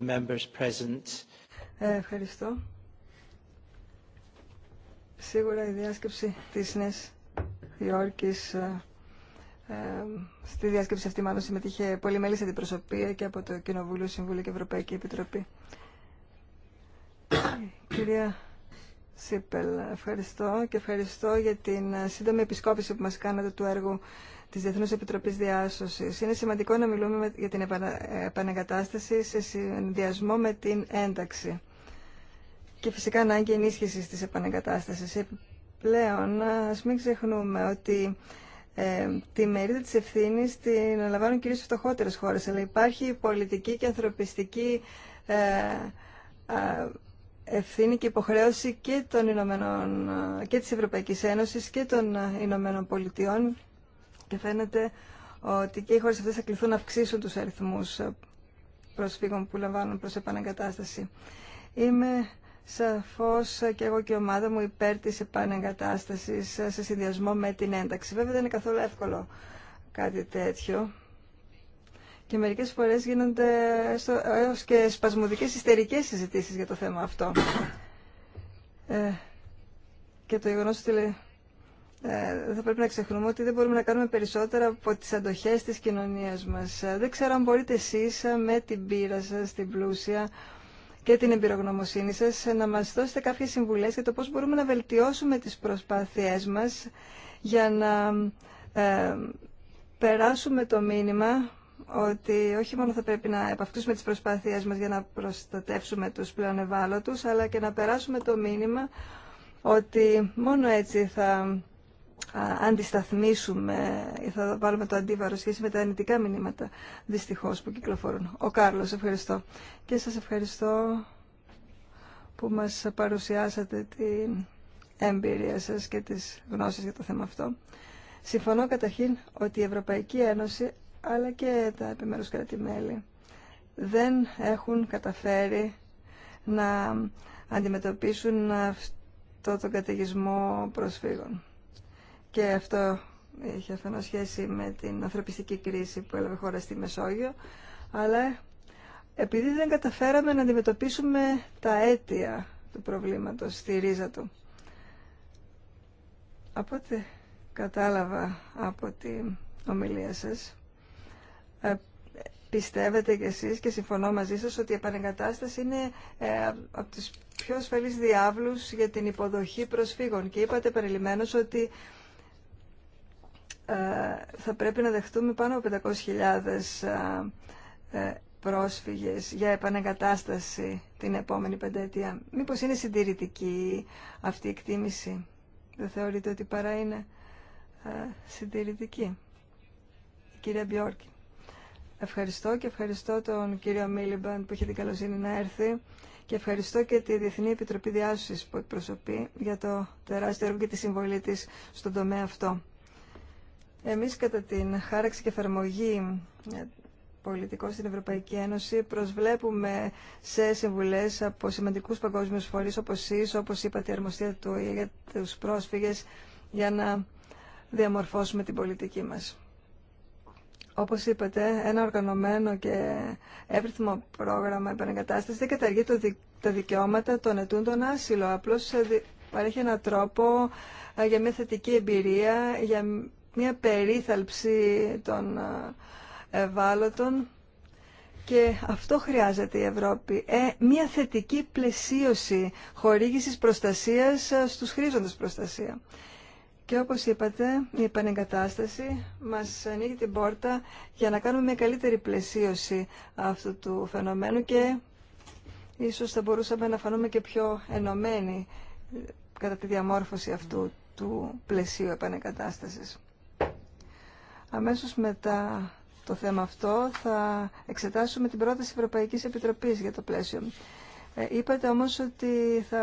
Ε, ευχαριστώ. Σίγουρα η διάσκεψη της Νέας Υόρκης ε, ε, στη διάσκεψη αυτή μάλλον συμμετείχε μέλη αντιπροσωπεία και από το Κοινοβούλιο, Συμβούλιο και Ευρωπαϊκή Επιτροπή. Κυρία Σίπελ, ευχαριστώ και ευχαριστώ για την σύντομη επισκόπηση που μας κάνατε του έργου της Διεθνούς Επιτροπής Διάσωσης. Είναι σημαντικό να μιλούμε για την επανεγκατάσταση σε συνδυασμό με την ένταξη και φυσικά ανάγκη ενίσχυση της επανεγκατάστασης. Επιπλέον, ας μην ξεχνούμε ότι ε, τη μερίδα της ευθύνης την αναλαμβάνουν κυρίως φτωχότερες χώρες, αλλά υπάρχει πολιτική και ανθρωπιστική ε, ευθύνη και υποχρέωση και, των Ηνωμένων, και της Ευρωπαϊκής Ένωσης και των Ηνωμένων Πολιτειών και φαίνεται ότι και οι χώρες αυτές θα κληθούν να αυξήσουν τους αριθμούς προσφύγων που λαμβάνουν προς επαναγκατάσταση. Είμαι σαφώς και εγώ και η ομάδα μου υπέρ της επαναγκατάστασης σε συνδυασμό με την ένταξη. Βέβαια δεν είναι καθόλου εύκολο κάτι τέτοιο. Και μερικές φορές γίνονται έως και σπασμωδικές ιστερικές συζητήσεις για το θέμα αυτό. Ε, και το γεγονό ότι ε, θα πρέπει να ξεχνούμε ότι δεν μπορούμε να κάνουμε περισσότερα από τις αντοχές της κοινωνίας μας. Ε, δεν ξέρω αν μπορείτε εσείς ε, με την πείρα σας, την πλούσια και την εμπειρογνωμοσύνη σας ε, να μας δώσετε κάποιες συμβουλές για το πώς μπορούμε να βελτιώσουμε τις προσπάθειές μας για να ε, περάσουμε το μήνυμα ότι όχι μόνο θα πρέπει να επαυτούσουμε τις προσπάθειές μας για να προστατεύσουμε τους πλέον ευάλωτους, αλλά και να περάσουμε το μήνυμα ότι μόνο έτσι θα αντισταθμίσουμε ή θα βάλουμε το αντίβαρο σχέση με τα αρνητικά μηνύματα δυστυχώς που κυκλοφορούν. Ο Κάρλος, ευχαριστώ. Και σας ευχαριστώ που μας παρουσιάσατε την εμπειρία σας και τις γνώσεις για το θέμα αυτό. Συμφωνώ καταρχήν ότι η Ευρωπαϊκή Ένωση αλλά και τα επιμέρους δεν έχουν καταφέρει να αντιμετωπίσουν αυτό τον καταιγισμό προσφύγων και αυτό είχε αφενός σχέση με την ανθρωπιστική κρίση που έλαβε χώρα στη Μεσόγειο, αλλά επειδή δεν καταφέραμε να αντιμετωπίσουμε τα αίτια του προβλήματος, στη ρίζα του. Από ό,τι κατάλαβα από την ομιλία σας, ε, πιστεύετε κι εσείς και συμφωνώ μαζί σας ότι η επανεγκατάσταση είναι ε, από τους πιο ασφαλείς διάβλους για την υποδοχή προσφύγων και είπατε περιλημμένως ότι ε, θα πρέπει να δεχτούμε πάνω από 500.000 ε, ε, πρόσφυγες για επανεγκατάσταση την επόμενη πενταετία. Μήπως είναι συντηρητική αυτή η εκτίμηση. Δεν θεωρείτε ότι παρά είναι συντηρητική. Κύριε κυρία Μπιόρκη. Ευχαριστώ και ευχαριστώ τον κύριο Μίλιμπαν που είχε την καλοσύνη να έρθει και ευχαριστώ και τη Διεθνή Επιτροπή Διάσωσης που εκπροσωπεί για το τεράστιο έργο και τη συμβολή της στον τομέα αυτό. Εμείς κατά την χάραξη και εφαρμογή ε, πολιτικών στην Ευρωπαϊκή Ένωση προσβλέπουμε σε συμβουλές από σημαντικούς παγκόσμιους φορείς όπως εσείς, όπως είπατε η αρμοστία του για τους πρόσφυγες για να διαμορφώσουμε την πολιτική μας. Όπως είπατε, ένα οργανωμένο και εύρυθμο πρόγραμμα επανεγκατάστασης δεν καταργεί τα δικαιώματα των ετούντων άσυλο. Απλώς ε, παρέχει έναν τρόπο ε, για μια θετική εμπειρία, μια περίθαλψη των ε, ευάλωτων και αυτό χρειάζεται η Ευρώπη. Ε, μια θετική πλαισίωση χορήγησης προστασίας ε, στους χρήζοντες προστασία. Και όπως είπατε, η επανεγκατάσταση μας ανοίγει την πόρτα για να κάνουμε μια καλύτερη πλαισίωση αυτού του φαινομένου και ίσως θα μπορούσαμε να φανούμε και πιο ενωμένοι κατά τη διαμόρφωση αυτού του πλαισίου επανεγκατάστασης. Αμέσως μετά το θέμα αυτό θα εξετάσουμε την πρόταση Ευρωπαϊκής Επιτροπής για το πλαίσιο. Ε, είπατε όμως ότι θα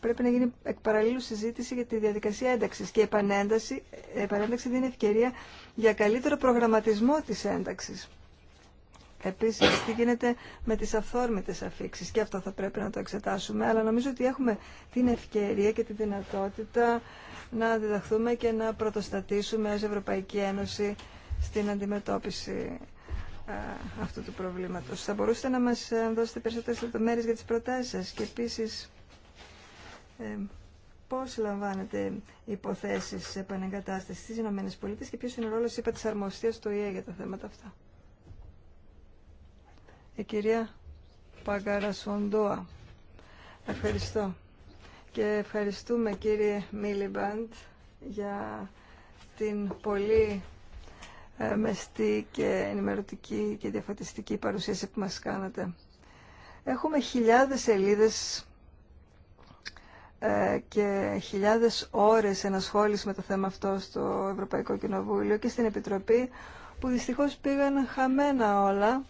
πρέπει να γίνει εκ παραλλήλου συζήτηση για τη διαδικασία ένταξης και η ε, επανένταξη δίνει ευκαιρία για καλύτερο προγραμματισμό της ένταξης. Επίσης, τι γίνεται με τις αυθόρμητες αφήξεις και αυτό θα πρέπει να το εξετάσουμε, αλλά νομίζω ότι έχουμε την ευκαιρία και τη δυνατότητα να διδαχθούμε και να πρωτοστατήσουμε ως Ευρωπαϊκή Ένωση στην αντιμετώπιση ε, αυτού του προβλήματος. Θα μπορούσατε να μας ε, δώσετε περισσότερες λεπτομέρειες για τις προτάσεις σας και επίσης ε, πώς λαμβάνετε υποθέσεις επανεγκατάστασης στις ΗΠΑ και ποιος είναι ο ρόλος, είπα, της αρμοστίας του ΙΕ για τα θέματα αυτά. Η κυρία Σοντόα. Ευχαριστώ. Και ευχαριστούμε κύριε Μίλιμπαντ για την πολύ ε, μεστή και ενημερωτική και διαφωτιστική παρουσίαση που μας κάνατε. Έχουμε χιλιάδες σελίδες ε, και χιλιάδες ώρες ενασχόληση με το θέμα αυτό στο Ευρωπαϊκό Κοινοβούλιο και στην Επιτροπή που δυστυχώς πήγαν χαμένα όλα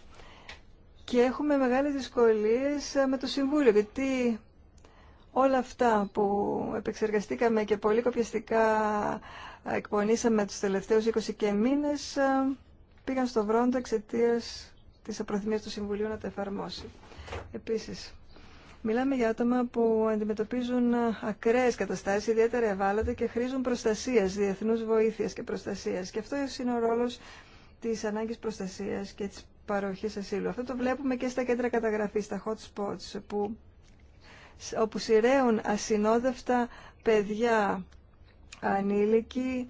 και έχουμε μεγάλες δυσκολίες ε, με το Συμβούλιο, γιατί όλα αυτά που επεξεργαστήκαμε και πολύ κοπιαστικά ε, εκπονήσαμε τους τελευταίους 20 και μήνες ε, πήγαν στο βρόντο εξαιτία της απροθυμίας του Συμβουλίου να τα εφαρμόσει. Επίσης, μιλάμε για άτομα που αντιμετωπίζουν ακραίες καταστάσεις, ιδιαίτερα ευάλωτα και χρήζουν προστασίας, διεθνούς βοήθειας και προστασίας. Και αυτό είναι ο ρόλος της ανάγκης προστασίας και της ασύλου. Αυτό το βλέπουμε και στα κέντρα καταγραφής, στα hot spots, που, όπου σειραίουν ασυνόδευτα παιδιά ανήλικοι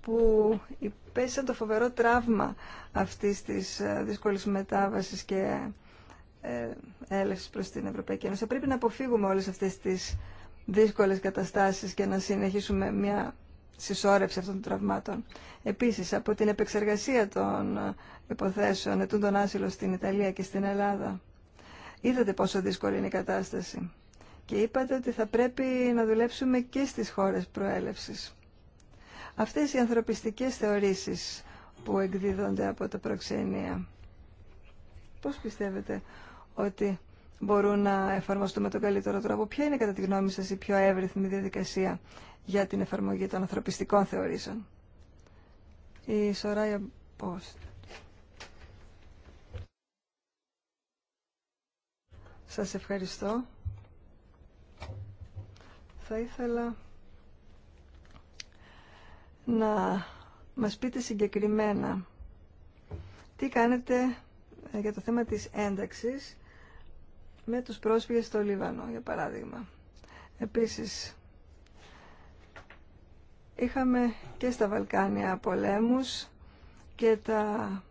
που υπέστησαν το φοβερό τραύμα αυτής της δύσκολης μετάβασης και ε, έλευσης προς την Ευρωπαϊκή Ένωση. πρέπει να αποφύγουμε όλες αυτές τις δύσκολες καταστάσεις και να συνεχίσουμε μια συσσόρευση αυτών των τραυμάτων. Επίσης, από την επεξεργασία των υποθέσεων τον άσυλο στην Ιταλία και στην Ελλάδα, είδατε πόσο δύσκολη είναι η κατάσταση. Και είπατε ότι θα πρέπει να δουλέψουμε και στις χώρες προέλευσης. Αυτές οι ανθρωπιστικές θεωρήσεις που εκδίδονται από τα προξενία, πώς πιστεύετε ότι μπορούν να εφαρμοστούν με τον καλύτερο τρόπο. Ποια είναι κατά τη γνώμη σας η πιο εύρυθμη διαδικασία για την εφαρμογή των ανθρωπιστικών θεωρήσεων. Η Σοράια πώς; Σας ευχαριστώ. Θα ήθελα να μας πείτε συγκεκριμένα τι κάνετε ε, για το θέμα της ένταξης με τους πρόσφυγες στο Λίβανο, για παράδειγμα. Επίσης, Είχαμε και στα Βαλκάνια πολέμους και τα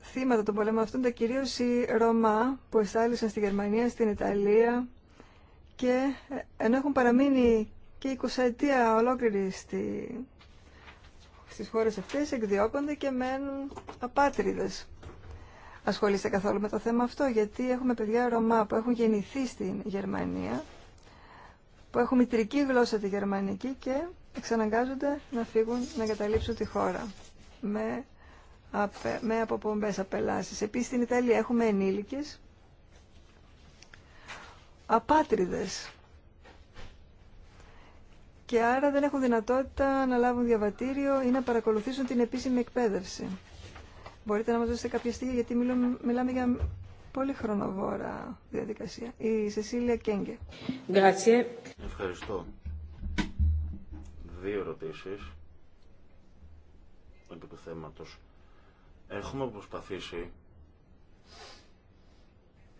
θύματα των πολέμων αυτών τα κυρίως οι Ρωμά που εστάλησαν στη Γερμανία, στην Ιταλία και ε, ενώ έχουν παραμείνει και 20 ετία ολόκληρη στη, στις χώρες αυτές εκδιώκονται και μένουν απάτριδες. Ασχολείστε καθόλου με το θέμα αυτό γιατί έχουμε παιδιά Ρωμά που έχουν γεννηθεί στην Γερμανία που έχουν μητρική γλώσσα τη γερμανική και εξαναγκάζονται να φύγουν να καταλήψουν τη χώρα με, απε, με αποπομπές απελάσεις. Επίσης στην Ιταλία έχουμε ενήλικες απάτριδες και άρα δεν έχουν δυνατότητα να λάβουν διαβατήριο ή να παρακολουθήσουν την επίσημη εκπαίδευση. Μπορείτε να μας δώσετε κάποια στιγμή γιατί μιλάμε για πολύ χρονοβόρα διαδικασία. Η Σεσίλια Κέγκε. Ευχαριστώ. Δύο ερωτήσεις επί του θέματος. Έχουμε προσπαθήσει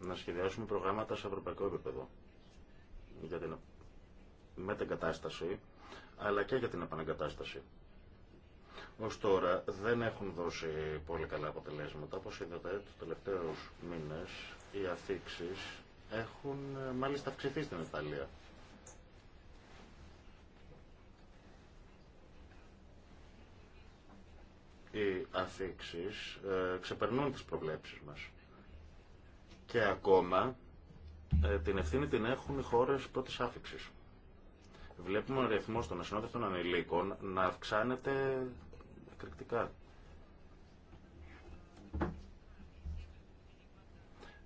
να σχεδιάσουμε προγράμματα σε ευρωπαϊκό επίπεδο για την κατάσταση, αλλά και για την επαναγκατάσταση. Ω τώρα δεν έχουν δώσει πολύ καλά αποτελέσματα. Όπως είδατε, του τελευταίους μήνες οι αφήξει έχουν ε, μάλιστα αυξηθεί στην Ιταλία. Οι αφήξει ε, ξεπερνούν τις προβλέψεις μας. Και ακόμα ε, την ευθύνη την έχουν οι χώρες πρώτης άφηξη. Βλέπουμε ο αριθμό των ασυνόδευτων ανηλίκων να αυξάνεται εκρηκτικά.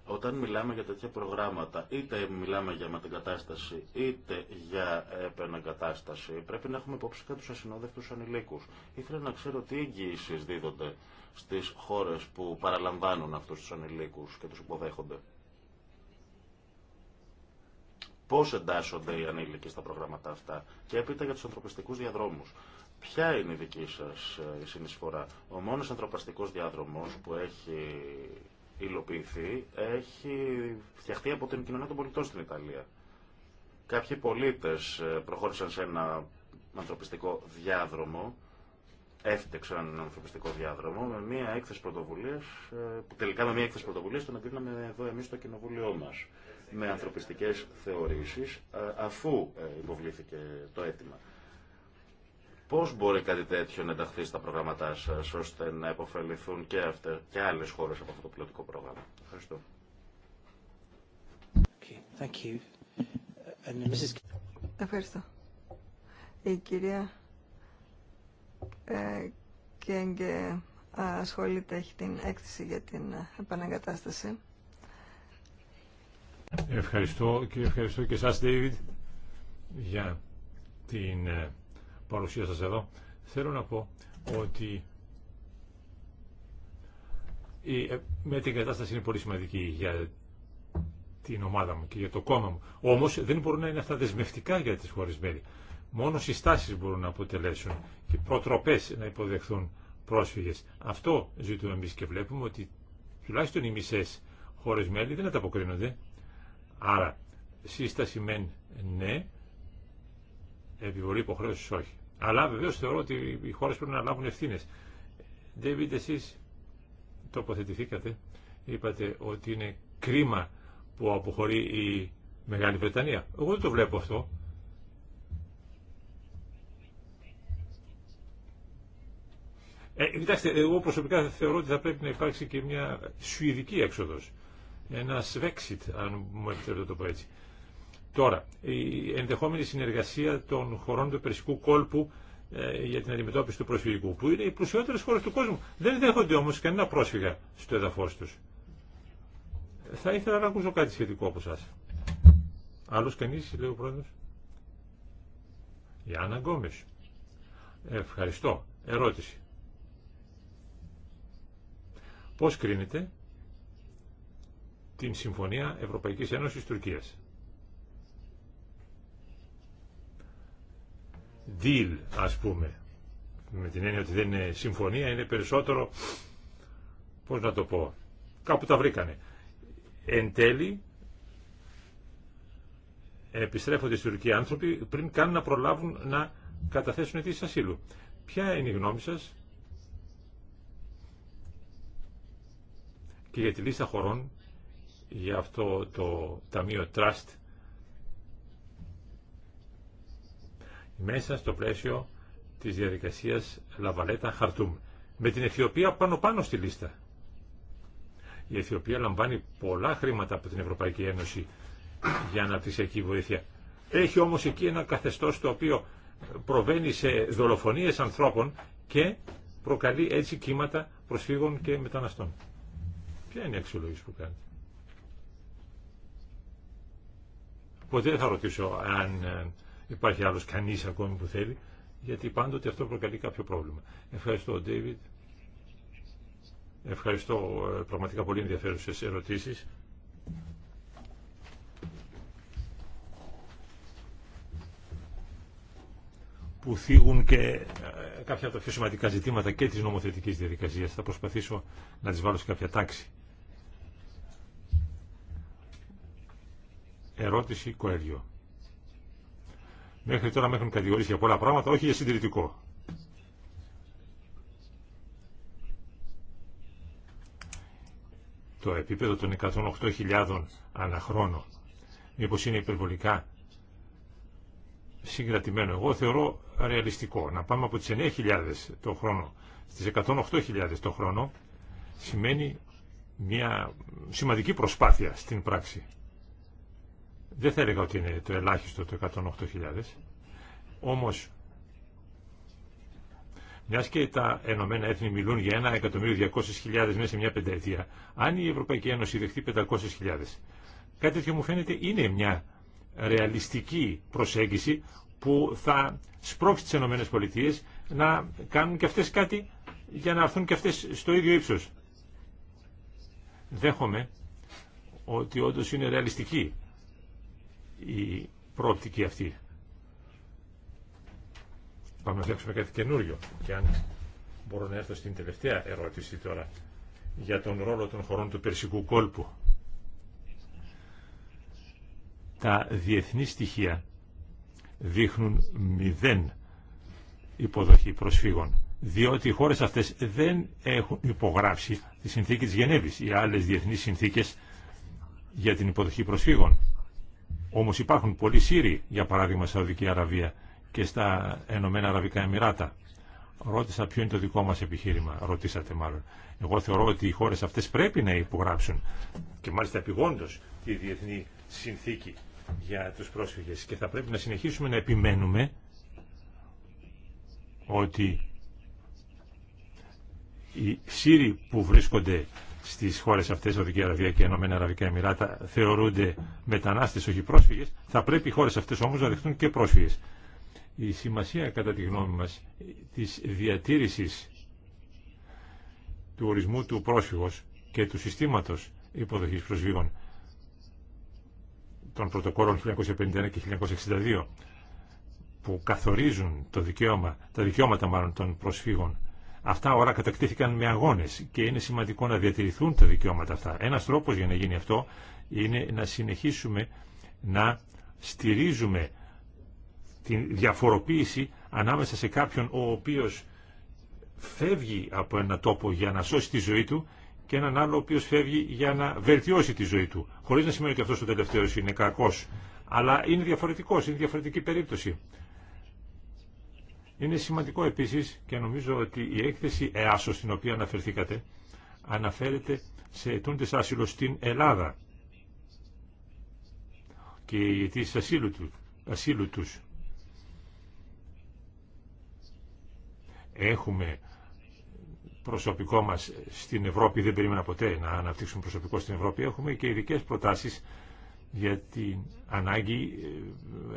Όταν μιλάμε για τέτοια προγράμματα, είτε μιλάμε για μετεγκατάσταση, είτε για επαναγκατάσταση, πρέπει να έχουμε υπόψη και του ασυνόδευτου ανηλίκου. Ήθελα να ξέρω τι εγγυήσει δίδονται στι χώρε που παραλαμβάνουν αυτού του ανηλίκου και του υποδέχονται. Πώ εντάσσονται οι ανήλικοι στα προγράμματα αυτά και έπειτα για του ανθρωπιστικού διαδρόμου. Ποια είναι η δική σας ε, η συνεισφορά. Ο μόνος ανθρωπαστικός διάδρομος που έχει υλοποιηθεί έχει φτιαχτεί από την κοινωνία των πολιτών στην Ιταλία. Κάποιοι πολίτες ε, προχώρησαν σε ένα ανθρωπιστικό διάδρομο, έφτιαξαν ένα ανθρωπιστικό διάδρομο με μια έκθεση πρωτοβουλίας, ε, που τελικά με μια έκθεση πρωτοβουλίας τον εγκρίναμε εδώ εμείς στο κοινοβούλιο μας με ανθρωπιστικές θεωρήσεις αφού υποβλήθηκε το αίτημα. Πώς μπορεί κάτι τέτοιο να ενταχθεί στα προγράμματά σας, ώστε να υποφεληθούν και, αυτές, και άλλες χώρες από αυτό το πιλωτικό πρόγραμμα. Ευχαριστώ. Okay, thank you. And Mrs. Ευχαριστώ. Η κυρία ε, Κέγκε ε, ασχολείται, έχει την έκθεση για την ε, επαναγκατάσταση. Ευχαριστώ και ευχαριστώ και εσάς, David, για την παρουσία σας εδώ, θέλω να πω ότι η ε, κατάσταση είναι πολύ σημαντική για την ομάδα μου και για το κόμμα μου. Όμως δεν μπορούν να είναι αυτά δεσμευτικά για τις χώρες μέλη. Μόνο συστάσεις μπορούν να αποτελέσουν και προτροπές να υποδεχθούν πρόσφυγες. Αυτό ζητούμε εμείς και βλέπουμε ότι τουλάχιστον οι μισές χώρες μέλη δεν ανταποκρίνονται. Άρα σύσταση μεν ναι, επιβολή υποχρέωση όχι. Αλλά βεβαίω θεωρώ ότι οι χώρε πρέπει να λάβουν ευθύνε. Ντέβιντ, εσεί τοποθετηθήκατε. Είπατε ότι είναι κρίμα που αποχωρεί η Μεγάλη Βρετανία. Εγώ δεν το βλέπω αυτό. Ε, εγώ προσωπικά θεωρώ ότι θα πρέπει να υπάρξει και μια σουηδική έξοδος. Ένα Brexit, αν μου επιτρέπετε να το πω έτσι. Τώρα, η ενδεχόμενη συνεργασία των χωρών του Περσικού κόλπου ε, για την αντιμετώπιση του προσφυγικού, που είναι οι πλουσιότερε χώρε του κόσμου. Δεν δέχονται όμω κανένα πρόσφυγα στο έδαφο του. Θα ήθελα να ακούσω κάτι σχετικό από εσά. Άλλο κανεί, λέει ο πρόεδρο. Γιάννα Γκόμε. Ευχαριστώ. Ερώτηση. Πώς κρίνεται την Συμφωνία Ευρωπαϊκής Ένωσης Τουρκίας. deal ας πούμε με την έννοια ότι δεν είναι συμφωνία είναι περισσότερο πώς να το πω κάπου τα βρήκανε εν τέλει επιστρέφονται στη Τουρκία άνθρωποι πριν καν να προλάβουν να καταθέσουν αιτήσεις ασύλου ποια είναι η γνώμη σας και για τη λίστα χωρών για αυτό το Ταμείο Trust μέσα στο πλαίσιο της διαδικασίας Λαβαλέτα Χαρτούμ με την Αιθιοπία πάνω πάνω στη λίστα. Η Αιθιοπία λαμβάνει πολλά χρήματα από την Ευρωπαϊκή Ένωση για να εκεί βοήθεια. Έχει όμως εκεί ένα καθεστώς το οποίο προβαίνει σε δολοφονίες ανθρώπων και προκαλεί έτσι κύματα προσφύγων και μεταναστών. Ποια είναι η αξιολόγηση που κάνετε. Ποτέ δεν θα ρωτήσω αν ε, υπάρχει άλλος κανείς ακόμη που θέλει, γιατί πάντοτε αυτό προκαλεί κάποιο πρόβλημα. Ευχαριστώ, David. Ευχαριστώ ε, πραγματικά πολύ ενδιαφέρουσες ερωτήσεις. που θίγουν και ε, κάποια από τα πιο σημαντικά ζητήματα και της νομοθετικής διαδικασίας. Θα προσπαθήσω να τις βάλω σε κάποια τάξη. Ερώτηση Κοέλιο. Μέχρι τώρα με έχουν κατηγορήσει για πολλά πράγματα, όχι για συντηρητικό. Το επίπεδο των 108.000 χρόνο, μήπως είναι υπερβολικά συγκρατημένο. Εγώ θεωρώ ρεαλιστικό να πάμε από τις 9.000 το χρόνο στις 108.000 το χρόνο σημαίνει μια σημαντική προσπάθεια στην πράξη. Δεν θα έλεγα ότι είναι το ελάχιστο το 108.000. Όμω, μια και τα Ενωμένα Έθνη μιλούν για 1.200.000 μέσα σε μια πενταετία, αν η Ευρωπαϊκή Ένωση δεχτεί 500.000, κάτι τέτοιο μου φαίνεται είναι μια ρεαλιστική προσέγγιση που θα σπρώξει τι Ενωμένες Πολιτείες να κάνουν και αυτές κάτι για να έρθουν και αυτέ στο ίδιο ύψο. Δέχομαι ότι όντω είναι ρεαλιστική η πρόπτικη αυτή. Πάμε να φτιάξουμε κάτι καινούριο. Και αν μπορώ να έρθω στην τελευταία ερώτηση τώρα για τον ρόλο των χωρών του Περσικού κόλπου. Τα διεθνή στοιχεία δείχνουν μηδέν υποδοχή προσφύγων, διότι οι χώρες αυτές δεν έχουν υπογράψει τη συνθήκη της Γενέβης ή άλλες διεθνείς συνθήκες για την υποδοχή προσφύγων. Όμως υπάρχουν πολλοί Σύριοι, για παράδειγμα, Σαουδική Αραβία και στα Ενωμένα Αραβικά Εμμυράτα. Ρώτησα ποιο είναι το δικό μας επιχείρημα, ρωτήσατε μάλλον. Εγώ θεωρώ ότι οι χώρες αυτές πρέπει να υπογράψουν και μάλιστα επιγόντως τη Διεθνή Συνθήκη για τους πρόσφυγες και θα πρέπει να συνεχίσουμε να επιμένουμε ότι οι Σύριοι που βρίσκονται στις χώρες αυτές, Σαουδική Αραβία και Ενωμένα Αραβικά Εμμυράτα, θεωρούνται μετανάστες, όχι πρόσφυγες, θα πρέπει οι χώρες αυτές όμως να δεχτούν και πρόσφυγες. Η σημασία, κατά τη γνώμη μας, της διατήρησης του ορισμού του πρόσφυγος και του συστήματος υποδοχής προσφύγων των πρωτοκόλων 1951 και 1962 που καθορίζουν το δικαίωμα, τα δικαιώματα μάλλον των προσφύγων Αυτά όλα κατακτήθηκαν με αγώνες και είναι σημαντικό να διατηρηθούν τα δικαιώματα αυτά. Ένα τρόπος για να γίνει αυτό είναι να συνεχίσουμε να στηρίζουμε τη διαφοροποίηση ανάμεσα σε κάποιον ο οποίος φεύγει από ένα τόπο για να σώσει τη ζωή του και έναν άλλο ο οποίος φεύγει για να βελτιώσει τη ζωή του. Χωρίς να σημαίνει ότι αυτός ο τελευταίος είναι κακός, αλλά είναι διαφορετικός, είναι διαφορετική περίπτωση. Είναι σημαντικό επίσης και νομίζω ότι η έκθεση ΕΑΣΟ στην οποία αναφερθήκατε αναφέρεται σε αιτούντες άσυλο στην Ελλάδα και οι αιτήσεις ασύλου, του, ασύλου τους. Έχουμε προσωπικό μας στην Ευρώπη, δεν περίμενα ποτέ να αναπτύξουμε προσωπικό στην Ευρώπη, έχουμε και ειδικέ προτάσεις για την ανάγκη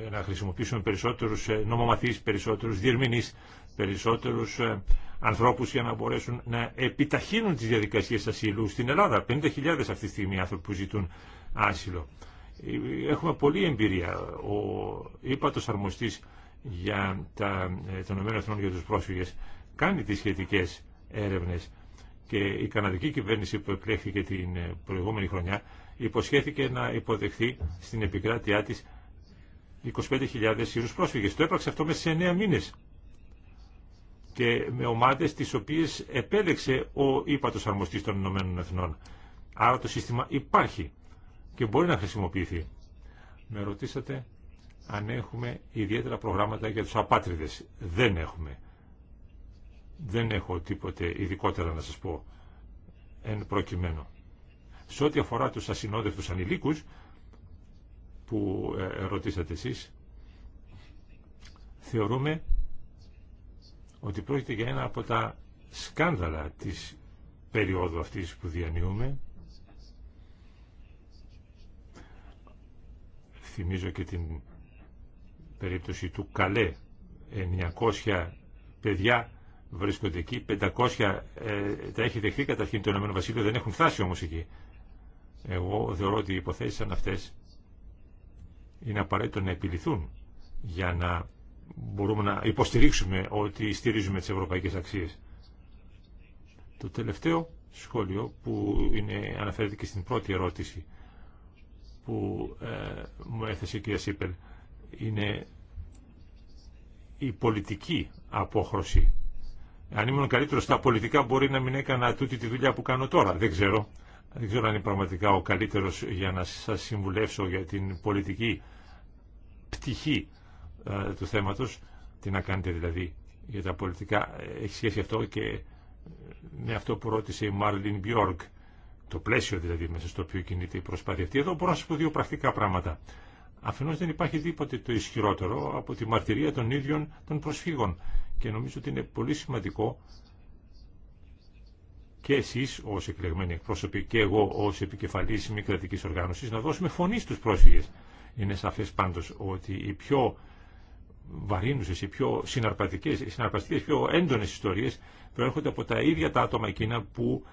ε, να χρησιμοποιήσουμε περισσότερους ε, νομομαθείς, περισσότερους διερμηνείς, περισσότερους ε, ανθρώπους για να μπορέσουν να επιταχύνουν τις διαδικασίες ασύλου στην Ελλάδα. 50.000 αυτή τη στιγμή άνθρωποι που ζητούν άσυλο. Έχουμε πολλή εμπειρία. Ο ύπατος αρμοστής για τα, ΕΕ για τους πρόσφυγες κάνει τις σχετικές έρευνες και η καναδική κυβέρνηση που επιλέχθηκε την προηγούμενη χρονιά υποσχέθηκε να υποδεχθεί στην επικράτειά της 25.000 Σύρους πρόσφυγες. Το έπραξε αυτό μέσα σε 9 μήνες και με ομάδες τις οποίες επέλεξε ο ύπατος αρμοστής των Ηνωμένων Εθνών. Άρα το σύστημα υπάρχει και μπορεί να χρησιμοποιηθεί. Με ρωτήσατε αν έχουμε ιδιαίτερα προγράμματα για τους απάτριδες. Δεν έχουμε. Δεν έχω τίποτε ειδικότερα να σας πω εν προκειμένου. Σε ό,τι αφορά τους ασυνόδευτους ανηλίκους, που ε, ρωτήσατε εσείς, θεωρούμε ότι πρόκειται για ένα από τα σκάνδαλα της περίοδου αυτής που διανύουμε. Θυμίζω και την περίπτωση του Καλέ. 900 παιδιά βρίσκονται εκεί, 500 ε, τα έχει δεχθεί καταρχήν το Ηνωμένο Βασίλειο, δεν έχουν φτάσει όμως εκεί. Εγώ θεωρώ ότι οι υποθέσεις σαν αυτές είναι απαραίτητο να επιληθούν για να μπορούμε να υποστηρίξουμε ότι στηρίζουμε τις ευρωπαϊκές αξίες. Το τελευταίο σχόλιο που είναι, αναφέρεται και στην πρώτη ερώτηση που ε, μου έθεσε η κυρία Σίπελ είναι η πολιτική απόχρωση. Αν ήμουν καλύτερο στα πολιτικά μπορεί να μην έκανα τούτη τη δουλειά που κάνω τώρα. Δεν ξέρω. Δεν ξέρω αν είναι πραγματικά ο καλύτερος για να σας συμβουλεύσω για την πολιτική πτυχή ε, του θέματος. Τι να κάνετε δηλαδή για τα πολιτικά. Έχει σχέση αυτό και ε, με αυτό που ρώτησε η Μάρλιν Μπιόργκ. Το πλαίσιο δηλαδή μέσα στο οποίο κινείται η προσπάθεια αυτή. Εδώ μπορώ να σας πω δύο πρακτικά πράγματα. Αφενός δεν υπάρχει τίποτε το ισχυρότερο από τη μαρτυρία των ίδιων των προσφύγων. Και νομίζω ότι είναι πολύ σημαντικό και εσεί, ω εκλεγμένοι εκπρόσωποι και εγώ ω επικεφαλή μη κρατική οργάνωσης να δώσουμε φωνή στου πρόσφυγε. Είναι σαφέ πάντω, ότι οι πιο βαρύνουσε, οι πιο συναρπαστικέ, οι συναρπαστικές πιο έντονε ιστορίε, προέρχονται από τα ίδια τα άτομα εκείνα που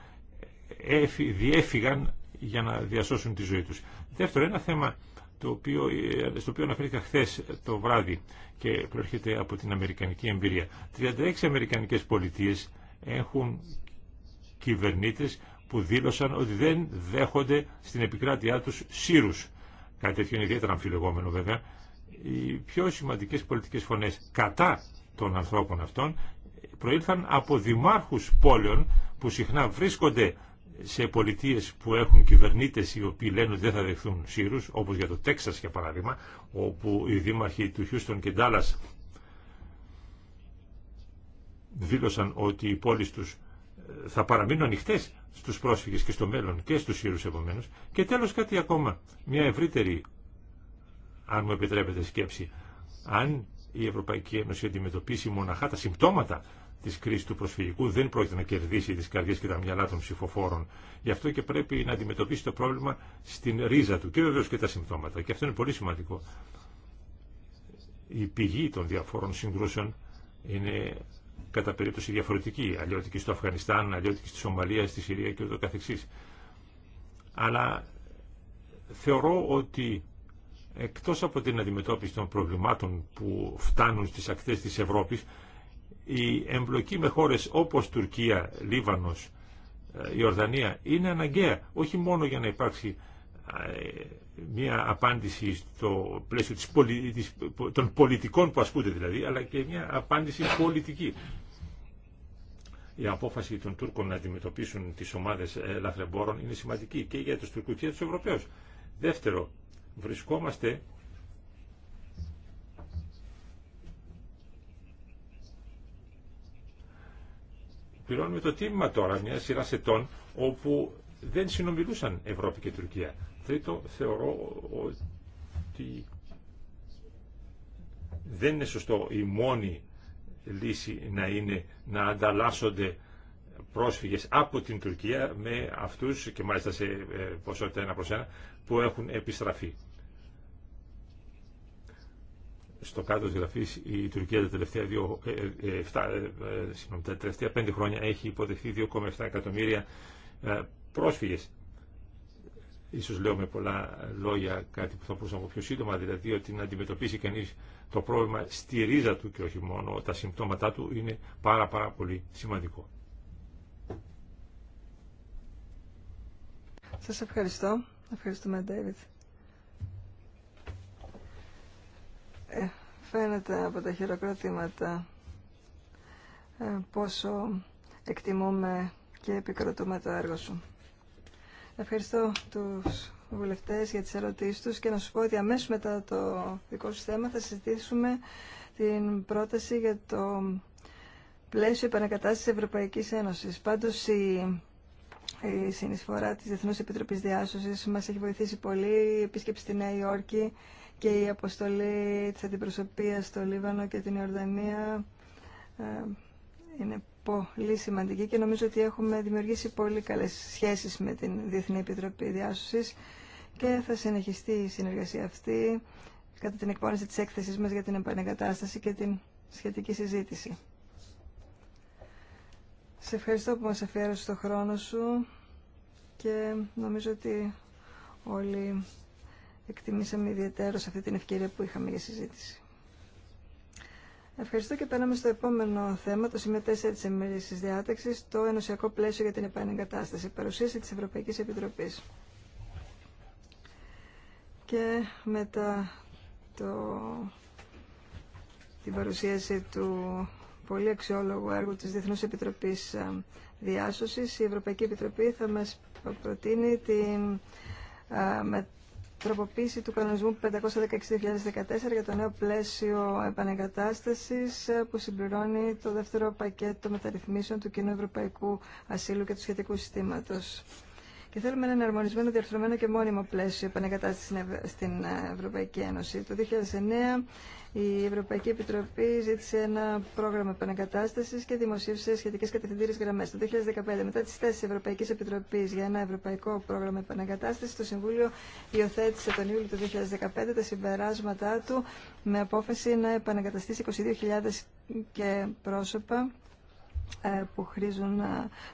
διέφυγαν για να διασώσουν τη ζωή του. Δεύτερο, ένα θέμα το οποίο, ε, στο οποίο αναφέρθηκα χθε το βράδυ και προέρχεται από την Αμερικανική εμπειρία. 36 αμερικανικέ πολιτείε έχουν κυβερνήτες που δήλωσαν ότι δεν δέχονται στην επικράτειά τους σύρους. Κάτι τέτοιο είναι ιδιαίτερα αμφιλεγόμενο βέβαια. Οι πιο σημαντικές πολιτικές φωνές κατά των ανθρώπων αυτών προήλθαν από δημάρχους πόλεων που συχνά βρίσκονται σε πολιτείες που έχουν κυβερνήτες οι οποίοι λένε ότι δεν θα δεχθούν σύρους, όπως για το Τέξας για παράδειγμα, όπου οι δήμαρχοι του Χιούστον και Ντάλλας δήλωσαν ότι οι πόλεις τους θα παραμείνουν ανοιχτέ στους πρόσφυγες και στο μέλλον και στους ήρους επομένως. Και τέλος κάτι ακόμα, μια ευρύτερη, αν μου επιτρέπετε, σκέψη. Αν η Ευρωπαϊκή Ένωση αντιμετωπίσει μοναχά τα συμπτώματα της κρίσης του προσφυγικού, δεν πρόκειται να κερδίσει τις καρδιές και τα μυαλά των ψηφοφόρων. Γι' αυτό και πρέπει να αντιμετωπίσει το πρόβλημα στην ρίζα του και βεβαίω και τα συμπτώματα. Και αυτό είναι πολύ σημαντικό. Η πηγή των διαφόρων συγκρούσεων είναι κατά περίπτωση διαφορετική, αλλιώτικη στο Αφγανιστάν, αλλιώτικη στη Σομαλία, στη Συρία και ούτω καθεξής. Αλλά θεωρώ ότι εκτός από την αντιμετώπιση των προβλημάτων που φτάνουν στις ακτές της Ευρώπης, η εμπλοκή με χώρες όπως Τουρκία, Λίβανος, Ιορδανία ε, είναι αναγκαία, όχι μόνο για να υπάρξει ε, μια απάντηση στο πλαίσιο της πολι... των πολιτικών που ασκούνται δηλαδή, αλλά και μια απάντηση πολιτική η απόφαση των Τούρκων να αντιμετωπίσουν τις ομάδες ε, λαθρεμπόρων είναι σημαντική και για του Τουρκούς και για τους Ευρωπαίους. Δεύτερο, βρισκόμαστε πληρώνουμε το τίμημα τώρα μια σειρά ετών όπου δεν συνομιλούσαν Ευρώπη και Τουρκία. Τρίτο, θεωρώ ότι δεν είναι σωστό η μόνη λύση να είναι να ανταλλάσσονται πρόσφυγες από την Τουρκία με αυτούς και μάλιστα σε ε, ποσότητα ένα προς ένα που έχουν επιστραφεί. Στο κάτω της γραφής η Τουρκία τα τελευταία, δύο, ε, ε, ε, ε συγνώμη, τα πέντε χρόνια έχει υποδεχθεί 2,7 εκατομμύρια ε, πρόσφυγες. Ίσως λέω με πολλά λόγια κάτι που θα μπορούσα να πω πιο σύντομα, δηλαδή ότι να αντιμετωπίσει κανείς το πρόβλημα στη ρίζα του και όχι μόνο τα συμπτώματά του είναι πάρα πάρα πολύ σημαντικό. Σας ευχαριστώ. Ευχαριστούμε, Ντέιβιτ. Ε, φαίνεται από τα χειροκρότηματα ε, πόσο εκτιμούμε και επικροτούμε το έργο σου. Ευχαριστώ τους βουλευτέ για τι ερωτήσει του και να σα πω ότι αμέσω μετά το δικό σου θέμα θα συζητήσουμε την πρόταση για το πλαίσιο επανακατάσταση Ευρωπαϊκή Ένωση. Πάντω η, η συνεισφορά τη Διεθνού Επιτροπή Διάσωση μα έχει βοηθήσει πολύ. Η επίσκεψη στη Νέα Υόρκη και η αποστολή τη αντιπροσωπεία στο Λίβανο και την Ιορδανία ε, είναι πολύ σημαντική και νομίζω ότι έχουμε δημιουργήσει πολύ καλές σχέσεις με την Διεθνή Επιτροπή Διάσωσης και θα συνεχιστεί η συνεργασία αυτή κατά την εκπόνηση της έκθεσης μας για την επανεγκατάσταση και την σχετική συζήτηση. Σε ευχαριστώ που μας αφιέρωσε το χρόνο σου και νομίζω ότι όλοι εκτιμήσαμε ιδιαίτερα σε αυτή την ευκαιρία που είχαμε για συζήτηση. Ευχαριστώ και πέραμε στο επόμενο θέμα, το σημείο 4 της εμμερίσης διάταξης, το ενωσιακό πλαίσιο για την επανεγκατάσταση, παρουσίαση της Ευρωπαϊκής Επιτροπής και μετά το, την παρουσίαση του πολύ αξιόλογου έργου της Διεθνούς Επιτροπής ε, Διάσωσης, η Ευρωπαϊκή Επιτροπή θα μας προτείνει την ε, τροποποίηση του κανονισμού 516-2014 για το νέο πλαίσιο επανεγκατάστασης ε, που συμπληρώνει το δεύτερο πακέτο μεταρρυθμίσεων του κοινού ευρωπαϊκού ασύλου και του σχετικού συστήματος. Και θέλουμε ένα εναρμονισμένο, διαρθρωμένο και μόνιμο πλαίσιο επανεγκατάσταση στην ε, Ευρωπαϊκή Ένωση. Το 2009 η Ευρωπαϊκή Επιτροπή ζήτησε ένα πρόγραμμα επανεγκατάσταση και δημοσίευσε σχετικέ κατευθυντήριε γραμμέ. Το 2015, μετά τι θέσει τη Ευρωπαϊκή Επιτροπή για ένα ευρωπαϊκό πρόγραμμα επανεγκατάσταση, το Συμβούλιο υιοθέτησε τον Ιούλιο του 2015 τα συμπεράσματά του με απόφαση να επανεγκαταστήσει 22.000 και πρόσωπα ε, που χρήζουν ε,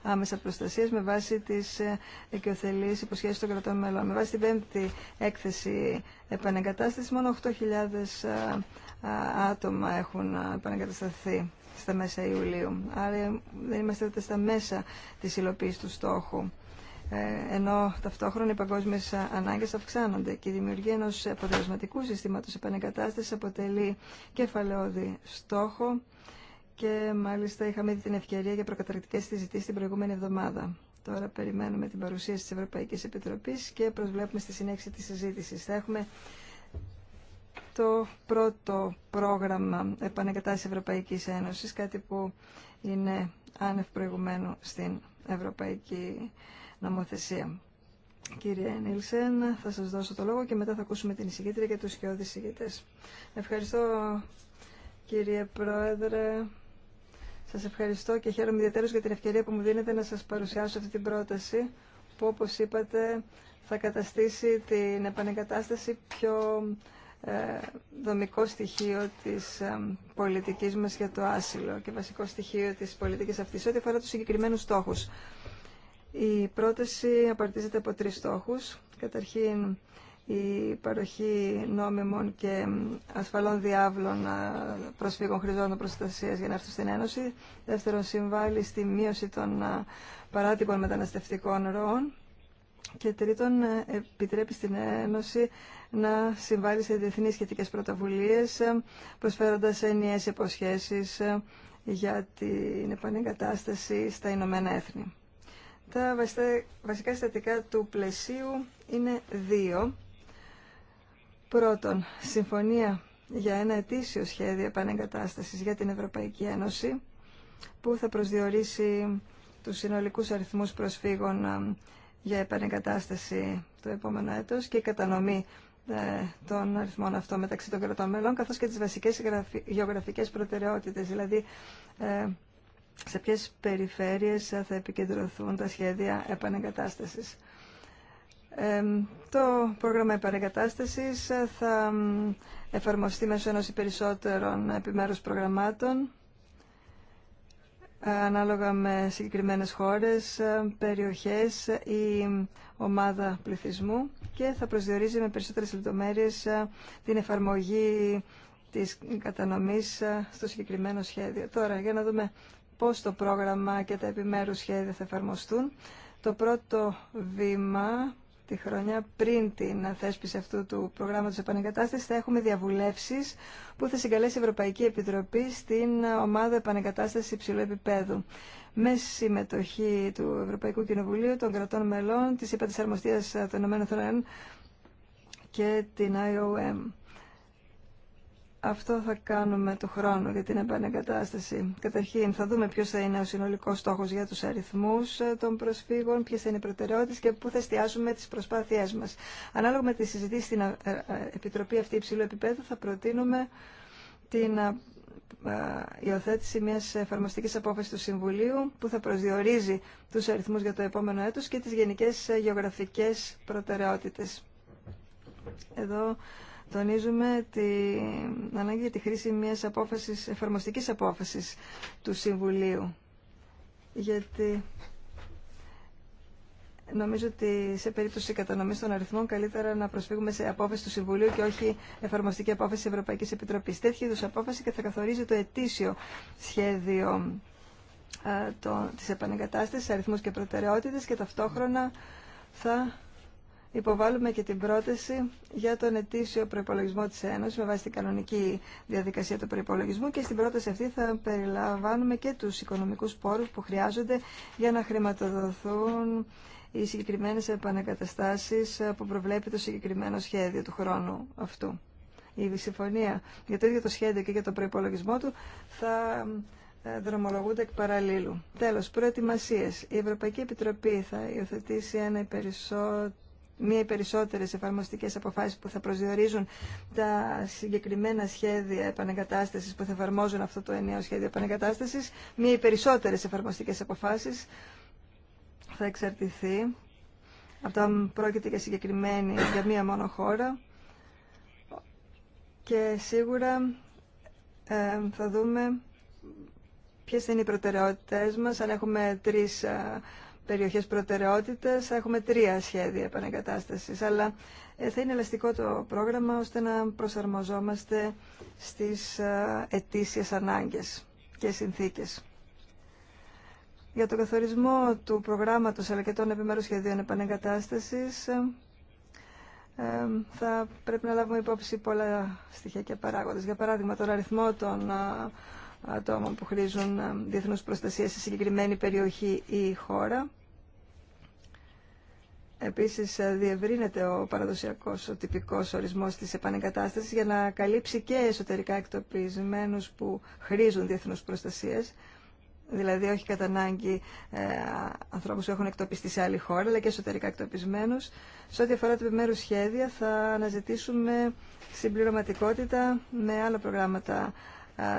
άμεσα προστασίας με βάση τις ε, οικειοθελείς υποσχέσεις των κρατών μελών. Με βάση την πέμπτη έκθεση επανεγκατάσταση, μόνο 8.000 άτομα έχουν επανεγκατασταθεί στα μέσα Ιουλίου. Άρα δεν είμαστε ούτε στα μέσα της υλοποίησης του στόχου. Ενώ ταυτόχρονα οι παγκόσμιε ανάγκε αυξάνονται και η δημιουργία ενό αποτελεσματικού συστήματο επανεγκατάσταση αποτελεί κεφαλαιόδη στόχο και μάλιστα είχαμε ήδη την ευκαιρία για προκαταρκτικές συζητήσεις την προηγούμενη εβδομάδα. Τώρα περιμένουμε την παρουσίαση της Ευρωπαϊκής Επιτροπής και προσβλέπουμε στη συνέχιση της συζήτησης. Θα έχουμε το πρώτο πρόγραμμα επανεγκατάστασης Ευρωπαϊκής Ένωσης, κάτι που είναι άνευ προηγουμένου στην Ευρωπαϊκή Νομοθεσία. Κύριε Νίλσεν, θα σας δώσω το λόγο και μετά θα ακούσουμε την εισηγήτρια και τους σκιώδης εισηγητές. Ευχαριστώ κύριε Πρόεδρε. Σας ευχαριστώ και χαίρομαι ιδιαίτερα για την ευκαιρία που μου δίνετε να σας παρουσιάσω αυτή την πρόταση που όπως είπατε θα καταστήσει την επανεγκατάσταση πιο ε, δομικό στοιχείο της ε, πολιτικής μας για το άσυλο και βασικό στοιχείο της πολιτικής αυτής ό,τι αφορά τους συγκεκριμένους στόχους. Η πρόταση απαρτίζεται από τρεις στόχους. Καταρχήν, η παροχή νόμιμων και ασφαλών διάβλων προσφύγων χρηζών προστασία για να έρθουν στην Ένωση. Δεύτερον, συμβάλλει στη μείωση των παράτυπων μεταναστευτικών ροών. Και τρίτον, ε, επιτρέπει στην Ένωση να συμβάλλει σε διεθνείς σχετικές πρωτοβουλίες, ε, προσφέροντας ενιαίες υποσχέσεις ε, για την επανεγκατάσταση στα Ηνωμένα Έθνη. Τα βασικά συστατικά του πλαισίου είναι δύο Πρώτον, συμφωνία για ένα ετήσιο σχέδιο επανεγκατάστασης για την Ευρωπαϊκή Ένωση που θα προσδιορίσει τους συνολικούς αριθμούς προσφύγων ε, για επανεγκατάσταση το επόμενο έτος και η κατανομή ε, των αριθμών αυτών μεταξύ των κρατών μελών, καθώς και τις βασικές γεωγραφικές προτεραιότητες, δηλαδή ε, σε ποιες περιφέρειες θα επικεντρωθούν τα σχέδια επανεγκατάστασης το πρόγραμμα επανεγκατάστασης ε, θα εφαρμοστεί μέσω ενός ή περισσότερων επιμέρους προγραμμάτων ε, ανάλογα με συγκεκριμένες χώρες, ε, περιοχές ή ομάδα πληθυσμού και θα προσδιορίζει με περισσότερες λεπτομέρειες την εφαρμογή της κατανομής στο συγκεκριμένο σχέδιο. Τώρα, για να δούμε πώς το πρόγραμμα και τα επιμέρους σχέδια θα εφαρμοστούν. Το πρώτο βήμα τη χρονιά πριν την θέσπιση αυτού του προγράμματος επανεγκατάστασης θα έχουμε διαβουλεύσεις που θα συγκαλέσει η Ευρωπαϊκή Επιτροπή στην ομάδα επανεγκατάστασης υψηλού επίπεδου με συμμετοχή του Ευρωπαϊκού Κοινοβουλίου, των κρατών μελών, της ΕΕ των ΗΠΑ και την IOM. Αυτό θα κάνουμε του χρόνου για την επανεγκατάσταση. Καταρχήν θα δούμε ποιος θα είναι ο συνολικός στόχος για τους αριθμούς ε, των προσφύγων, ποιες θα είναι οι προτεραιότητες και πού θα εστιάσουμε τις προσπάθειές μας. Ανάλογα με τη συζήτηση στην ε, ε, Επιτροπή αυτή υψηλού επίπεδου θα προτείνουμε την υιοθέτηση μιας εφαρμοστικής απόφασης του Συμβουλίου που θα προσδιορίζει τους αριθμούς για το επόμενο έτος και τις γενικές γεωγραφικές προτεραιότητες. Εδώ τονίζουμε την ανάγκη για τη χρήση μιας απόφασης, εφαρμοστικής απόφασης του Συμβουλίου. Γιατί νομίζω ότι σε περίπτωση κατανομής των αριθμών καλύτερα να προσφύγουμε σε απόφαση του Συμβουλίου και όχι εφαρμοστική απόφαση της Ευρωπαϊκής Επιτροπής. Τέτοια είδους απόφαση και θα καθορίζει το ετήσιο σχέδιο ε, το, της επανεγκατάστασης, αριθμούς και προτεραιότητες και ταυτόχρονα θα υποβάλλουμε και την πρόταση για τον ετήσιο προπολογισμό της Ένωσης με βάση την κανονική διαδικασία του προπολογισμού και στην πρόταση αυτή θα περιλαμβάνουμε και τους οικονομικούς πόρους που χρειάζονται για να χρηματοδοθούν οι συγκεκριμένες επανακαταστάσεις που προβλέπει το συγκεκριμένο σχέδιο του χρόνου αυτού. Η συμφωνία για το ίδιο το σχέδιο και για τον προπολογισμό του θα ε, δρομολογούνται εκ παραλίλου. Τέλος, προετοιμασίες. Η Ευρωπαϊκή Επιτροπή θα υιοθετήσει ένα περισσότερο μία ή περισσότερες εφαρμοστικές αποφάσεις που θα προσδιορίζουν τα συγκεκριμένα σχέδια επανεγκατάστασης που θα εφαρμόζουν αυτό το ενιαίο σχέδιο επανεγκατάστασης, μία ή περισσότερες εφαρμοστικές αποφάσεις θα εξαρτηθεί από το αν πρόκειται για συγκεκριμένη για μία μόνο χώρα και σίγουρα ε, θα δούμε ποιες θα είναι οι προτεραιότητες μας, αν έχουμε τρεις ε, περιοχές προτεραιότητες έχουμε τρία σχέδια επανεγκατάστασης, αλλά ε, θα είναι ελαστικό το πρόγραμμα ώστε να προσαρμοζόμαστε στις ετήσιες ανάγκες και συνθήκες. Για τον καθορισμό του προγράμματος αλλά και των επιμέρους σχεδίων επανεγκατάστασης ε, ε, θα πρέπει να λάβουμε υπόψη πολλά στοιχεία και παράγοντες. Για παράδειγμα, τον αριθμό των ατόμων που χρήζουν ε, διεθνούς προστασία σε συγκεκριμένη περιοχή ή χώρα. Επίσης ε, διευρύνεται ο παραδοσιακός, ο τυπικός ορισμός της επανεγκατάστασης για να καλύψει και εσωτερικά εκτοπισμένους που χρήζουν διεθνούς προστασίες. δηλαδή όχι κατά ανάγκη ε, ανθρώπους που έχουν εκτοπιστεί σε άλλη χώρα, αλλά και εσωτερικά εκτοπισμένους. Σε ό,τι αφορά τα επιμέρους σχέδια θα αναζητήσουμε συμπληρωματικότητα με άλλα προγράμματα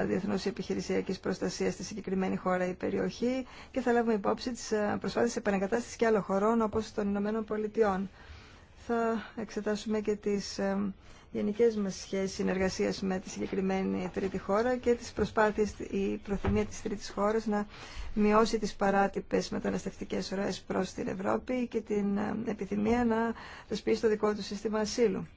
διεθνούς επιχειρησιακής προστασίας στη συγκεκριμένη χώρα ή περιοχή και θα λάβουμε υπόψη τις προσπάθειες επανεγκατάστασης και άλλων χωρών όπως των Ηνωμένων Πολιτειών. Θα εξετάσουμε και τις ε, γενικές μας σχέσεις συνεργασίας με τη συγκεκριμένη τρίτη χώρα και τις προσπάθειες, η προθυμία της τρίτης χώρας να μειώσει τις παράτυπες μεταναστευτικές ροές προς την Ευρώπη και την ε, επιθυμία να θεσπίσει το δικό του σύστημα ασύλου.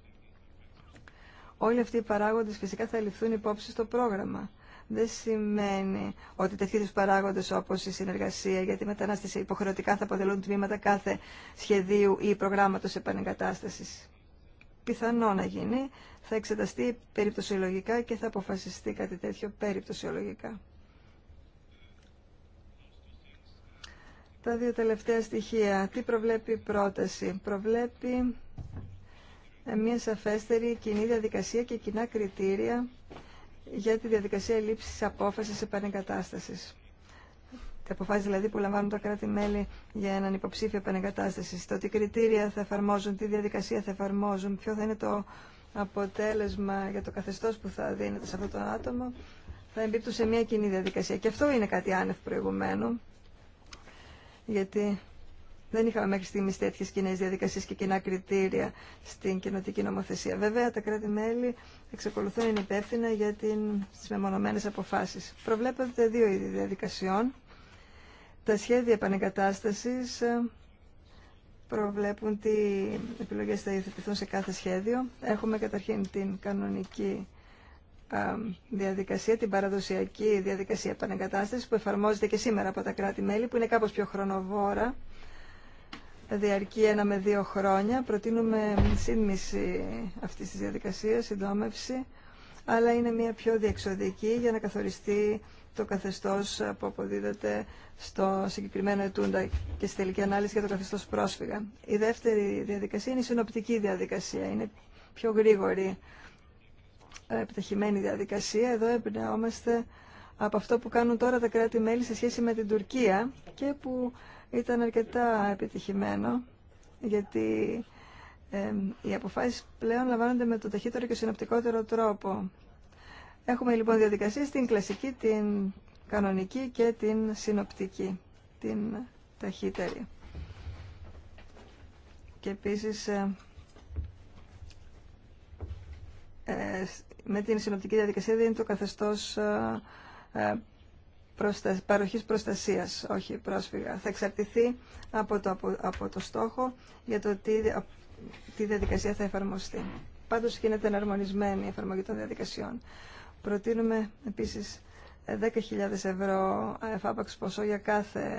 Όλοι αυτοί οι παράγοντες φυσικά θα ληφθούν υπόψη στο πρόγραμμα. Δεν σημαίνει ότι τέτοιου παράγοντε όπως η συνεργασία για τη μετανάστευση υποχρεωτικά θα αποτελούν τμήματα κάθε σχεδίου ή προγράμματος επανεγκατάστασης. Πιθανό να γίνει, θα εξεταστεί περιπτωσιολογικά και θα αποφασιστεί κάτι τέτοιο περιπτωσιολογικά. Τα δύο τελευταία στοιχεία. Τι προβλέπει η πρόταση. Προβλέπει μια σαφέστερη κοινή διαδικασία και κοινά κριτήρια για τη διαδικασία λήψη απόφασης επανεγκατάστασης. Τα αποφάσει δηλαδή που λαμβάνουν τα κράτη-μέλη για έναν υποψήφιο επανεγκατάσταση, το τι κριτήρια θα εφαρμόζουν, τι διαδικασία θα εφαρμόζουν, ποιο θα είναι το αποτέλεσμα για το καθεστώς που θα δίνεται σε αυτό το άτομο, θα εμπίπτουν σε μια κοινή διαδικασία. Και αυτό είναι κάτι άνευ προηγουμένου, γιατί δεν είχαμε μέχρι στιγμή τέτοιε κοινέ διαδικασίε και κοινά κριτήρια στην κοινοτική νομοθεσία. Βέβαια, τα κράτη-μέλη εξακολουθούν είναι υπεύθυνα για τι μεμονωμένε αποφάσει. Προβλέπονται δύο είδη διαδικασιών. Τα σχέδια επανεγκατάσταση ε, προβλέπουν τι επιλογέ θα υιοθετηθούν σε κάθε σχέδιο. Έχουμε καταρχήν την κανονική ε, διαδικασία, την παραδοσιακή διαδικασία επανεγκατάσταση που εφαρμόζεται και σήμερα από τα κράτη-μέλη, που είναι κάπως πιο χρονοβόρα διαρκεί ένα με δύο χρόνια. Προτείνουμε σύνμιση αυτή τη διαδικασία, συντόμευση, αλλά είναι μια πιο διεξοδική για να καθοριστεί το καθεστώ που αποδίδεται στο συγκεκριμένο ετούντα και στη τελική ανάλυση για το καθεστώ πρόσφυγα. Η δεύτερη διαδικασία είναι η συνοπτική διαδικασία, είναι πιο γρήγορη επιταχυμένη διαδικασία. Εδώ εμπνεόμαστε από αυτό που κάνουν τώρα τα κράτη-μέλη σε σχέση με την Τουρκία και που ήταν αρκετά επιτυχημένο, γιατί οι αποφάσεις πλέον λαμβάνονται με το ταχύτερο και συνοπτικότερο τρόπο. Έχουμε λοιπόν διαδικασίες, την κλασική, την κανονική και την συνοπτική, την ταχύτερη. Και επίσης ε, ε, με την συνοπτική διαδικασία δίνει το καθεστώς ε, προστα... παροχής προστασίας, όχι πρόσφυγα. Θα εξαρτηθεί από το, στόχο για το τι, τι διαδικασία θα εφαρμοστεί. Πάντως γίνεται εναρμονισμένη η εφαρμογή των διαδικασιών. Προτείνουμε επίσης 10.000 ε, ευρώ εφάπαξ ποσό για κάθε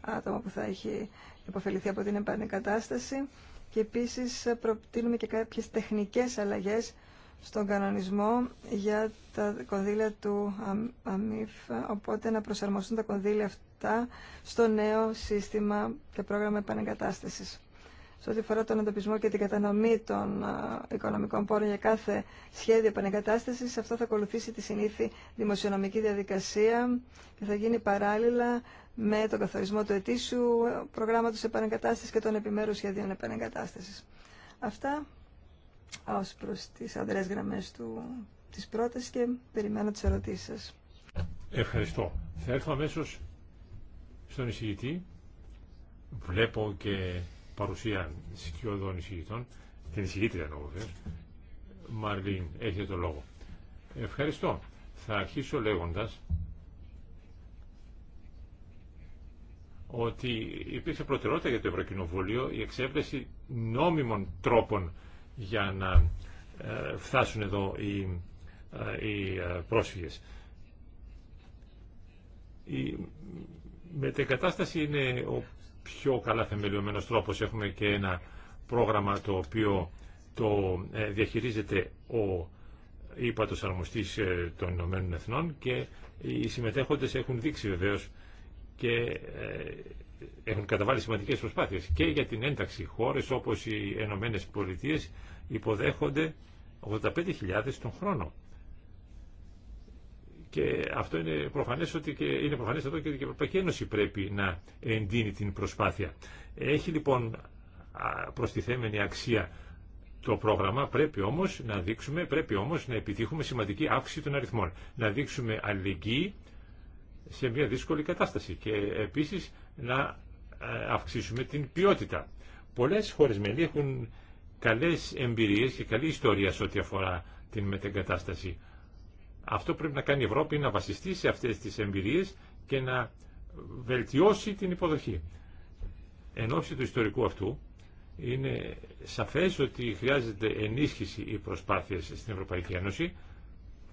άτομο που θα έχει υποφεληθεί από την επανεκατάσταση και επίσης ε, προτείνουμε και κάποιες τεχνικές αλλαγές στον κανονισμό για τα κονδύλια του ΑΜΙΦ, οπότε να προσαρμοστούν τα κονδύλια αυτά στο νέο σύστημα και πρόγραμμα επανεγκατάστασης. Σε ό,τι αφορά τον εντοπισμό και την κατανομή των οικονομικών πόρων για κάθε σχέδιο επανεγκατάστασης, αυτό θα ακολουθήσει τη συνήθη δημοσιονομική διαδικασία και θα γίνει παράλληλα με τον καθορισμό του ετήσιου προγράμματος επανεγκατάστασης και των επιμέρους σχεδίων επανεγκατάστασης. Αυτά ως προς τις αδρές γραμμές του, της πρότασης και περιμένω τις ερωτήσεις Ευχαριστώ. Θα έρθω αμέσω στον εισηγητή. Βλέπω και παρουσία σκιωδών εισηγητών. Την εισηγήτρια εννοώ βέβαια. Μαρλίν, έχετε το λόγο. Ευχαριστώ. Θα αρχίσω λέγοντας ότι υπήρξε προτεραιότητα για το Ευρωκοινοβούλιο η εξέβρεση νόμιμων τρόπων για να ε, φτάσουν εδώ οι, ε, οι ε, πρόσφυγες. Η μετεγκατάσταση είναι ο πιο καλά θεμελιωμένος τρόπος. Έχουμε και ένα πρόγραμμα το οποίο το διαχειρίζεται ο ύπατος αρμοστής των Ηνωμένων Εθνών και οι συμμετέχοντες έχουν δείξει βεβαίως και έχουν καταβάλει σημαντικές προσπάθειες και για την ένταξη. Χώρες όπως οι Ενωμένες Πολιτείε υποδέχονται 85.000 τον χρόνο. Και αυτό είναι προφανές ότι και, είναι προφανές εδώ και η Ευρωπαϊκή Ένωση πρέπει να εντείνει την προσπάθεια. Έχει λοιπόν προστιθέμενη αξία το πρόγραμμα πρέπει όμως να δείξουμε, πρέπει όμως να επιτύχουμε σημαντική αύξηση των αριθμών. Να δείξουμε αλληλεγγύη σε μια δύσκολη κατάσταση και επίσης να ε, αυξήσουμε την ποιότητα. Πολλές χώρες μελή έχουν καλές εμπειρίες και καλή ιστορία σε ό,τι αφορά την μετεγκατάσταση. Αυτό πρέπει να κάνει η Ευρώπη να βασιστεί σε αυτές τις εμπειρίες και να βελτιώσει την υποδοχή. Εν ώψη του ιστορικού αυτού, είναι σαφές ότι χρειάζεται ενίσχυση οι προσπάθειες στην Ευρωπαϊκή Ένωση,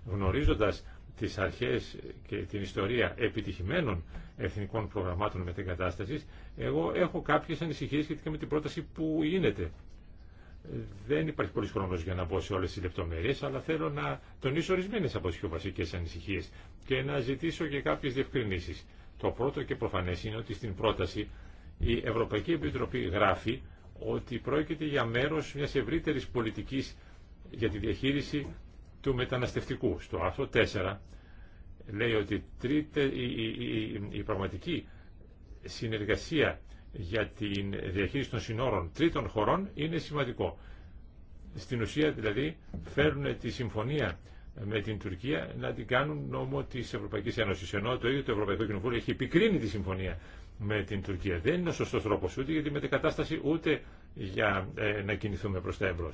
γνωρίζοντας τις αρχές και την ιστορία επιτυχημένων εθνικών προγραμμάτων μετεγκατάστασης, εγώ έχω κάποιες ανησυχίες σχετικά με την πρόταση που γίνεται. Δεν υπάρχει πολύς χρόνος για να μπω σε όλες τις λεπτομέρειες, αλλά θέλω να τονίσω ορισμένες από τις πιο βασικές ανησυχίες και να ζητήσω και κάποιες διευκρινήσεις. Το πρώτο και προφανές είναι ότι στην πρόταση η Ευρωπαϊκή Επιτροπή γράφει ότι πρόκειται για μέρος μιας ευρύτερης πολιτικής για τη διαχείριση του μεταναστευτικού. Στο άρθρο 4 λέει ότι τρίτε, η, η, η, πραγματική συνεργασία για τη διαχείριση των συνόρων τρίτων χωρών είναι σημαντικό. Στην ουσία δηλαδή φέρνουν τη συμφωνία με την Τουρκία να την κάνουν νόμο τη Ευρωπαϊκή Ένωση. Ενώ το ίδιο το Ευρωπαϊκό Κοινοβούλιο έχει επικρίνει τη συμφωνία με την Τουρκία. Δεν είναι ο σωστό τρόπο ούτε για τη μετεκατάσταση ούτε για ε, να κινηθούμε προ τα εμπρό.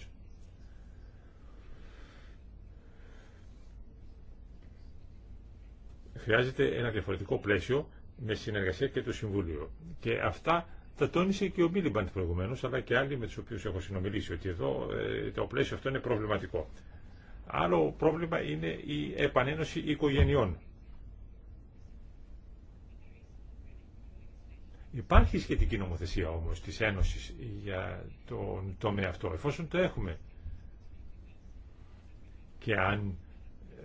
Χρειάζεται ένα διαφορετικό πλαίσιο με συνεργασία και το Συμβούλιο. Και αυτά τα τόνισε και ο Μίλιμπαντ προηγουμένω, αλλά και άλλοι με του οποίου έχω συνομιλήσει, ότι εδώ ε, το πλαίσιο αυτό είναι προβληματικό. Άλλο πρόβλημα είναι η επανένωση οικογενειών. Υπάρχει σχετική νομοθεσία όμως της Ένωσης για τον τομέα αυτό, εφόσον το έχουμε. Και αν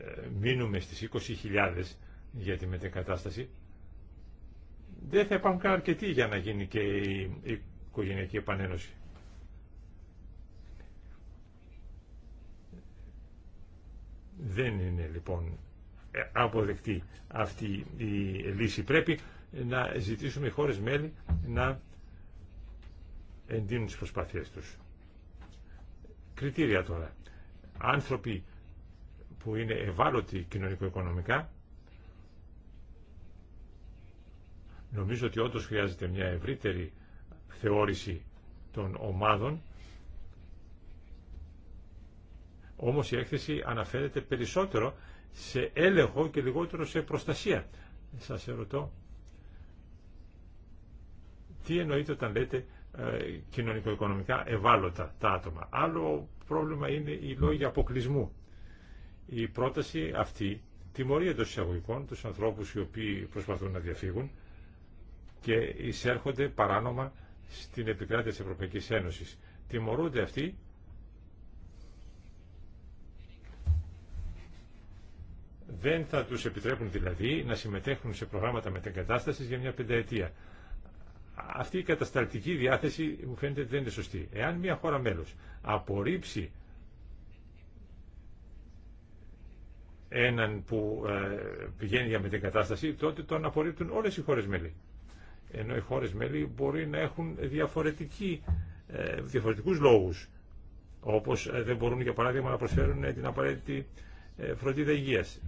ε, μείνουμε στις 20.000, για τη μετεκατάσταση. δεν θα υπάρχουν καν αρκετοί για να γίνει και η οικογενειακή επανένωση. Δεν είναι λοιπόν ε, αποδεκτή αυτή η λύση. Πρέπει να ζητήσουμε οι χώρες μέλη να εντείνουν τις προσπάθειές τους. Κριτήρια τώρα. Άνθρωποι που είναι ευάλωτοι κοινωνικο-οικονομικά Νομίζω ότι όντως χρειάζεται μια ευρύτερη θεώρηση των ομάδων, όμως η έκθεση αναφέρεται περισσότερο σε έλεγχο και λιγότερο σε προστασία. Σας ερωτώ, τι εννοειται οταν όταν λέτε ε, κοινωνικο-οικονομικά ευάλωτα τα άτομα. Άλλο πρόβλημα είναι οι λόγοι αποκλεισμού. Η πρόταση αυτή τιμωρεί εντό εισαγωγικών του ανθρώπου οι οποίοι προσπαθούν να διαφύγουν και εισέρχονται παράνομα στην επικράτεια της Ευρωπαϊκής Ένωσης. Τιμωρούνται αυτοί δεν θα τους επιτρέπουν δηλαδή να συμμετέχουν σε προγράμματα μετεγκατάστασης για μια πενταετία. Αυτή η κατασταλτική διάθεση μου φαίνεται δεν είναι σωστή. Εάν μια χώρα μέλος απορρίψει έναν που ε, πηγαίνει για μετεγκατάσταση, τότε τον απορρίπτουν όλες οι χώρες μέλη ενώ οι χώρες μέλη μπορεί να έχουν διαφορετική, ε, διαφορετικούς λόγους όπως ε, δεν μπορούν για παράδειγμα να προσφέρουν ε, την απαραίτητη φροντίδα υγείας.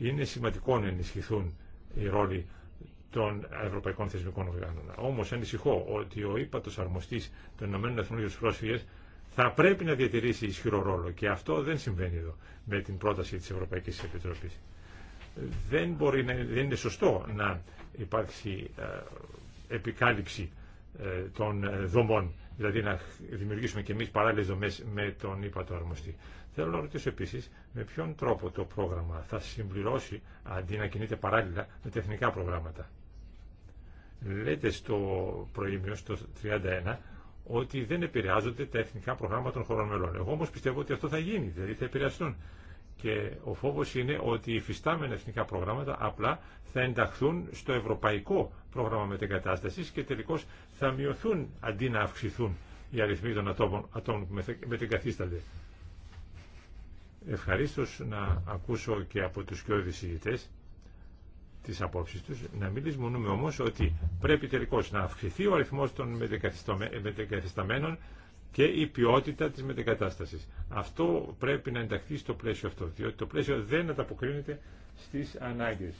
Είναι σημαντικό να ενισχυθούν οι ρόλοι των ευρωπαϊκών θεσμικών οργάνων. Όμως, ανησυχώ ότι ο ύπατος αρμοστής των ΗΠΑ για τους πρόσφυγες θα πρέπει να διατηρήσει ισχυρό ρόλο και αυτό δεν συμβαίνει εδώ με την πρόταση της Ευρωπαϊκής Επιτροπής. Δεν, μπορεί να, δεν είναι σωστό να υπάρξει ε, επικάλυψη ε, των ε, δομών, δηλαδή να δημιουργήσουμε και εμείς παράλληλε δομές με τον ύπατο αρμοστή. Θέλω να ρωτήσω επίσης με ποιον τρόπο το πρόγραμμα θα συμπληρώσει αντί να κινείται παράλληλα με τεχνικά προγράμματα. Λέτε στο προήμιο, στο 31, ότι δεν επηρεάζονται τα εθνικά προγράμματα των χωρών μελών. Εγώ όμω πιστεύω ότι αυτό θα γίνει, δηλαδή θα επηρεαστούν. Και ο φόβος είναι ότι οι φυστάμενα εθνικά προγράμματα απλά θα ενταχθούν στο ευρωπαϊκό πρόγραμμα μετεγκατάστασης και τελικώς θα μειωθούν αντί να αυξηθούν οι αριθμοί των ατόμων, ατόμων που μετεγκαθίστανται. Ευχαριστώ να ακούσω και από τους κοιόδη ηγητές τι απόψει του να μην λησμονούμε όμω ότι πρέπει τελικώ να αυξηθεί ο αριθμό των μετεγκαθισταμένων και η ποιότητα τη μετεγκατάστασης. Αυτό πρέπει να ενταχθεί στο πλαίσιο αυτό, διότι το πλαίσιο δεν ανταποκρίνεται στι ανάγκε.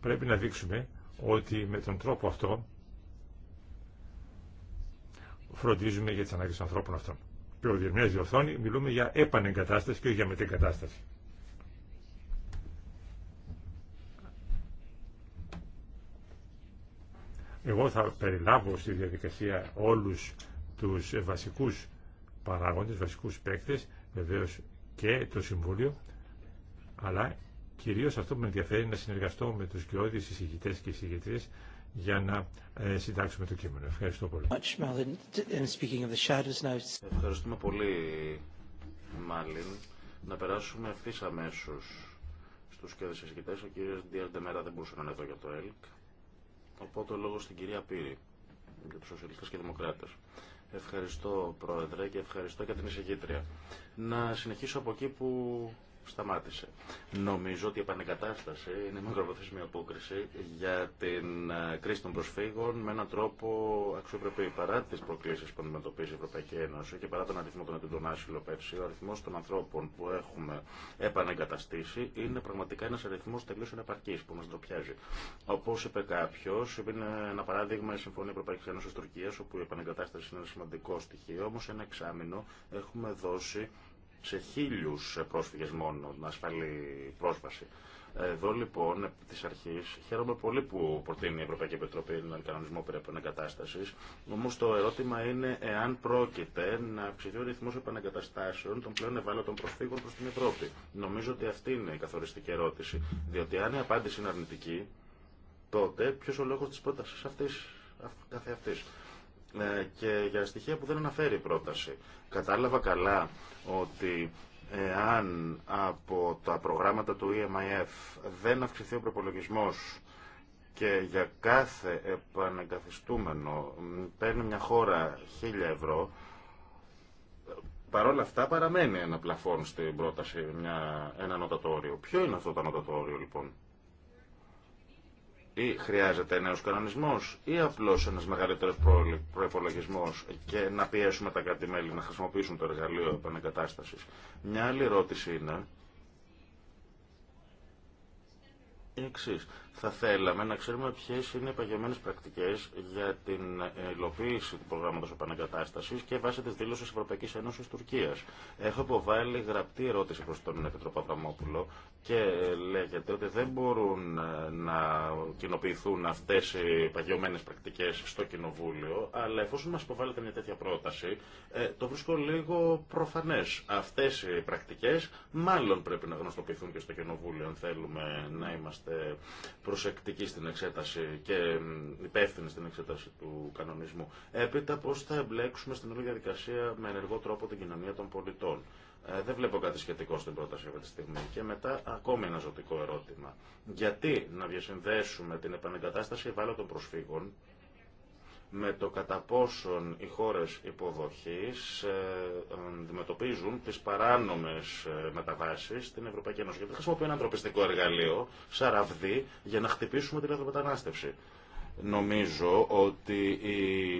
Πρέπει να δείξουμε ότι με τον τρόπο αυτό φροντίζουμε για τι ανάγκε των ανθρώπων αυτών. Και ο διορθώνει, μιλούμε για επανεγκατάσταση και όχι για μετεγκατάσταση. Εγώ θα περιλάβω στη διαδικασία όλους τους βασικούς παράγοντε, βασικούς παίκτε, βεβαίω και το Συμβούλιο, αλλά κυρίως αυτό που με ενδιαφέρει είναι να συνεργαστώ με του κοιόδης εισηγητές και εισηγητρίες για να ε, συντάξουμε το κείμενο. Ευχαριστώ πολύ. Ευχαριστούμε πολύ, Μάλιν. Να περάσουμε ευθύ αμέσω στου κύριου συζητητέ. Ο κύριο Ντία μέρα δεν μπορούσε να είναι εδώ για το ΕΛΚ. Οπότε λόγο στην κυρία Πύρη για του Σοσιαλιστέ και Δημοκράτε. Ευχαριστώ, Πρόεδρε, και ευχαριστώ και την εισηγήτρια. Να συνεχίσω από εκεί που σταμάτησε. Νομίζω ότι η επανεκατάσταση είναι η μια απόκριση για την ε, κρίση των προσφύγων με έναν τρόπο αξιοπρεπή. Παρά τι προκλήσει που αντιμετωπίζει η Ευρωπαϊκή Ένωση και παρά τον αριθμό των τον άσυλο πέρσι, ο αριθμό των ανθρώπων που έχουμε επανεγκαταστήσει είναι πραγματικά ένα αριθμό τελείω ανεπαρκή που μα ντροπιάζει. Όπω είπε κάποιο, είναι ένα παράδειγμα η Συμφωνία Ευρωπαϊκή Ένωση Τουρκία, όπου η επανεγκατάσταση είναι ένα σημαντικό στοιχείο, όμω ένα εξάμεινο έχουμε δώσει σε χίλιους πρόσφυγες μόνο με ασφαλή πρόσβαση. Εδώ λοιπόν, επί της αρχής, χαίρομαι πολύ που προτείνει η Ευρωπαϊκή Επιτροπή έναν κανονισμό περί επανεγκατάσταση. όμω το ερώτημα είναι εάν πρόκειται να αυξηθεί ο ρυθμό επανεγκαταστάσεων των πλέον ευάλωτων προσφύγων προ την Ευρώπη. Νομίζω ότι αυτή είναι η καθοριστική ερώτηση. Διότι αν η απάντηση είναι αρνητική, τότε ποιο ο λόγος της πρότασης αυτή καθεαυτής. Ναι, και για στοιχεία που δεν αναφέρει η πρόταση. Κατάλαβα καλά ότι εάν από τα προγράμματα του EMIF δεν αυξηθεί ο προπολογισμός και για κάθε επανεγκαθιστούμενο παίρνει μια χώρα 1000 ευρώ, παρόλα αυτά παραμένει ένα πλαφόν στην πρόταση, μια, ένα νοτατόριο. Ποιο είναι αυτό το νοτατόριο λοιπόν ή χρειάζεται νέος κανονισμός ή απλώς ένας μεγαλύτερος προπολογισμό και να πιέσουμε τα κρατη να χρησιμοποιήσουν το εργαλείο επανεγκατάστασης. Μια άλλη ερώτηση είναι η εξής. Θα θέλαμε να ξέρουμε ποιε είναι οι παγιωμένε πρακτικέ για την υλοποίηση του προγράμματο επαναγκατάσταση και βάσει τη δήλωση Ευρωπαϊκή Ένωση Τουρκία. Έχω υποβάλει γραπτή ερώτηση προ τον Επιτροπό Αβραμόπουλο και λέγεται ότι δεν μπορούν ε, να κοινοποιηθούν αυτέ οι παγιωμένε πρακτικέ στο Κοινοβούλιο, αλλά εφόσον μα υποβάλλεται μια τέτοια πρόταση, ε, το βρίσκω λίγο προφανέ. Αυτέ οι πρακτικέ μάλλον πρέπει να γνωστοποιηθούν και στο Κοινοβούλιο, αν θέλουμε να είμαστε προσεκτική στην εξέταση και υπεύθυνη στην εξέταση του κανονισμού. Έπειτα πώ θα εμπλέξουμε στην όλη διαδικασία με ενεργό τρόπο την κοινωνία των πολιτών. Ε, δεν βλέπω κάτι σχετικό στην πρόταση αυτή τη στιγμή. Και μετά ακόμη ένα ζωτικό ερώτημα. Γιατί να διασυνδέσουμε την επανεγκατάσταση ευάλωτων προσφύγων με το κατά πόσον οι χώρες υποδοχής ε, αντιμετωπίζουν τις παράνομες ε, μεταβάσεις στην Ευρωπαϊκή Ένωση. Γιατί χρησιμοποιεί ένα ανθρωπιστικό εργαλείο, σαραβδί, για να χτυπήσουμε την ευρωπαϊκή Νομίζω ότι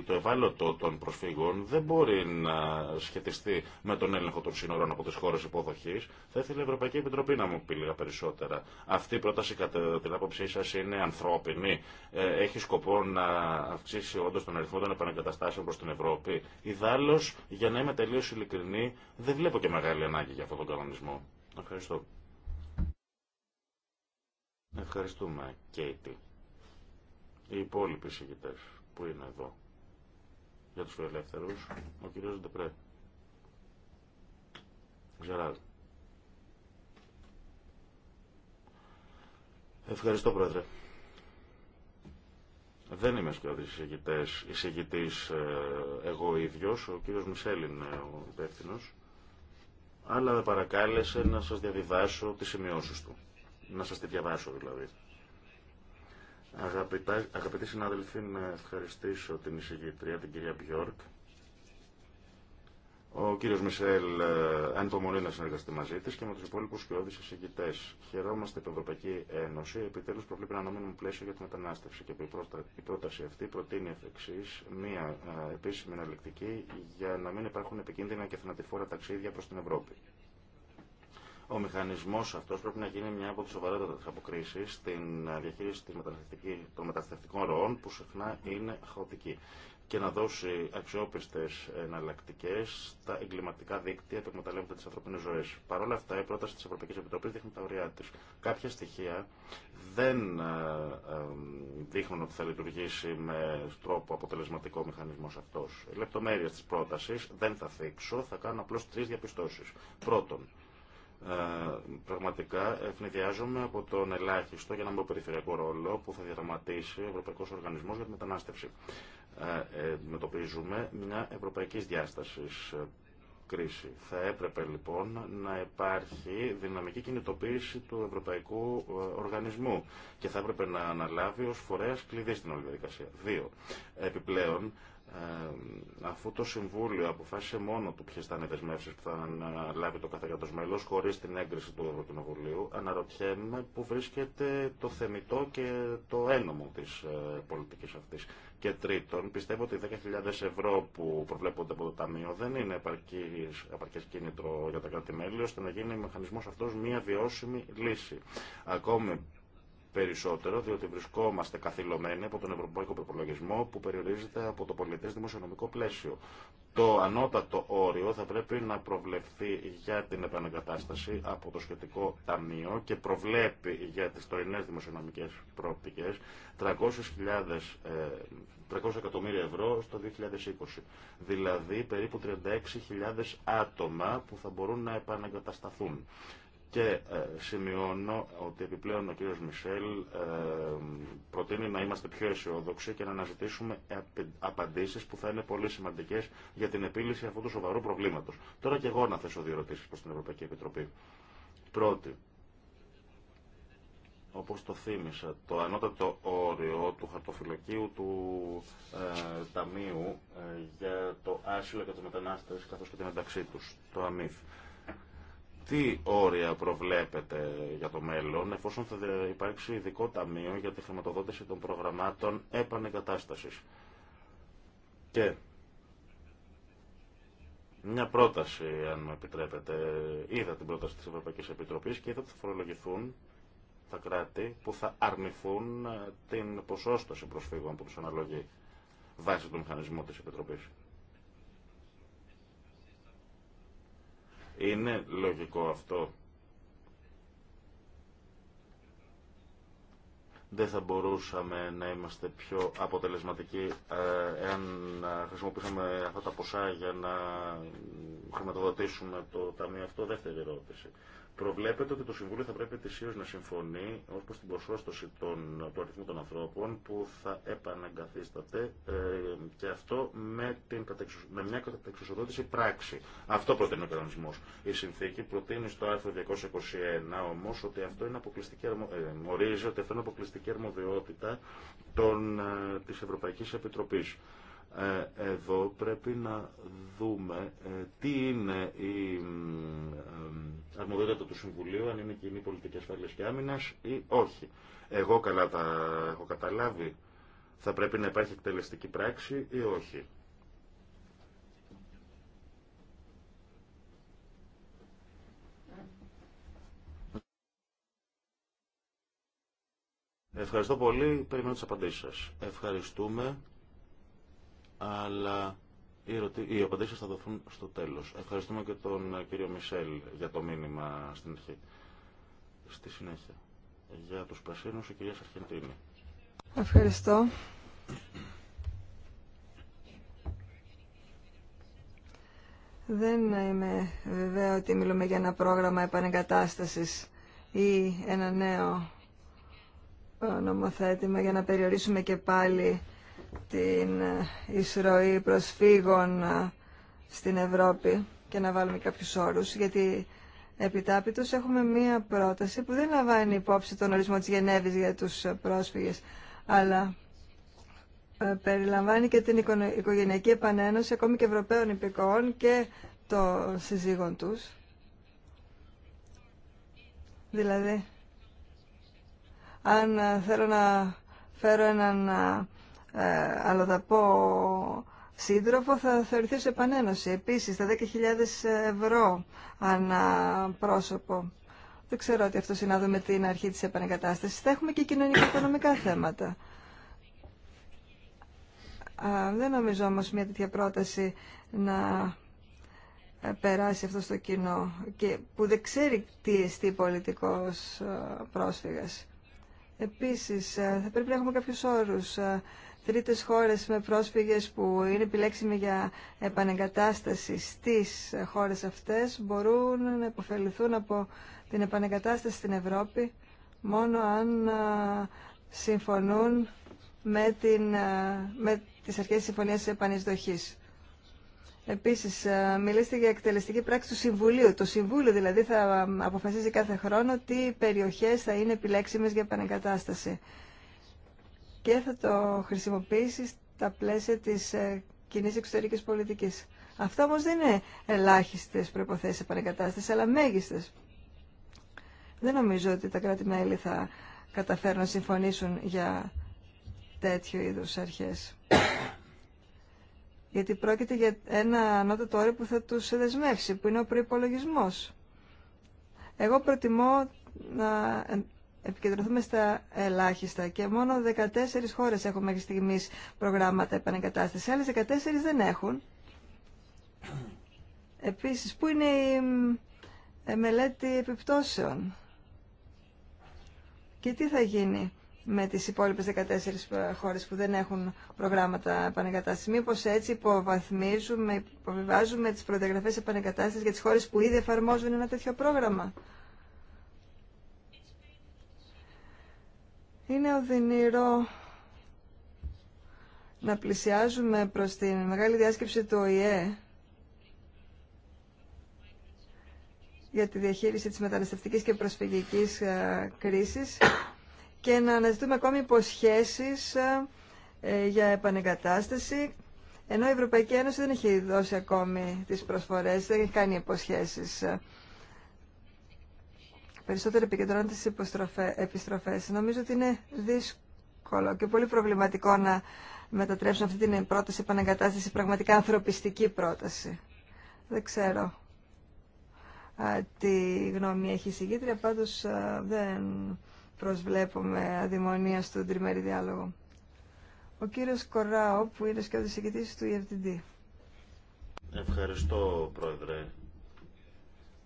το ευάλωτο των προσφύγων δεν μπορεί να σχετιστεί με τον έλεγχο των σύνορων από τι χώρε υποδοχή. Θα ήθελε η Ευρωπαϊκή Επιτροπή να μου πει λίγα περισσότερα. Αυτή η πρόταση, κατά την άποψή σα, είναι ανθρώπινη. Ε, έχει σκοπό να αυξήσει όντω τον αριθμό των επανεγκαταστάσεων προ την Ευρώπη. Ιδάλλως, για να είμαι τελείω ειλικρινή, δεν βλέπω και μεγάλη ανάγκη για αυτόν τον κανονισμό. Ευχαριστώ. Ευχαριστούμε, Κέιτι οι υπόλοιποι συγκητές που είναι εδώ για τους φιλελεύθερους, ο κύριος Ντεπρέ. Ζεράλ. Ευχαριστώ, Πρόεδρε. Δεν είμαι η εισηγητής ε, εγώ ίδιος, ο κύριος Μισελ είναι ο υπεύθυνο, αλλά με παρακάλεσε να σας διαβιβάσω τις σημειώσεις του. Να σας τη διαβάσω δηλαδή. Αγαπητά, αγαπητοί συνάδελφοι, να ευχαριστήσω την εισηγήτρια, την κυρία Μπιόρκ. Ο κύριος Μισελ ανυπομονεί ε, να συνεργαστεί μαζί της και με τους υπόλοιπους κοιόδης εισηγητές. Χαιρόμαστε την Ευρωπαϊκή Ένωση επιτέλους προβλέπει ένα νόμιμο πλαίσιο για τη μετανάστευση και η πρόταση αυτή προτείνει εφ' εξής μία ε, επίσημη εναλλεκτική για να μην υπάρχουν επικίνδυνα και θανατηφόρα ταξίδια προς την Ευρώπη. Ο μηχανισμό αυτό πρέπει να γίνει μια από τι σοβαρότερε αποκρίσει στην διαχείριση των μεταναστευτικών ροών που συχνά είναι χαοτική και να δώσει αξιόπιστε εναλλακτικέ στα εγκληματικά δίκτυα που εκμεταλλεύονται τι ανθρώπινε ζωέ. Παρ' όλα αυτά, η πρόταση τη Ευρωπαϊκή Επιτροπή δείχνει τα ωριά τη. Κάποια στοιχεία δεν ε, ε, δείχνουν ότι θα λειτουργήσει με τρόπο αποτελεσματικό ο μηχανισμό αυτό. Οι λεπτομέρειε τη πρόταση δεν θα θίξω, θα κάνω απλώ τρει διαπιστώσει. Πρώτον, ε, πραγματικά ευνηδιάζομαι από τον ελάχιστο, για να μην περιφερειακό ρόλο, που θα διαδραματίσει ο Ευρωπαϊκός Οργανισμός για τη Μετανάστευση. Ε, μια ευρωπαϊκή διάσταση κρίση. Θα έπρεπε λοιπόν να υπάρχει δυναμική κινητοποίηση του Ευρωπαϊκού ε, Οργανισμού και θα έπρεπε να αναλάβει ως φορέας κλειδί στην όλη διαδικασία. Δύο. Επιπλέον, ε, αφού το Συμβούλιο αποφάσισε μόνο του ποιε θα είναι οι δεσμεύσει που θα λάβει το κάθε κράτο μέλο χωρί την έγκριση του Ευρωκοινοβουλίου, αναρωτιέμαι πού βρίσκεται το θεμητό και το ένομο τη ε, πολιτική αυτή. Και τρίτον, πιστεύω ότι οι 10.000 ευρώ που προβλέπονται από το Ταμείο δεν είναι επαρκέ κίνητρο για τα κράτη-μέλη ώστε να γίνει ο μηχανισμό αυτό μια βιώσιμη λύση. Ακόμη περισσότερο, διότι βρισκόμαστε καθυλωμένοι από τον ευρωπαϊκό προπολογισμό που περιορίζεται από το πολιτέ δημοσιονομικό πλαίσιο. Το ανώτατο όριο θα πρέπει να προβλεφθεί για την επανεγκατάσταση από το σχετικό ταμείο και προβλέπει για τις τωρινές δημοσιονομικές πρόπτικες 300, 300 εκατομμύρια ευρώ στο 2020. Δηλαδή περίπου 36.000 άτομα που θα μπορούν να επανεγκατασταθούν. Και ε, σημειώνω ότι επιπλέον ο κύριος Μισελ ε, προτείνει να είμαστε πιο αισιόδοξοι και να αναζητήσουμε απαντήσεις που θα είναι πολύ σημαντικές για την επίλυση αυτού του σοβαρού προβλήματος. Τώρα και εγώ να θέσω δύο ερωτήσεις προς την Ευρωπαϊκή Επιτροπή. Πρώτη, όπως το θύμισα, το ανώτατο όριο του χαρτοφυλακίου του ε, Ταμείου για το άσυλο και τους μετανάστες καθώς και την ενταξή τους, το ΑΜΙΦ τι όρια προβλέπετε για το μέλλον, εφόσον θα υπάρξει ειδικό ταμείο για τη χρηματοδότηση των προγραμμάτων επανεγκατάστασης. Και μια πρόταση, αν μου επιτρέπετε, είδα την πρόταση της Ευρωπαϊκής Επιτροπής και είδα ότι θα φορολογηθούν τα κράτη που θα αρνηθούν ε, την ποσόστοση προσφύγων που τους αναλογεί βάσει του μηχανισμού της Επιτροπής. Είναι λογικό αυτό. δεν θα μπορούσαμε να είμαστε πιο αποτελεσματικοί ε, εάν ε, χρησιμοποιήσαμε αυτά τα ποσά για να χρηματοδοτήσουμε το ταμείο αυτό. Δεύτερη ερώτηση. Προβλέπεται ότι το Συμβούλιο θα πρέπει ετησίω να συμφωνεί ω προ την ποσόστοση των, του αριθμού των ανθρώπων που θα επαναγκαθίσταται ε, και αυτό με, την, με μια κατεξουσιοδότηση πράξη. Αυτό προτείνει ο κανονισμό. Η συνθήκη προτείνει στο άρθρο 221 όμω ότι αυτό είναι αποκλειστική, αρμο, ε, ότι αυτό είναι αποκλειστική αρμοδιότητα ε, της Επιτροπής. Ε, εδώ πρέπει να δούμε ε, τι είναι η ε, αρμοδιότητα του Συμβουλίου, αν είναι κοινή πολιτική ασφάλεια και άμυνα ή όχι. Εγώ καλά τα έχω καταλάβει. Θα πρέπει να υπάρχει εκτελεστική πράξη ή όχι. Ευχαριστώ πολύ. Περιμένω τις απαντήσεις σας. Ευχαριστούμε αλλά οι, ερωτη... απαντήσεις θα δοθούν στο τέλος. Ευχαριστούμε και τον ε, κύριο Μισελ για το μήνυμα στην αρχή. Στη συνέχεια. Για τους Πρασίνους, η κυρία Σαρχεντίνη. Ευχαριστώ. Δεν είμαι βέβαια ότι μιλούμε για ένα πρόγραμμα επανεγκατάστασης ή ένα νέο ε, νομοθέτημα για να περιορίσουμε και πάλι την εισρωή προσφύγων ε, στην Ευρώπη και να βάλουμε κάποιους όρους, γιατί επιτάπητος έχουμε μία πρόταση που δεν λαμβάνει υπόψη τον ορισμό της Γενέβης για τους ε, πρόσφυγες, αλλά ε, περιλαμβάνει και την οικογενειακή επανένωση ακόμη και Ευρωπαίων υπηκοών και των συζύγων τους. Δηλαδή, αν θέλω να φέρω έναν αλλά ε, πω σύντροφο θα θεωρηθεί σε επανένωση. Επίσης, τα 10.000 ευρώ ανά πρόσωπο. Δεν ξέρω ότι αυτό συνάδουμε την αρχή της επανεγκατάστασης. Θα έχουμε και κοινωνικο-οικονομικά θέματα. δεν νομίζω όμως μια τέτοια πρόταση να περάσει αυτό στο κοινό και που δεν ξέρει τι εστί πολιτικός ε, πρόσφυγας. Επίσης, ε, θα πρέπει να έχουμε κάποιους όρους τρίτες χώρες με πρόσφυγες που είναι επιλέξιμοι για επανεγκατάσταση στις χώρες αυτές μπορούν να υποφεληθούν από την επανεγκατάσταση στην Ευρώπη μόνο αν συμφωνούν με, την, με τις αρχές της συμφωνίας της επανεισδοχής. Επίσης, μιλήστε για εκτελεστική πράξη του Συμβουλίου. Το Συμβούλιο δηλαδή θα αποφασίζει κάθε χρόνο τι περιοχές θα είναι επιλέξιμες για επανεγκατάσταση και θα το χρησιμοποιήσει στα πλαίσια της ε, κοινή εξωτερικής πολιτικής. Αυτά όμως δεν είναι ελάχιστες προϋποθέσεις επανεγκατάστασης, αλλά μέγιστες. Δεν νομίζω ότι τα κράτη-μέλη θα καταφέρουν να συμφωνήσουν για τέτοιου είδους αρχές. Γιατί πρόκειται για ένα ανώτατο όριο που θα τους δεσμεύσει, που είναι ο προϋπολογισμός. Εγώ προτιμώ να επικεντρωθούμε στα ελάχιστα και μόνο 14 χώρες έχουν μέχρι στιγμής προγράμματα επανεγκατάστασης, άλλες 14 δεν έχουν. Επίσης, πού είναι η ε, μελέτη επιπτώσεων και τι θα γίνει με τις υπόλοιπες 14 ε, χώρες που δεν έχουν προγράμματα επανεγκατάστασης. Μήπως έτσι υποβαθμίζουμε, υποβιβάζουμε τις προδιαγραφές επανεγκατάστασης για τις χώρες που ήδη εφαρμόζουν ένα τέτοιο πρόγραμμα. Είναι οδυνηρό να πλησιάζουμε προς τη μεγάλη διάσκεψη του ΟΗΕ για τη διαχείριση της μεταναστευτικής και προσφυγικής ε, κρίσης και να αναζητούμε ακόμη υποσχέσεις ε, για επανεγκατάσταση ενώ η Ευρωπαϊκή Ένωση δεν έχει δώσει ακόμη τις προσφορές, δεν έχει κάνει υποσχέσεις περισσότερο επικεντρώνεται στις επιστροφές. Νομίζω ότι είναι δύσκολο και πολύ προβληματικό να μετατρέψουν αυτή την πρόταση επαναγκατάσταση πραγματικά ανθρωπιστική πρόταση. Δεν ξέρω τι γνώμη έχει η συγκήτρια, πάντως δεν προσβλέπουμε αδημονία στον τριμερή διάλογο. Ο κύριος Κοράου, που είναι και συγκητής του EFTD. Ευχαριστώ, Πρόεδρε.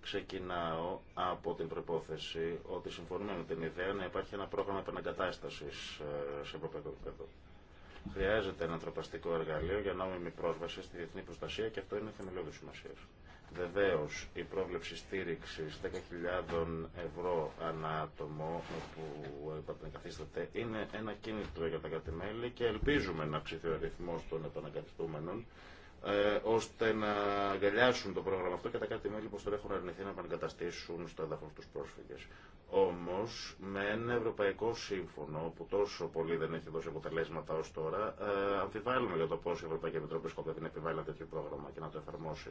Ξεκινάω από την προπόθεση ότι συμφωνούμε με την ιδέα να υπάρχει ένα πρόγραμμα επαναγκατάσταση ε, σε ευρωπαϊκό επίπεδο. Χρειάζεται ένα ανθρωπαστικό εργαλείο για νόμιμη πρόσβαση στη διεθνή προστασία και αυτό είναι θεμελιώδη σημασία. Βεβαίω, η πρόβλεψη στήριξη 10.000 ευρώ ανά άτομο που επαναγκαθίσταται είναι ένα κίνητρο για τα κατημέλη και ελπίζουμε να αυξηθεί ο αριθμό των επαναγκαθιστούμενων ε, ώστε να αγκαλιάσουν το πρόγραμμα αυτό και τα κάτι μέλη που τώρα έχουν αρνηθεί να παρακαταστήσουν στο έδαφο του πρόσφυγε. Όμω, με ένα ευρωπαϊκό σύμφωνο που τόσο πολύ δεν έχει δώσει αποτελέσματα ω τώρα, ε, αμφιβάλλουμε για το πώ η Ευρωπαϊκή Επιτροπή σκοπεύει να επιβάλλει ένα τέτοιο πρόγραμμα και να το εφαρμόσει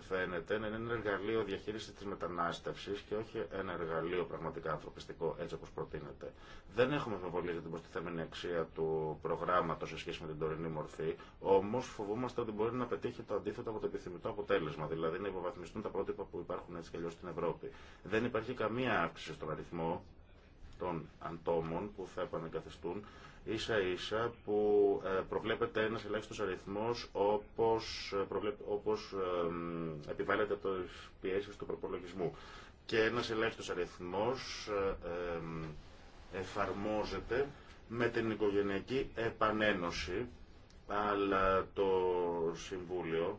φαίνεται να είναι ένα εργαλείο διαχείριση τη μετανάστευση και όχι ένα εργαλείο πραγματικά ανθρωπιστικό, έτσι όπω προτείνεται. Δεν έχουμε αμφιβολίε για την προστιθέμενη αξία του προγράμματο σε σχέση με την τωρινή μορφή, όμω φοβούμαστε ότι μπορεί να πετύχει το αντίθετο από το επιθυμητό αποτέλεσμα, δηλαδή να υποβαθμιστούν τα πρότυπα που υπάρχουν έτσι και αλλιώ στην Ευρώπη. Δεν υπάρχει καμία αύξηση στον αριθμό των αντόμων που θα επανακαθιστούν ίσα ίσα που ε, προβλέπεται ένας ελάχιστος αριθμό όπω όπως ε, επιβάλλεται από τι πιέσει του προπολογισμού και ένας ελάχιστος αριθμός ε, εφαρμόζεται με την οικογενειακή επανένωση αλλά το Συμβούλιο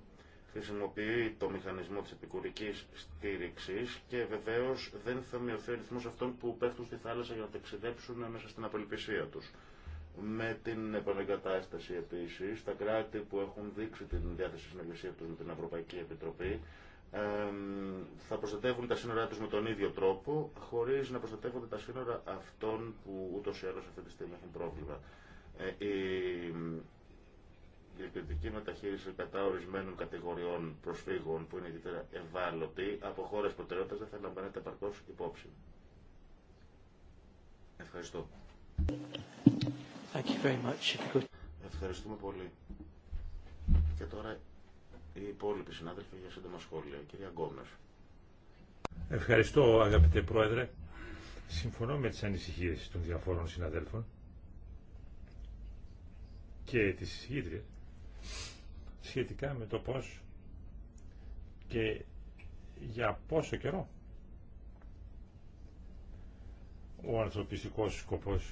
χρησιμοποιεί το μηχανισμό της επικουρικής στήριξης και βεβαίως δεν θα μειωθεί ο ρυθμός αυτών που πέφτουν στη θάλασσα για να ταξιδέψουν μέσα στην απελπισία τους. Με την επανεγκατάσταση επίσης, τα κράτη που έχουν δείξει την διάθεση συνεργασία τους με την Ευρωπαϊκή Επιτροπή θα προστατεύουν τα σύνορά τους με τον ίδιο τρόπο, χωρίς να προστατεύονται τα σύνορα αυτών που ούτως ή άλλως αυτή τη στιγμή έχουν πρόβλημα. Ε, η κριτική μεταχείριση κατά ορισμένων κατηγοριών προσφύγων που είναι ιδιαίτερα ευάλωτοι από χώρε προτεραιότητα δεν θα λαμβάνεται επαρκώ υπόψη. Ευχαριστώ. Thank you very much. Ευχαριστούμε πολύ. Και τώρα οι υπόλοιποι συνάδελφοι για σύντομα σχόλια. Κυρία Γκόμνας. Ευχαριστώ αγαπητέ Πρόεδρε. Συμφωνώ με τις ανησυχίες των διαφόρων συναδέλφων και της ίδρυας σχετικά με το πώς και για πόσο καιρό ο ανθρωπιστικός σκοπός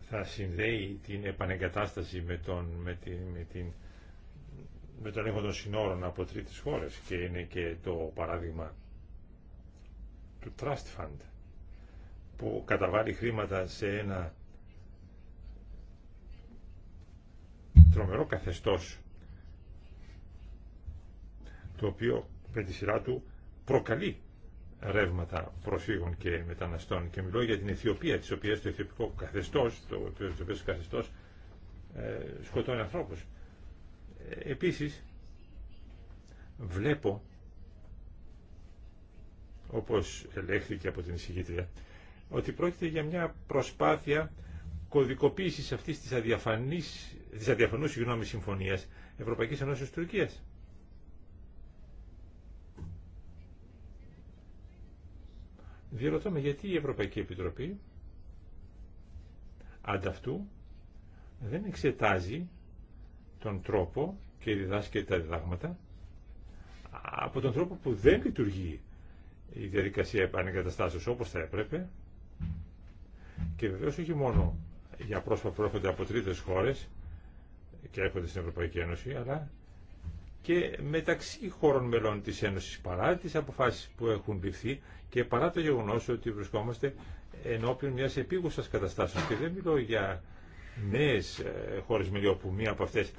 θα συνδέει την επανεγκατάσταση με τον, με την, με την, με τον των συνόρων από τρίτες χώρες και είναι και το παράδειγμα του Trust Fund που καταβάλει χρήματα σε ένα τρομερό καθεστώς το οποίο με τη σειρά του προκαλεί ρεύματα προσφύγων και μεταναστών και μιλώ για την Αιθιοπία της οποίας το αιθιοπικό καθεστώς το οποίο καθεστώς ε, σκοτώνει ανθρώπους επίσης βλέπω όπως ελέγχθηκε από την εισηγήτρια ότι πρόκειται για μια προσπάθεια κωδικοποίησης αυτής της, αδιαφανής, της αδιαφανούς συγγνώμη, συμφωνίας Ευρωπαϊκής Ενώσης Τουρκίας. Διερωτώ με γιατί η Ευρωπαϊκή Επιτροπή ανταυτού δεν εξετάζει τον τρόπο και διδάσκεται τα διδάγματα από τον τρόπο που δεν λειτουργεί η διαδικασία επανεγκαταστάσεως όπως θα έπρεπε και βεβαίω όχι μόνο για πρόσωπα που έρχονται από τρίτες χώρες και έρχονται στην Ευρωπαϊκή Ένωση, αλλά και μεταξύ χώρων μελών της Ένωσης παρά τι αποφάσεις που έχουν ληφθεί και παρά το γεγονό ότι βρισκόμαστε ενώπιον μιας επίγουσα καταστάσεω. και δεν μιλώ για νέε ε, χώρες μελιό που μία από αυτές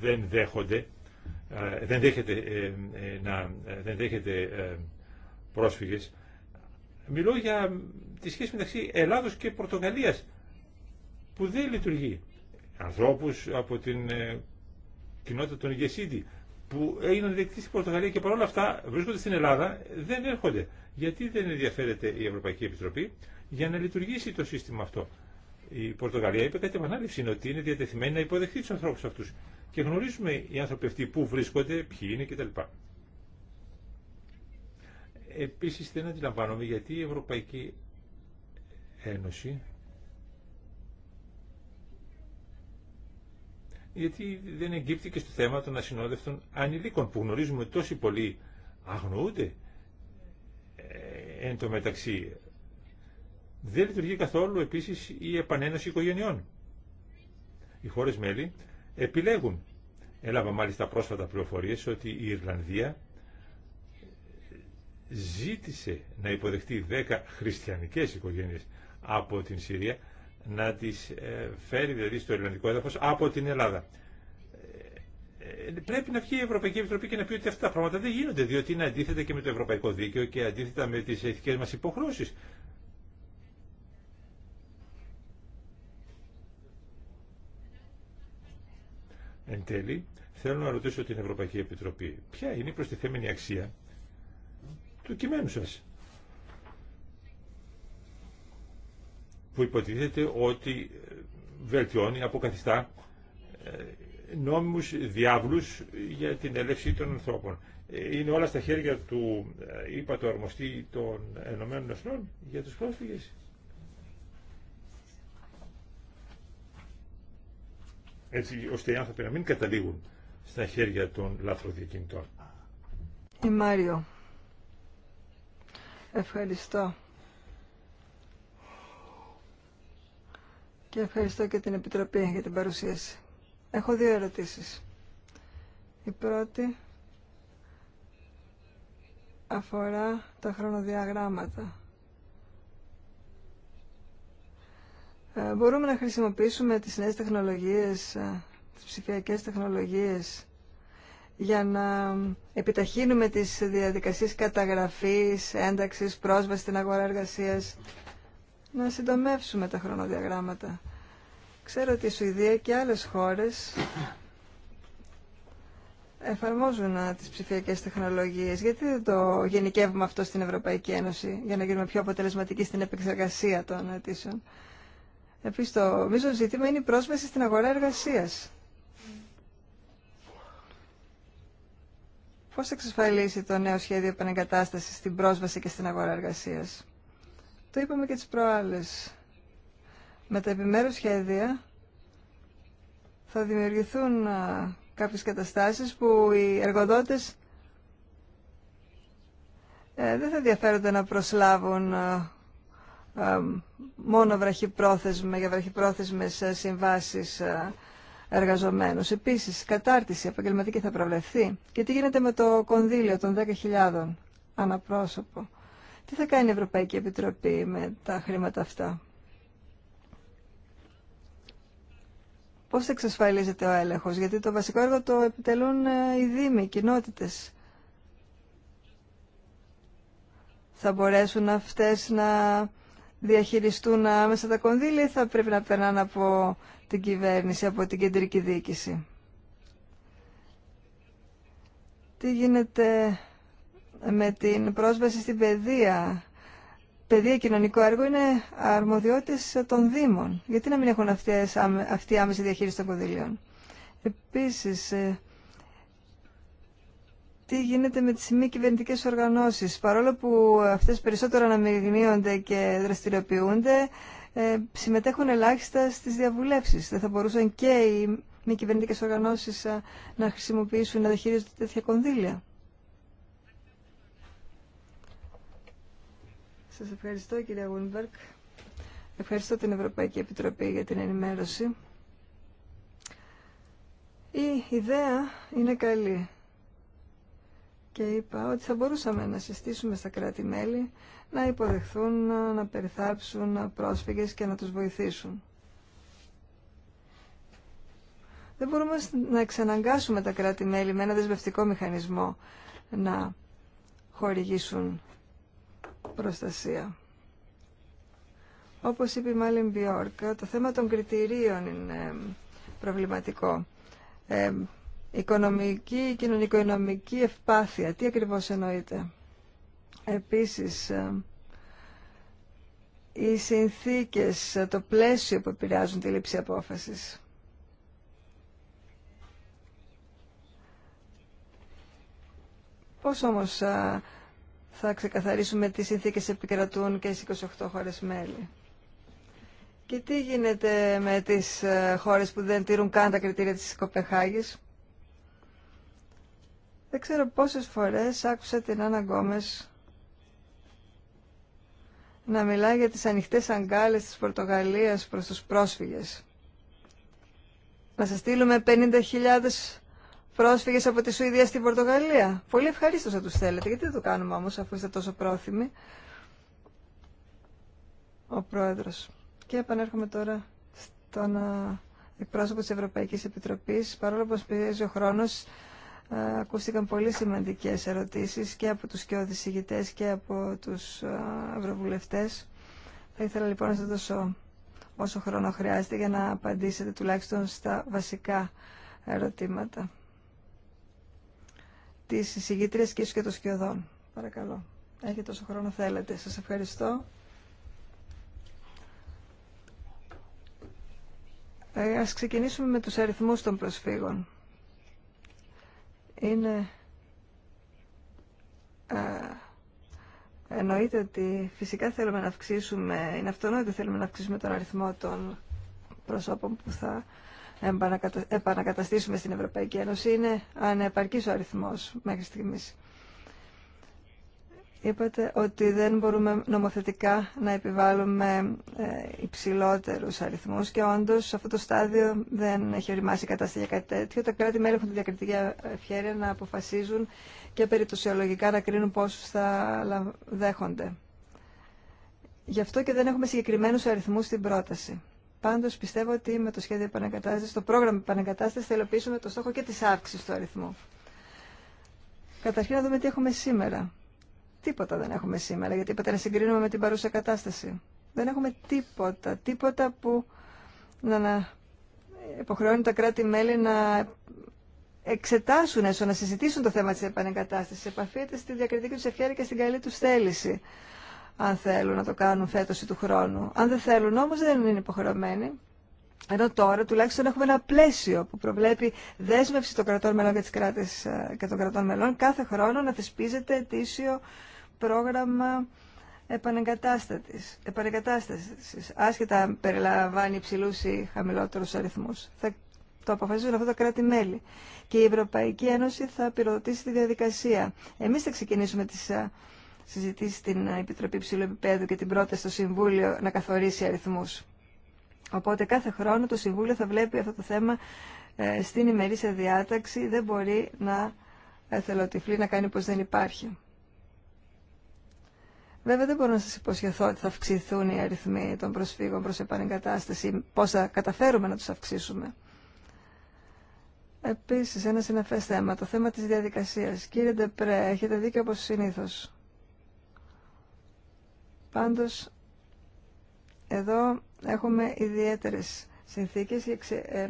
δεν δέχονται ε, δεν δέχεται, ε, να, δεν πρόσφυγες μιλώ για τη σχέση μεταξύ Ελλάδος και Πορτογαλίας που δεν λειτουργεί. ανθρώπου από την ε, κοινότητα των Γεσίδη που έγιναν δεκτοί στην Πορτογαλία και παρόλα αυτά βρίσκονται στην Ελλάδα δεν έρχονται. Γιατί δεν ενδιαφέρεται η Ευρωπαϊκή Επιτροπή για να λειτουργήσει το σύστημα αυτό. Η Πορτογαλία είπε κάτι επανάληψη είναι ότι είναι διατεθειμένη να υποδεχθεί του ανθρώπου αυτού. Και γνωρίζουμε οι άνθρωποι αυτοί που βρίσκονται, ποιοι είναι κτλ. Επίση δεν αντιλαμβάνομαι γιατί η Ευρωπαϊκή Ένωση γιατί δεν εγκύπτει και στο θέμα των ασυνόδευτων ανηλίκων που γνωρίζουμε τόσοι πολλοί αγνοούνται ε, εν τω μεταξύ. Δεν λειτουργεί καθόλου επίσης η επανένωση οικογενειών. Οι χώρες μέλη επιλέγουν. Έλαβα μάλιστα πρόσφατα πληροφορίες ότι η Ιρλανδία ζήτησε να υποδεχτεί 10 χριστιανικές οικογένειες από την Συρία, να τις ε, φέρει δηλαδή στο ελληνικό έδαφος από την Ελλάδα. Ε, ε, πρέπει να βγει η Ευρωπαϊκή Επιτροπή και να πει ότι αυτά τα πράγματα δεν γίνονται, διότι είναι αντίθετα και με το ευρωπαϊκό δίκαιο και αντίθετα με τις ηθικές μας υποχρώσεις. Εν τέλει, θέλω να ρωτήσω την Ευρωπαϊκή Επιτροπή, ποια είναι η προστιθέμενη αξία του κειμένου σας. που υποτίθεται ότι ε, βελτιώνει, αποκαθιστά ε, νόμιμους διάβλους για την έλευση των ανθρώπων. Ε, είναι όλα στα χέρια του, είπα, το αρμοστή των Ενωμένων για τους πρόσφυγες. Έτσι ώστε οι άνθρωποι να μην καταλήγουν στα χέρια των λαθροδιακινητών. Η Μάριο. Ευχαριστώ. και ευχαριστώ και την Επιτροπή για την παρουσίαση. Έχω δύο ερωτήσεις. Η πρώτη αφορά τα χρονοδιαγράμματα. Ε, μπορούμε να χρησιμοποιήσουμε τις νέες τεχνολογίες, ε, τις ψηφιακές τεχνολογίες για να επιταχύνουμε τις διαδικασίες καταγραφής, ένταξης, πρόσβασης στην αγορά εργασίας να συντομεύσουμε τα χρονοδιαγράμματα. Ξέρω ότι η Σουηδία και άλλες χώρες εφαρμόζουν τις ψηφιακές τεχνολογίες. Γιατί δεν το γενικεύουμε αυτό στην Ευρωπαϊκή Ένωση για να γίνουμε πιο αποτελεσματικοί στην επεξεργασία των αιτήσεων. Επίσης το μείζον ζήτημα είναι η πρόσβαση στην αγορά εργασίας. Πώς εξασφαλίσει το νέο σχέδιο επανεγκατάστασης στην πρόσβαση και στην αγορά εργασίας. Το είπαμε και τις προάλλες. Με τα επιμέρους σχέδια θα δημιουργηθούν κάποιες καταστάσεις που οι εργοδότες ε, δεν θα ενδιαφέρονται να προσλάβουν μόνο βραχυπρόθεσμα για βραχυπρόθεσμες ε, συμβάσεις εργαζομένους. Επίσης, κατάρτιση επαγγελματική θα προβλεφθεί. Και τι γίνεται με το κονδύλιο των 10.000 αναπρόσωπο. Τι θα κάνει η Ευρωπαϊκή Επιτροπή με τα χρήματα αυτά. Πώς θα εξασφαλίζεται ο έλεγχος, γιατί το βασικό έργο το επιτελούν ε, οι δήμοι, οι κοινότητες. Θα μπορέσουν αυτές να διαχειριστούν άμεσα τα κονδύλια ή θα πρέπει να περνάνε από την κυβέρνηση, από την κεντρική διοίκηση. Τι γίνεται με την πρόσβαση στην παιδεία, παιδεία κοινωνικό έργο είναι αρμοδιότητες των Δήμων. Γιατί να μην έχουν αυτές, αυτή η άμεση διαχείριση των κονδυλίων. Επίσης, ε, τι γίνεται με τις μη κυβερνητικέ οργανώσεις. Παρόλο που αυτές περισσότερο αναμειγνύονται και δραστηριοποιούνται, ε, συμμετέχουν ελάχιστα στις διαβουλεύσεις. Δεν θα μπορούσαν και οι μη κυβερνητικέ οργανώσεις ε, να χρησιμοποιήσουν, να διαχειρίζονται τέτοια κονδύλια. Σας ευχαριστώ κυρία Γουνμπερκ. Ευχαριστώ την Ευρωπαϊκή Επιτροπή για την ενημέρωση. Η ιδέα είναι καλή. Και είπα ότι θα μπορούσαμε να συστήσουμε στα κράτη-μέλη να υποδεχθούν, να περιθάψουν πρόσφυγες και να τους βοηθήσουν. Δεν μπορούμε να εξαναγκάσουμε τα κράτη-μέλη με ένα δεσμευτικό μηχανισμό να χορηγήσουν προστασία. Όπως είπε η Μάλιν Μπιόρκ, το θέμα των κριτηρίων είναι ε, προβληματικό. Ε, οικονομική, κοινωνικο-οικονομική ευπάθεια, τι ακριβώς εννοείται. Επίσης, ε, οι συνθήκες, ε, το πλαίσιο που επηρεάζουν τη λήψη απόφασης. Πώς όμως θα ξεκαθαρίσουμε τι συνθήκε επικρατούν και στι 28 χώρε μέλη. Και τι γίνεται με τις ε, χώρε που δεν τηρούν καν τα κριτήρια της Κοπεχάγη. Δεν ξέρω πόσες φορές άκουσα την Άννα Γκόμες να μιλάει για τις ανοιχτές αγκάλες της Πορτογαλίας προς τους πρόσφυγες. Να σας στείλουμε 50.000 Πρόσφυγε από τη Σουηδία στην Πορτογαλία. Πολύ ευχαρίστω να του θέλετε. Γιατί δεν το κάνουμε όμω αφού είστε τόσο πρόθυμοι. Ο πρόεδρο. Και επανέρχομαι τώρα στον εκπρόσωπο τη Ευρωπαϊκή Επιτροπή, Παρόλο που πιέζει ο χρόνο, ακούστηκαν πολύ σημαντικέ ερωτήσει και από τους ηγητέ και από του ευρωβουλευτέ. Θα ήθελα λοιπόν να σα δώσω όσο χρόνο χρειάζεται για να απαντήσετε τουλάχιστον στα βασικά ερωτήματα τι εισηγήτριας και ίσω και των σκιωδών. Παρακαλώ. Έχετε όσο χρόνο θέλετε. Σα ευχαριστώ. Ε, ας ξεκινήσουμε με τους αριθμούς των προσφύγων. Είναι... Ε, εννοείται ότι φυσικά θέλουμε να αυξήσουμε, είναι αυτονόητο θέλουμε να αυξήσουμε τον αριθμό των προσώπων που θα επανακαταστήσουμε στην Ευρωπαϊκή Ένωση. Είναι ανεπαρκής ο αριθμός μέχρι στιγμής. Είπατε ότι δεν μπορούμε νομοθετικά να επιβάλλουμε ε, υψηλότερους αριθμούς και όντως σε αυτό το στάδιο δεν έχει οριμάσει η κατάσταση για κάτι τέτοιο. Τα κράτη-μέλη έχουν τη διακριτική ευχαίρεια να αποφασίζουν και περιπτωσιολογικά να κρίνουν πόσους θα δέχονται. Γι' αυτό και δεν έχουμε συγκεκριμένους αριθμούς στην πρόταση. Πάντω πιστεύω ότι με το σχέδιο επανακατάσταση, το πρόγραμμα επανακατάστασης θα υλοποιήσουμε το στόχο και τη αύξηση του αριθμού. Καταρχήν να δούμε τι έχουμε σήμερα. Τίποτα δεν έχουμε σήμερα, γιατί είπατε να συγκρίνουμε με την παρούσα κατάσταση. Δεν έχουμε τίποτα, τίποτα που να, να υποχρεώνει τα κράτη-μέλη να εξετάσουν, έσω, να συζητήσουν το θέμα της επανεγκατάστασης. Επαφείται στη διακριτική του ευχαίρεια και στην καλή του θέληση αν θέλουν να το κάνουν φέτος ή του χρόνου. Αν δεν θέλουν όμως δεν είναι υποχρεωμένοι. Ενώ τώρα τουλάχιστον έχουμε ένα πλαίσιο που προβλέπει δέσμευση των κρατών μελών και, τις κράτες ε, και των κρατών μελών κάθε χρόνο να θεσπίζεται ετήσιο πρόγραμμα επανεγκατάστασης, άσχετα αν περιλαμβάνει υψηλούς ή χαμηλότερους αριθμούς. Θα το αποφασίζουν αυτό τα κράτη-μέλη. Και η Ευρωπαϊκή Ένωση θα πυροδοτήσει τη διαδικασία. Εμείς θα ξεκινήσουμε τις ε, συζητήσει στην Επιτροπή Ψηλού Επιπέδου και την πρόταση στο Συμβούλιο να καθορίσει αριθμού. Οπότε κάθε χρόνο το Συμβούλιο θα βλέπει αυτό το θέμα ε, στην ημερήσια διάταξη, δεν μπορεί να εθελοτυφλεί να κάνει πως δεν υπάρχει. Βέβαια δεν μπορώ να σας υποσχεθώ ότι θα αυξηθούν οι αριθμοί των προσφύγων προς επανεγκατάσταση ή πώς θα καταφέρουμε να τους αυξήσουμε. Επίσης, ένα συναφές θέμα, το θέμα της διαδικασίας. Κύριε Ντεπρέ, έχετε δίκιο όπω συνήθω. Πάντως, εδώ έχουμε ιδιαίτερες συνθήκες και ε, ε,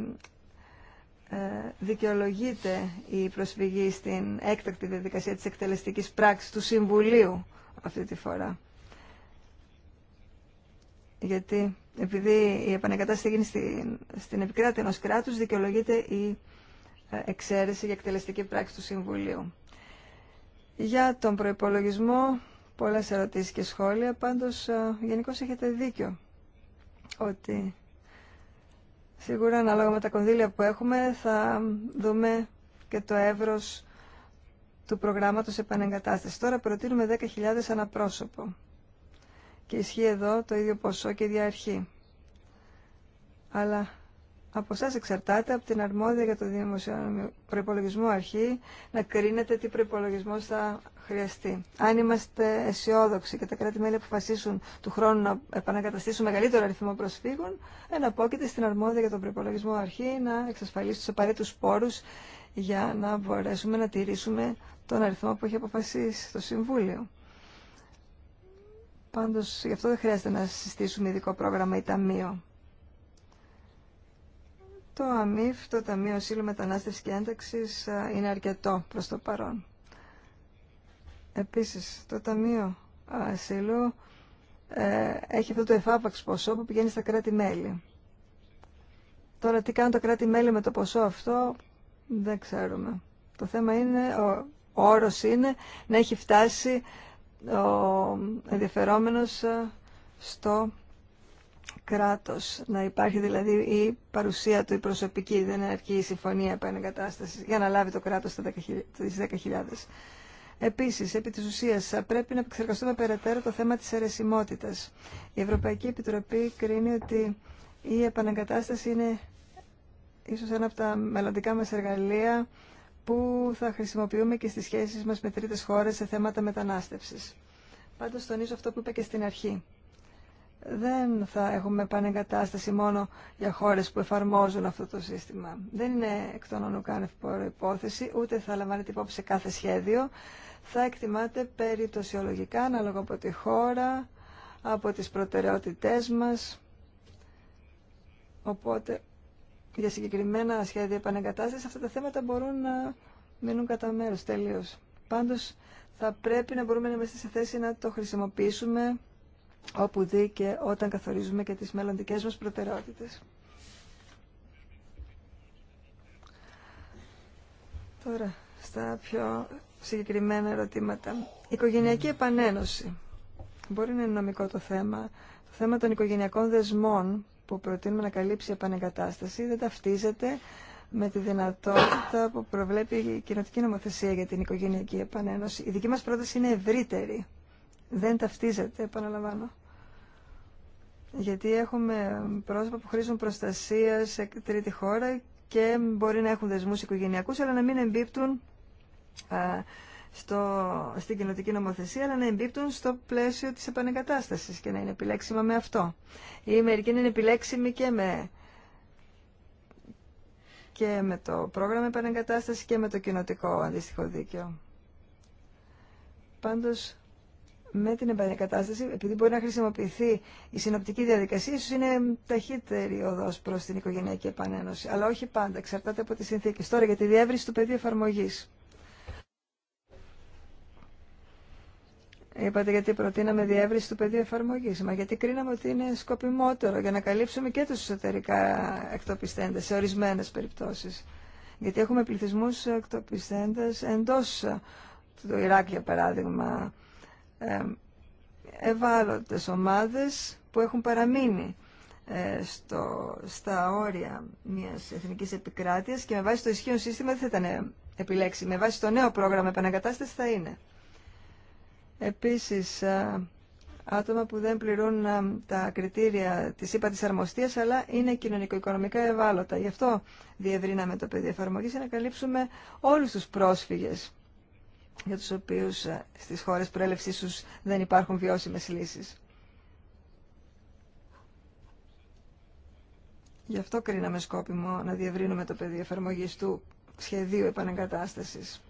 δικαιολογείται η προσφυγή στην έκτακτη διαδικασία της εκτελεστικής πράξης του Συμβουλίου αυτή τη φορά. Γιατί επειδή η επανεκατάσταση γίνει στην, στην επικράτεια ενός κράτους, δικαιολογείται η ε, εξαίρεση για εκτελεστική πράξη του Συμβουλίου. Για τον προϋπολογισμό πολλές ερωτήσεις και σχόλια, πάντως ε, γενικώ έχετε δίκιο ότι σίγουρα ανάλογα με τα κονδύλια που έχουμε θα δούμε και το εύρος του προγράμματος επανεγκατάστασης. Τώρα προτείνουμε 10.000 αναπρόσωπο και ισχύει εδώ το ίδιο ποσό και η διαρχή. Αλλά από εσά εξαρτάται από την αρμόδια για το δημοσιονομικό προπολογισμό αρχή να κρίνετε τι προπολογισμό θα χρειαστεί. Αν είμαστε αισιόδοξοι και τα κράτη-μέλη αποφασίσουν του χρόνου να επανακαταστήσουν μεγαλύτερο αριθμό προσφύγων, εναπόκειται στην αρμόδια για τον προπολογισμό αρχή να εξασφαλίσει του απαραίτητου πόρου για να μπορέσουμε να τηρήσουμε τον αριθμό που έχει αποφασίσει το Συμβούλιο. Πάντως, γι' αυτό δεν χρειάζεται να συστήσουμε ειδικό πρόγραμμα ή ταμείο. Το ΑΜΙΦ, το Ταμείο Σύλλου Μετανάστευσης και Ένταξης, είναι αρκετό προς το παρόν. Επίσης, το Ταμείο Ασύλου ε, έχει αυτό το εφάπαξ ποσό που πηγαίνει στα κράτη-μέλη. Τώρα τι κάνουν τα κράτη-μέλη με το ποσό αυτό, δεν ξέρουμε. Το θέμα είναι, ο, ο όρος είναι να έχει φτάσει ο ενδιαφερόμενος ε, στο κράτος. Να υπάρχει δηλαδή η παρουσία του, η προσωπική, δεν αρκεί η συμφωνία επανεγκατάστασης για να λάβει το κράτος τις 10.000. Επίση, επί της ουσίας, πρέπει να επεξεργαστούμε περαιτέρω το θέμα τη αιρεσιμότητα. Η Ευρωπαϊκή Επιτροπή κρίνει ότι η επαναγκατάσταση είναι ίσω ένα από τα μελλοντικά μα εργαλεία που θα χρησιμοποιούμε και στι σχέσει μα με τρίτες χώρε σε θέματα μετανάστευση. Πάντω, τονίζω αυτό που είπα και στην αρχή. Δεν θα έχουμε επανεγκατάσταση μόνο για χώρες που εφαρμόζουν αυτό το σύστημα. Δεν είναι εκ των ονουκάνευ υπόθεση, ούτε θα λαμβάνεται υπόψη σε κάθε σχέδιο θα εκτιμάται περιπτωσιολογικά ανάλογα από τη χώρα, από τις προτεραιότητές μας. Οπότε για συγκεκριμένα σχέδια επανεγκατάστασης αυτά τα θέματα μπορούν να μείνουν κατά μέρο τελείω. Πάντως θα πρέπει να μπορούμε να είμαστε σε θέση να το χρησιμοποιήσουμε όπου δει και όταν καθορίζουμε και τις μελλοντικές μας προτεραιότητες. Τώρα, στα πιο συγκεκριμένα ερωτήματα. Οικογενειακή επανένωση. Μπορεί να είναι νομικό το θέμα. Το θέμα των οικογενειακών δεσμών που προτείνουμε να καλύψει η επανεγκατάσταση δεν ταυτίζεται με τη δυνατότητα που προβλέπει η κοινοτική νομοθεσία για την οικογενειακή επανένωση. Η δική μας πρόταση είναι ευρύτερη. Δεν ταυτίζεται, επαναλαμβάνω. Γιατί έχουμε πρόσωπα που χρήζουν προστασία σε τρίτη χώρα και μπορεί να έχουν δεσμούς οικογενειακούς, αλλά να μην εμπίπτουν στο, στην κοινωτική νομοθεσία, αλλά να εμπίπτουν στο πλαίσιο της επανεγκατάστασης και να είναι επιλέξιμα με αυτό. Ή μερικοί είναι επιλέξιμοι και με, και με το πρόγραμμα επανεγκατάσταση και με το κοινοτικό αντίστοιχο δίκαιο. Πάντως, με την επανεγκατάσταση, επειδή μπορεί να χρησιμοποιηθεί η συνοπτική διαδικασία, ίσως είναι ταχύτερη οδός προς την οικογενειακή επανένωση, αλλά όχι πάντα, εξαρτάται από τις συνθήκες. Τώρα για τη διεύρυνση του πεδίου εφαρμογής. Είπατε γιατί προτείναμε διεύρυνση του πεδίου εφαρμογή. Μα γιατί κρίναμε ότι είναι σκοπιμότερο για να καλύψουμε και του εσωτερικά εκτοπιστέντε σε ορισμένε περιπτώσει. Γιατί έχουμε πληθυσμού εκτοπιστέντε εντό του Ιράκ, για παράδειγμα, ευάλωτε ομάδε που έχουν παραμείνει ε, στο, στα όρια μια εθνική επικράτεια και με βάση το ισχύον σύστημα δεν θα ήταν επιλέξει. Με βάση το νέο πρόγραμμα επανακατάσταση θα είναι. Επίσης, άτομα που δεν πληρούν τα κριτήρια της ΥΠΑ της αρμοστίας, αλλά είναι κοινωνικο-οικονομικά ευάλωτα. Γι' αυτό διευρύναμε το πεδίο εφαρμογή για να καλύψουμε όλους τους πρόσφυγες για τους οποίους στις χώρες προέλευσής τους δεν υπάρχουν βιώσιμες λύσεις. Γι' αυτό κρίναμε σκόπιμο να διευρύνουμε το πεδίο εφαρμογή του σχεδίου επανεγκατάστασης.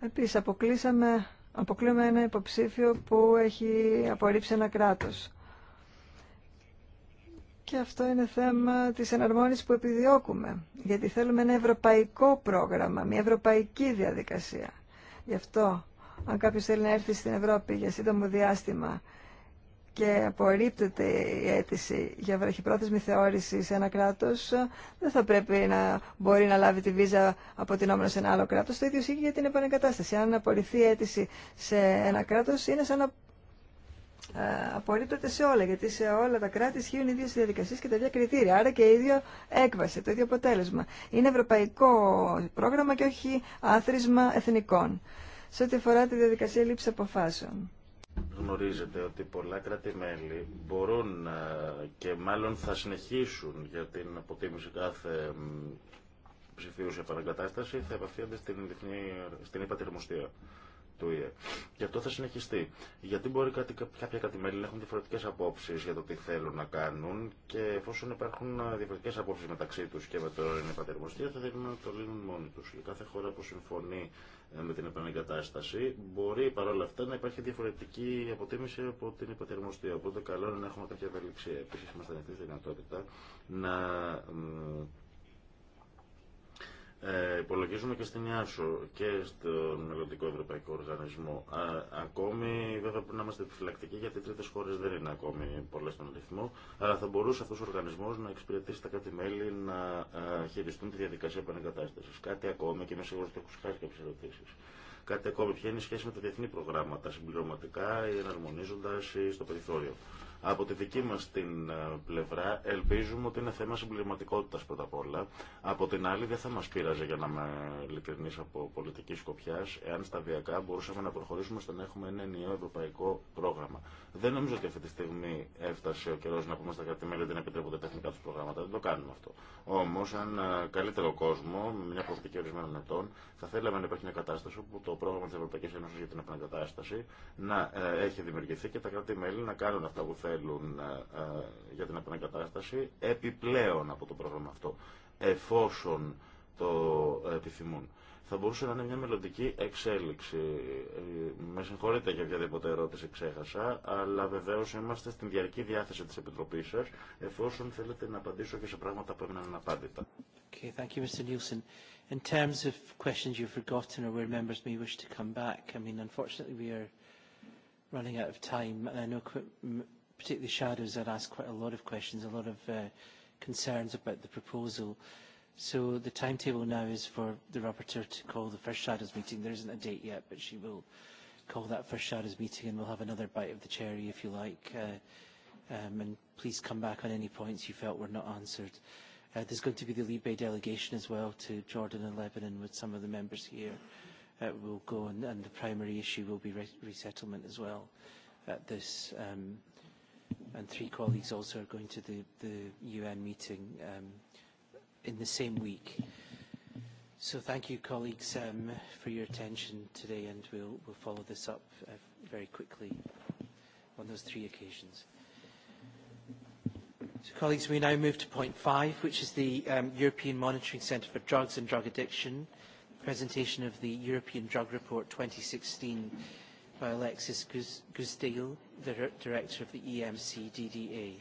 Επίσης, αποκλείσαμε αποκλείουμε ένα υποψήφιο που έχει απορρίψει ένα κράτος. Και αυτό είναι θέμα της εναρμόνισης που επιδιώκουμε, γιατί θέλουμε ένα ευρωπαϊκό πρόγραμμα, μια ευρωπαϊκή διαδικασία. Γι' αυτό, αν κάποιος θέλει να έρθει στην Ευρώπη για σύντομο διάστημα και απορρίπτεται η αίτηση για βραχυπρόθεσμη θεώρηση σε ένα κράτο, δεν θα πρέπει να μπορεί να λάβει τη βίζα από την όμορφη σε ένα άλλο κράτο. Το ίδιο ισχύει για την επανεγκατάσταση. Αν απορριφθεί η αίτηση σε ένα κράτο, είναι σαν να ε, απορρίπτεται σε όλα, γιατί σε όλα τα κράτη ισχύουν οι ίδιε διαδικασίε και τα ίδια κριτήρια. Άρα και η ίδια έκβαση, το ίδιο αποτέλεσμα. Είναι ευρωπαϊκό πρόγραμμα και όχι άθροισμα εθνικών. Σε ό,τι αφορά τη διαδικασία λήψη αποφάσεων γνωρίζετε ότι πολλά κράτη-μέλη μπορούν ε, και μάλλον θα συνεχίσουν για την αποτίμηση κάθε ψηφίου σε επανακατάσταση, θα επαφίονται στην, στην υπατηρμοστία του ΙΕ. Και αυτό θα συνεχιστεί. Γιατί μπορεί κάτι, κάποια κατημέλη να έχουν διαφορετικέ απόψει για το τι θέλουν να κάνουν και εφόσον υπάρχουν ε, διαφορετικέ απόψει μεταξύ του και με το επανεργοστήριο, θα θέλουν να το λύνουν μόνοι του. Για κάθε χώρα που συμφωνεί ε, με την επανεγκατάσταση μπορεί παρόλα αυτά να υπάρχει διαφορετική αποτίμηση από την υποτερμοστία. Οπότε καλό είναι να έχουμε κάποια ευελιξία. Επίση, είμαστε ανοιχτή δυνατότητα να ε, υπολογίζουμε και στην ΙΑΣΟ και στον Μελλοντικό Ευρωπαϊκό Οργανισμό. Α, ακόμη, βέβαια, πρέπει να είμαστε επιφυλακτικοί γιατί τρίτε χώρε δεν είναι ακόμη πολλέ στον αριθμό, αλλά θα μπορούσε αυτό ο οργανισμό να εξυπηρετήσει τα κάτι μελη να α, χειριστούν τη διαδικασία επανεγκατάσταση. Κάτι ακόμη, και είμαι σίγουρο ότι έχω χάσει κάποιε ερωτήσει. Κάτι ακόμη, ποια είναι η σχέση με τα διεθνή προγράμματα, συμπληρωματικά ή εναρμονίζοντα ή στο περιθώριο. Από τη δική μας την ε, πλευρά ελπίζουμε ότι είναι θέμα συμπληρωματικότητας πρώτα απ' όλα. Από την άλλη δεν θα μας πείραζε για να είμαι ειλικρινής από πολιτική σκοπιά, εάν σταδιακά μπορούσαμε να προχωρήσουμε στο να έχουμε ένα ενιαίο ευρωπαϊκό πρόγραμμα. Δεν νομίζω ότι αυτή τη στιγμή έφτασε ο καιρός να πούμε στα κρατημέλη ότι δεν επιτρέπονται τεχνικά τους προγράμματα. Δεν το κάνουμε αυτό. Όμως, αν ε, καλύτερο κόσμο, με μια προοπτική ορισμένων ετών, θα θέλαμε να υπάρχει μια κατάσταση όπου το πρόγραμμα τη Ευρωπαϊκής Ένωσης για την επανακατάσταση να ε, έχει δημιουργηθεί και τα κράτη-μέλη να κάνουν αυτά που θέλουν θέλουν ε, ε, για την επανακατάσταση επιπλέον από το πρόγραμμα αυτό, εφόσον το επιθυμούν. Θα μπορούσε να είναι μια μελλοντική εξέλιξη. Ε, με συγχωρείτε για οποιαδήποτε ερώτηση ξέχασα, αλλά βεβαίω είμαστε στην διαρκή διάθεση τη Επιτροπή σα, εφόσον θέλετε να απαντήσω και σε πράγματα που έμειναν απάντητα. Okay, thank particularly shadows, are asked quite a lot of questions, a lot of concerns about the proposal. So the timetable now is for the rapporteur to call the first shadows meeting. There isn't a date yet, but she will call that first shadows meeting, and we'll have another bite of the cherry, if you like. And please come back on any points you felt were not answered. There's going to be the Libe delegation as well to Jordan and Lebanon with some of the members here. We'll go, and the primary issue will be resettlement as well at this um and three colleagues also are going to the, UN meeting in the same week. So thank you, colleagues, for your attention today, and we'll, follow this up very quickly on those three occasions. So, colleagues, we now move to point five, which is the European Monitoring Centre for Drugs and Drug Addiction, presentation of the European Drug Report 2016 by Alexis gustil the director of the EMC DDA.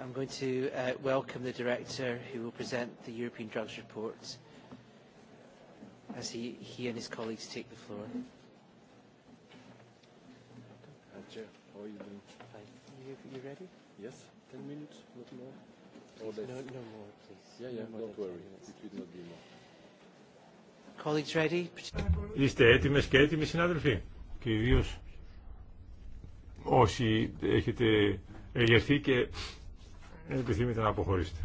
I'm going to welcome the director who will present the European Drugs Report as he, he and his colleagues take the floor. How are you doing? you ready? Yes, Ten minutes, not more. no, no more, please. Yeah, yeah, don't worry. It will not be more. Είστε έτοιμες και έτοιμοι συνάδελφοι και ιδίω όσοι έχετε εγερθεί και επιθυμείτε να αποχωρήσετε.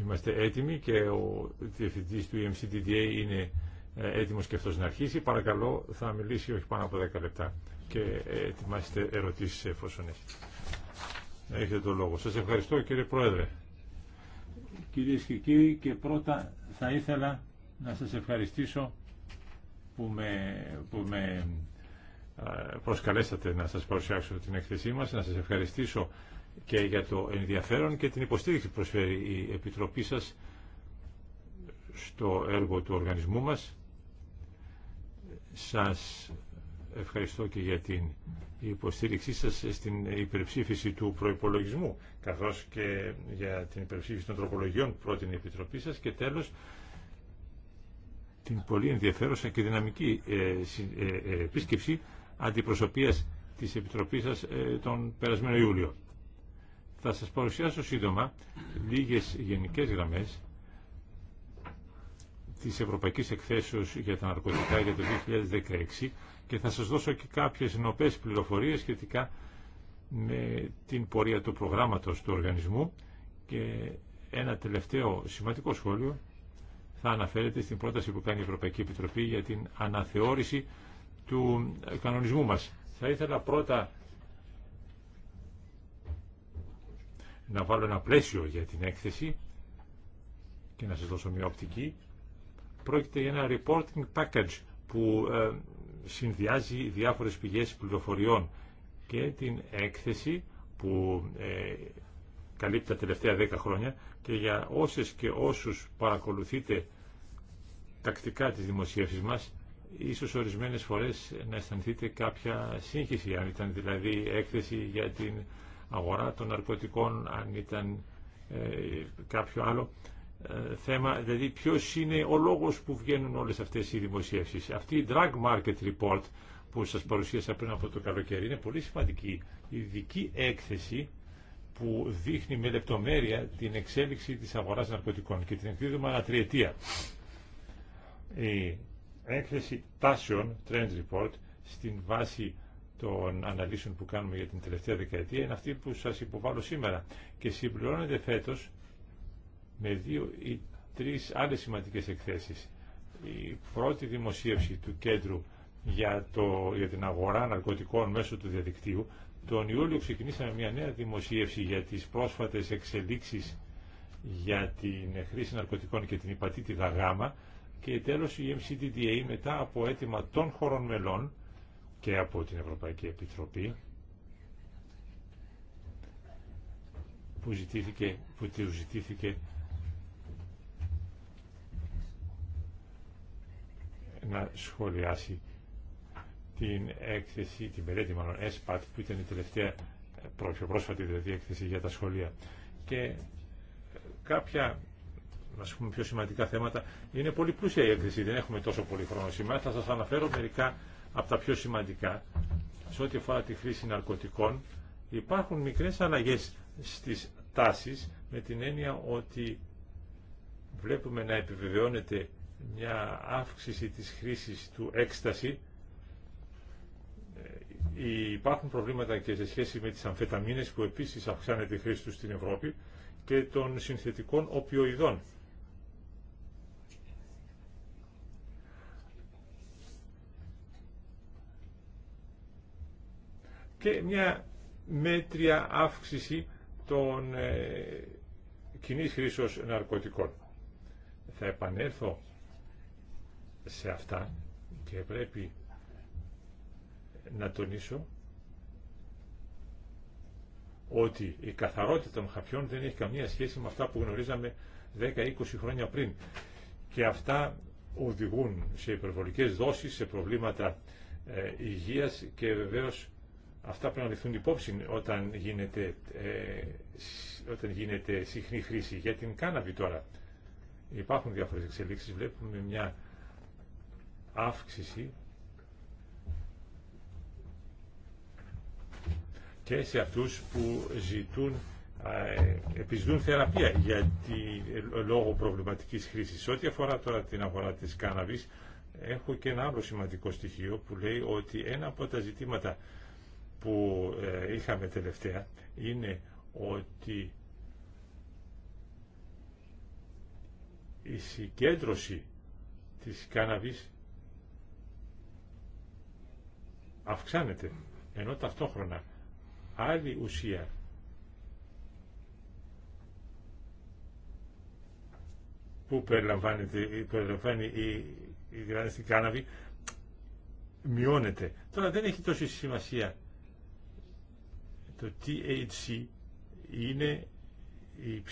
Είμαστε έτοιμοι και ο διευθυντής του EMCDDA είναι ε, έτοιμος και αυτός να αρχίσει. Παρακαλώ θα μιλήσει όχι πάνω από 10 λεπτά και ετοιμάστε ερωτήσεις εφόσον έχετε. Έχετε το λόγο. Σας ευχαριστώ κύριε Πρόεδρε κυρίες και κύριοι και πρώτα θα ήθελα να σας ευχαριστήσω που με, που με ε, προσκαλέσατε να σας παρουσιάσω την έκθεσή μας, να σας ευχαριστήσω και για το ενδιαφέρον και την υποστήριξη που προσφέρει η Επιτροπή σας στο έργο του οργανισμού μας. Σας ευχαριστώ και για την υποστήριξή σας στην υπερψήφιση του προϋπολογισμού, καθώς και για την υπερψήφιση των τροπολογιών που Επιτροπή σας και τέλος την πολύ ενδιαφέρουσα και δυναμική ε, ε, ε, επίσκεψη αντιπροσωπείας της Επιτροπής σας τον περασμένο Ιούλιο. Θα σας παρουσιάσω σύντομα λίγες γενικές γραμμές της Ευρωπαϊκής Εκθέσεως για τα Ναρκωτικά για το 2016 και θα σας δώσω και κάποιες νοπές πληροφορίες σχετικά με την πορεία του προγράμματος του οργανισμού και ένα τελευταίο σημαντικό σχόλιο θα αναφέρεται στην πρόταση που κάνει η Ευρωπαϊκή Επιτροπή για την αναθεώρηση του κανονισμού μας. Θα ήθελα πρώτα να βάλω ένα πλαίσιο για την έκθεση και να σας δώσω μια οπτική. Πρόκειται για ένα reporting package που ε, συνδυάζει διάφορες πηγές πληροφοριών και την έκθεση που ε, καλύπτει τα τελευταία 10 χρόνια και για όσες και όσους παρακολουθείτε τακτικά τις δημοσίευσεις μας ίσως ορισμένες φορές να αισθανθείτε κάποια σύγχυση αν ήταν δηλαδή έκθεση για την αγορά των ναρκωτικών αν ήταν ε, κάποιο άλλο ε, θέμα, δηλαδή ποιο είναι ο λόγος που βγαίνουν όλες αυτές οι δημοσίευσεις. Αυτή η Drug Market Report που σας παρουσίασα πριν από το καλοκαίρι είναι πολύ σημαντική. Η ειδική έκθεση που δείχνει με λεπτομέρεια την εξέλιξη της αγοράς ναρκωτικών και την εκδίδουμε ανατριετία. Η έκθεση τάσεων, Trends Report, στην βάση των αναλύσεων που κάνουμε για την τελευταία δεκαετία είναι αυτή που σας υποβάλλω σήμερα και συμπληρώνεται φέτος με δύο ή τρεις άλλες σημαντικές εκθέσεις. Η πρώτη δημοσίευση του κέντρου για, το, για την αγορά ναρκωτικών μέσω του διαδικτύου. Τον Ιούλιο ξεκινήσαμε μια νέα δημοσίευση για τις πρόσφατες εξελίξεις για την χρήση ναρκωτικών και την υπατήτη ΔΑΓΑΜΑ και τέλος η MCDDA μετά από αίτημα των χωρών μελών και από την Ευρωπαϊκή Επιτροπή που, που ζητήθηκε να σχολιάσει την έκθεση, την μελέτη μάλλον ΕΣΠΑΤ που ήταν η τελευταία πιο πρόσφατη δηλαδή έκθεση για τα σχολεία και κάποια να πούμε πιο σημαντικά θέματα είναι πολύ πλούσια η έκθεση, δεν έχουμε τόσο πολύ χρόνο σήμερα θα σας αναφέρω μερικά από τα πιο σημαντικά σε ό,τι αφορά τη χρήση ναρκωτικών υπάρχουν μικρές αλλαγέ στις τάσεις με την έννοια ότι βλέπουμε να επιβεβαιώνεται μια αύξηση της χρήσης του έκσταση. Ε, υπάρχουν προβλήματα και σε σχέση με τις αμφεταμίνες που επίσης αυξάνεται η χρήση τους στην Ευρώπη και των συνθετικών οπιοειδών. Και μια μέτρια αύξηση των ε, κοινή χρήσεως ναρκωτικών. Θα επανέλθω σε αυτά και πρέπει να τονίσω ότι η καθαρότητα των χαπιών δεν έχει καμία σχέση με αυτά που γνωρίζαμε 10-20 χρόνια πριν. Και αυτά οδηγούν σε υπερβολικές δόσεις, σε προβλήματα ε, υγείας και βεβαίως αυτά πρέπει να ληφθούν υπόψη όταν γίνεται, ε, όταν γίνεται συχνή χρήση. Για την κάναβη τώρα υπάρχουν διάφορες εξελίξεις. Βλέπουμε μια αύξηση και σε αυτούς που ζητούν επιζητούν θεραπεία γιατί ε, λόγω προβληματικής χρήσης. Ό,τι αφορά τώρα την αγορά της κάναβης, έχω και ένα άλλο σημαντικό στοιχείο που λέει ότι ένα από τα ζητήματα που ε, είχαμε τελευταία είναι ότι η συγκέντρωση της κάναβης αυξάνεται, ενώ ταυτόχρονα άλλη ουσία που περιλαμβάνεται, περιλαμβάνει η, η στην κάναβη μειώνεται. Τώρα δεν έχει τόση σημασία. Το THC είναι η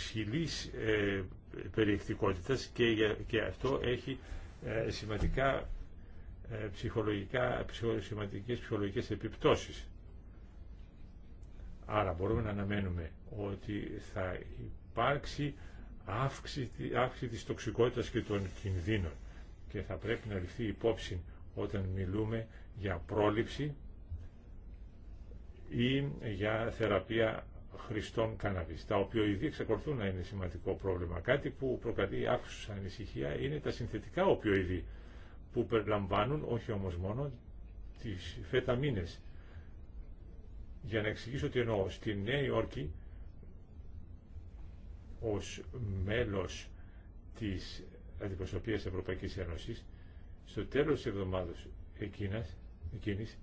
ε, περιεκτικότητας και, και αυτό έχει ε, σημαντικά ε, ψυχολογικά, σημαντικές ψυχολογικές επιπτώσεις. Άρα μπορούμε να αναμένουμε ότι θα υπάρξει αύξηση, αύξηση της τοξικότητας και των κινδύνων και θα πρέπει να ληφθεί υπόψη όταν μιλούμε για πρόληψη ή για θεραπεία χρηστών καναβής, τα οποία ήδη εξακολουθούν να είναι σημαντικό πρόβλημα. Κάτι που προκαλεί αύξηση ανησυχία είναι τα συνθετικά οπιοειδή, που περιλαμβάνουν όχι όμως μόνο τις φεταμίνες. Για να εξηγήσω τι εννοώ, στη Νέα Υόρκη ως μέλος της Αντιπροσωπείας Ευρωπαϊκής Ένωσης στο τέλος της εβδομάδας εκείνας, εκείνης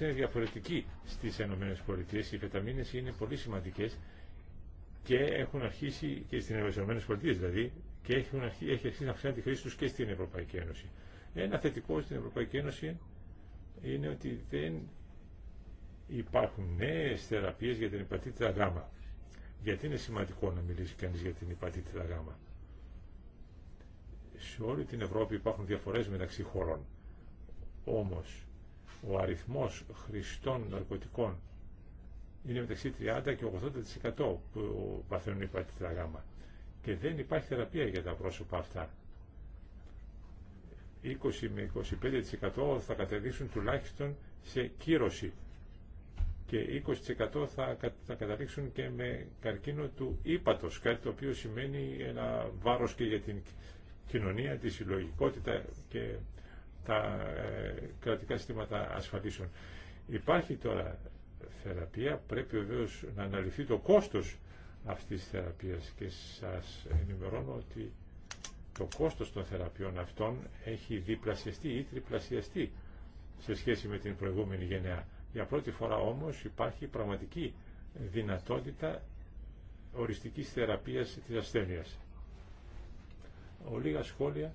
είναι διαφορετική στις ΗΠΑ. Οι φεταμίνες είναι πολύ σημαντικές και έχουν αρχίσει και στι ΗΠΑ δηλαδή και έχουν αρχίσει, έχει αρχίσει να αυξάνει τη χρήση του και στην Ευρωπαϊκή Ένωση. Ένα θετικό στην Ευρωπαϊκή Ένωση είναι ότι δεν υπάρχουν νέε θεραπείε για την υπατήτητα Γ. Γιατί είναι σημαντικό να μιλήσει κανεί για την υπατήτητα Γ. Σε όλη την Ευρώπη υπάρχουν διαφορές μεταξύ χωρών. Όμως, ο αριθμός χρηστών ναρκωτικών είναι μεταξύ 30 και 80% που παθαίνουν υπατήτητα γάμα. Και δεν υπάρχει θεραπεία για τα πρόσωπα αυτά. 20 με 25% θα καταλήξουν τουλάχιστον σε κύρωση και 20% θα, θα καταλήξουν και με καρκίνο του ύπατος, κάτι το οποίο σημαίνει ένα βάρος και για την κοινωνία, τη συλλογικότητα και τα ε, κρατικά συστήματα ασφαλίσεων. Υπάρχει τώρα θεραπεία πρέπει βεβαίω να αναλυθεί το κόστος αυτής της θεραπείας και σας ενημερώνω ότι το κόστος των θεραπείων αυτών έχει διπλασιαστεί ή τριπλασιαστεί σε σχέση με την προηγούμενη γενιά. Για πρώτη φορά όμως υπάρχει πραγματική δυνατότητα οριστικής θεραπείας της ασθένειας. Ολίγα σχόλια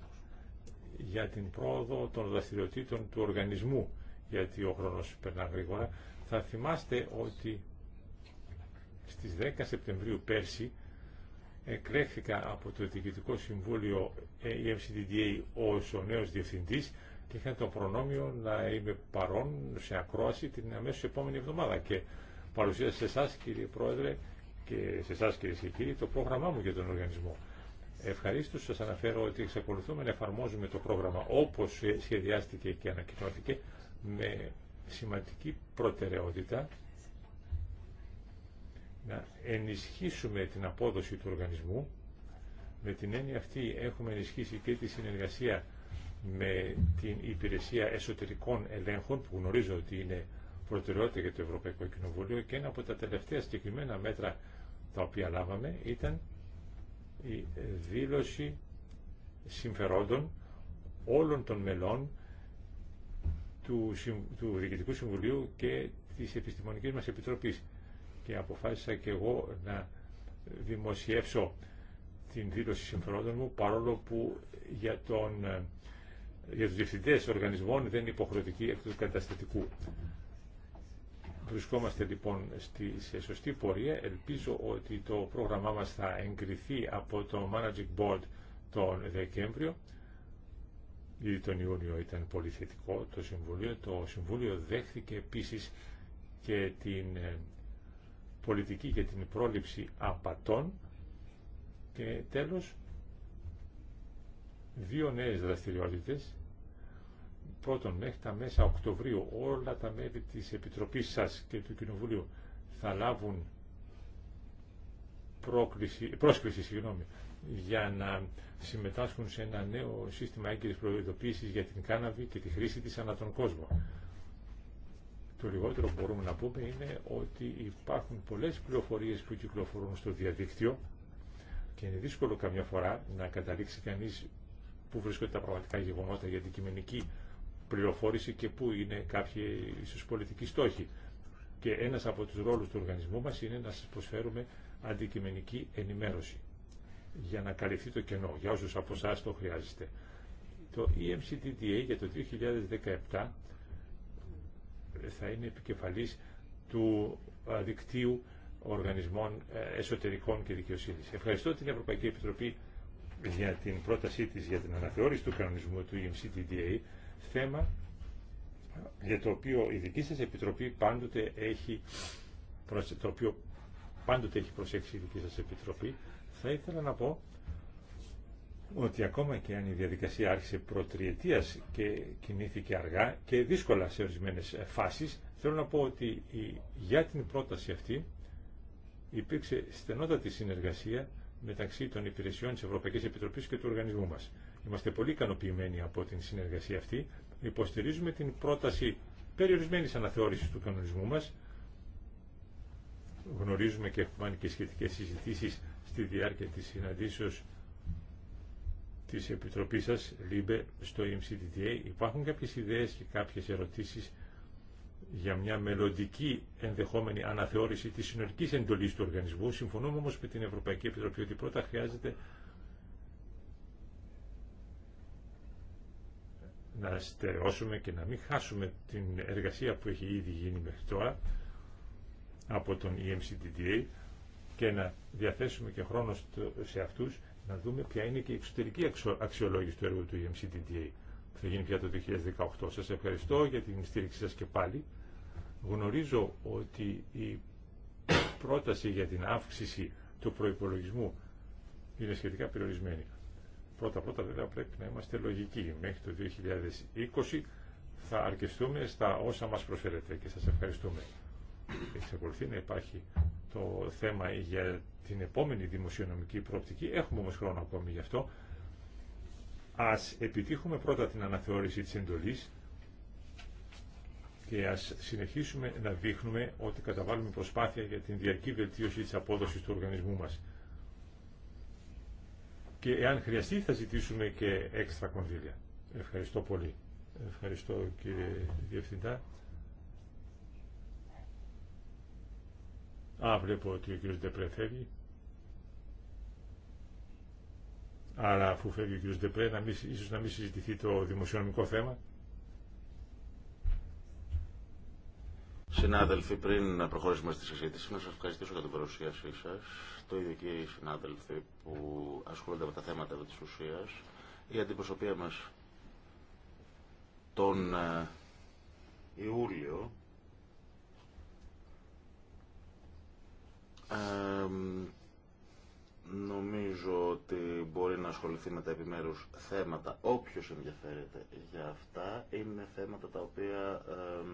για την πρόοδο των δραστηριοτήτων του οργανισμού, γιατί ο χρόνος περνά γρήγορα. Θα θυμάστε ότι στις 10 Σεπτεμβρίου πέρσι εκλέχθηκα από το Διοικητικό Συμβούλιο MCDDA ε, ως ο νέος διευθυντής και είχα το προνόμιο να είμαι παρόν σε ακρόαση την αμέσως επόμενη εβδομάδα και παρουσίασα σε εσά κύριε Πρόεδρε και σε εσά κυρίε και κύριοι το πρόγραμμά μου για τον οργανισμό. Ευχαρίστω σας αναφέρω ότι εξακολουθούμε να εφαρμόζουμε το πρόγραμμα όπως σχεδιάστηκε και ανακοινώθηκε με σημαντική προτεραιότητα να ενισχύσουμε την απόδοση του οργανισμού. Με την έννοια αυτή έχουμε ενισχύσει και τη συνεργασία με την Υπηρεσία Εσωτερικών Ελέγχων που γνωρίζω ότι είναι προτεραιότητα για το Ευρωπαϊκό Κοινοβούλιο και ένα από τα τελευταία συγκεκριμένα μέτρα τα οποία λάβαμε ήταν η δήλωση συμφερόντων όλων των μελών του, του Διοικητικού Συμβουλίου και της Επιστημονικής μας Επιτροπής. Και αποφάσισα και εγώ να δημοσιεύσω την δήλωση συμφερόντων μου, παρόλο που για, τον, ε, για τους διευθυντές οργανισμών δεν είναι υποχρεωτική εκ του καταστατικού. Βρισκόμαστε λοιπόν στη, σε σωστή πορεία. Ελπίζω ότι το πρόγραμμά μας θα εγκριθεί από το Managing Board τον Δεκέμβριο Ήδη τον Ιούνιο ήταν πολύ θετικό το Συμβούλιο. Το Συμβούλιο δέχθηκε επίσης και την ε, πολιτική για την πρόληψη απατών και τέλος δύο νέες δραστηριότητες πρώτον μέχρι τα μέσα Οκτωβρίου όλα τα μέλη της Επιτροπής σας και του Κοινοβουλίου θα λάβουν πρόκληση, πρόσκληση συγγνώμη, για να συμμετάσχουν σε ένα νέο σύστημα έγκυρης προειδοποίησης για την κάναβη και τη χρήση της ανά τον κόσμο. Το λιγότερο που μπορούμε να πούμε είναι ότι υπάρχουν πολλές πληροφορίες που κυκλοφορούν στο διαδίκτυο και είναι δύσκολο καμιά φορά να καταλήξει κανείς που βρίσκονται τα πραγματικά γεγονότα για την κειμενική πληροφόρηση και πού είναι κάποιοι ίσως πολιτικοί στόχοι. Και ένας από τους ρόλους του οργανισμού μας είναι να σας προσφέρουμε αντικειμενική ενημέρωση για να καλυφθεί το κενό, για όσους από εσά το χρειάζεστε. Το EMCTDA για το 2017 θα είναι επικεφαλής του δικτύου οργανισμών ε, εσωτερικών και δικαιοσύνης. Ευχαριστώ την Ευρωπαϊκή Επιτροπή για την πρότασή της για την αναθεώρηση του κανονισμού του EMCTDA, θέμα για το οποίο η δική σας Επιτροπή πάντοτε έχει το οποίο πάντοτε έχει προσέξει η δική σα Επιτροπή, θα ήθελα να πω ότι ακόμα και αν η διαδικασία άρχισε προτριετίας και κινήθηκε αργά και δύσκολα σε ορισμένε φάσεις, θέλω να πω ότι για την πρόταση αυτή υπήρξε στενότατη συνεργασία μεταξύ των υπηρεσιών της Ευρωπαϊκής Επιτροπής και του οργανισμού μας. Είμαστε πολύ ικανοποιημένοι από την συνεργασία αυτή. Υποστηρίζουμε την πρόταση περιορισμένης αναθεώρησης του κανονισμού μας, γνωρίζουμε και έχουμε και σχετικές συζητήσεις στη διάρκεια της συναντήσεως της Επιτροπής σας, ΛΥΜΠΕ, στο EMCDDA. Υπάρχουν κάποιες ιδέες και κάποιες ερωτήσεις για μια μελλοντική ενδεχόμενη αναθεώρηση της συνολικής εντολής του οργανισμού. Συμφωνούμε όμως με την Ευρωπαϊκή Επιτροπή ότι πρώτα χρειάζεται να στερεώσουμε και να μην χάσουμε την εργασία που έχει ήδη γίνει μέχρι τώρα από τον EMCDDA και να διαθέσουμε και χρόνο σε αυτούς να δούμε ποια είναι και η εξωτερική αξιολόγηση του έργου του EMCDDA που θα γίνει πια το 2018. Σας ευχαριστώ για την στήριξή σας και πάλι. Γνωρίζω ότι η πρόταση για την αύξηση του προϋπολογισμού είναι σχετικά περιορισμένη. Πρώτα-πρώτα βέβαια πρέπει να είμαστε λογικοί. Μέχρι το 2020 θα αρκεστούμε στα όσα μας προσφέρετε και σας ευχαριστούμε εξακολουθεί να υπάρχει το θέμα για την επόμενη δημοσιονομική προοπτική. Έχουμε όμως χρόνο ακόμη γι' αυτό. Ας επιτύχουμε πρώτα την αναθεώρηση της εντολής και ας συνεχίσουμε να δείχνουμε ότι καταβάλουμε προσπάθεια για την διαρκή βελτίωση της απόδοσης του οργανισμού μας. Και εάν χρειαστεί θα ζητήσουμε και έξτρα κονδύλια. Ευχαριστώ πολύ. Ευχαριστώ κύριε Διευθυντά. Α, βλέπω ότι ο κύριος Ντεπρέ φεύγει. Άρα αφού φεύγει ο κύριος Ντεπρέ, να μην, ίσως να μην συζητηθεί το δημοσιονομικό θέμα. Συνάδελφοι, πριν να προχωρήσουμε στη συζήτηση, να σα ευχαριστήσω για την παρουσίασή σα. Το ίδιο και συνάδελφοι που ασχολούνται με τα θέματα τη ουσία. Η αντιπροσωπεία μα τον ε, Ιούλιο νομίζω ότι μπορεί να ασχοληθεί με τα επιμέρους θέματα. Όποιος ενδιαφέρεται για αυτά είναι θέματα τα οποία ε,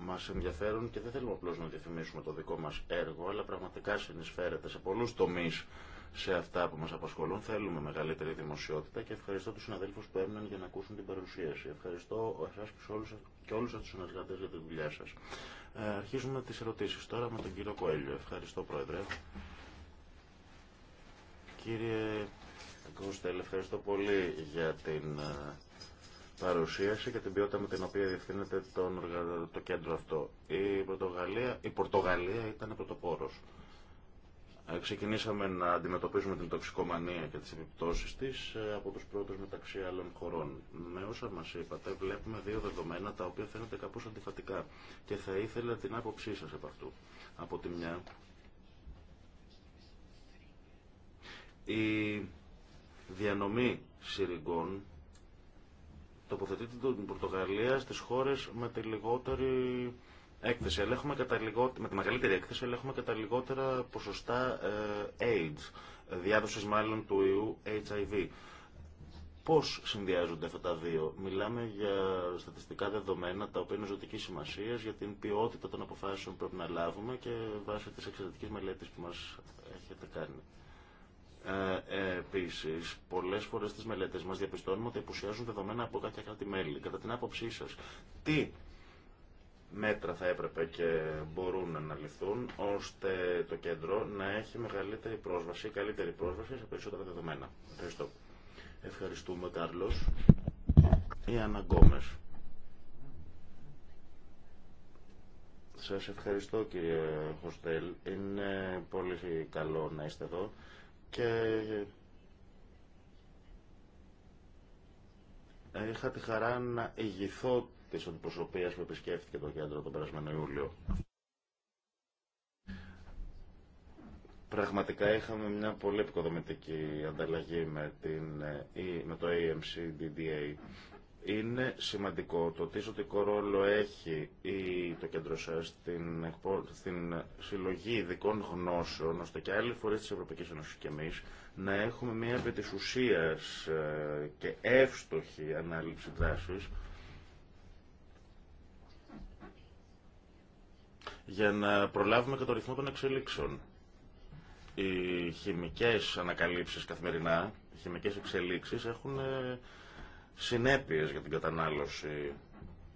μας ενδιαφέρουν και δεν θέλουμε απλώς να διαφημίσουμε το δικό μας έργο, αλλά πραγματικά συνεισφέρεται σε πολλούς τομείς σε αυτά που μας απασχολούν. Θέλουμε μεγαλύτερη δημοσιότητα και ευχαριστώ τους συναδέλφους που έμειναν για να ακούσουν την παρουσίαση. Ευχαριστώ εσάς και όλους, και όλους τους συνεργάτες για τη δουλειά σας. Ε, αρχίζουμε τις ερωτήσεις τώρα με τον κύριο Κοέλιο. Ευχαριστώ, Πρόεδρε. Κύριε Κούστελ, ευχαριστώ πολύ για την ε, παρουσίαση και την ποιότητα με την οποία διευθύνεται το κέντρο αυτό. Η Πορτογαλία, η Πορτογαλία ήταν πρωτοπόρος ε, ξεκινήσαμε να αντιμετωπίζουμε την τοξικομανία και τις επιπτώσεις της ε, από τους πρώτους μεταξύ άλλων χωρών. Με όσα μας είπατε βλέπουμε δύο δεδομένα τα οποία φαίνονται κάπως αντιφατικά και θα ήθελα την άποψή σας από αυτού. Από τη μια, η διανομή σιριγκών τοποθετείται την Πορτογαλία στις χώρες με τη λιγότερη έκθεση ελέγχουμε με τη μεγαλύτερη έκθεση ελέγχουμε κατά λιγότερα ποσοστά ε, AIDS, διάδοσης μάλλον του ιού HIV. Πώς συνδυάζονται αυτά τα δύο. Μιλάμε για στατιστικά δεδομένα τα οποία είναι ζωτική σημασία για την ποιότητα των αποφάσεων που πρέπει να λάβουμε και βάσει της εξαιρετικής μελέτης που μας έχετε κάνει. Ε, Επίση, πολλέ φορέ στι μελέτε μα διαπιστώνουμε ότι απουσιάζουν δεδομένα από κάποια κράτη-μέλη. Κατά την άποψή σα, τι μέτρα θα έπρεπε και μπορούν να ληφθούν ώστε το κέντρο να έχει μεγαλύτερη πρόσβαση, καλύτερη πρόσβαση σε περισσότερα δεδομένα. Ευχαριστώ. Ευχαριστούμε, Κάρλος. Η Άννα Γκόμες. Σας ευχαριστώ, κύριε Χωστέλ. Είναι πολύ καλό να είστε εδώ και είχα τη χαρά να ηγηθώ της αντιπροσωπείας που επισκέφθηκε το κέντρο τον περασμένο Ιούλιο. Πραγματικά είχαμε μια πολύ επικοδομητική ανταλλαγή με, την, ε, με το AMC-DDA. Είναι σημαντικό το τι ζωτικό ρόλο έχει ή το κέντρο σα στην, στην συλλογή ειδικών γνώσεων, ώστε και άλλοι φορεί τη Ευρωπαϊκή Ένωση και εμεί να έχουμε μια επί τη ουσία ε, και εύστοχη ανάληψη δράση για να προλάβουμε και το ρυθμό των εξελίξεων. Οι χημικές ανακαλύψεις καθημερινά, οι χημικές εξελίξεις έχουν ε, συνέπειες για την κατανάλωση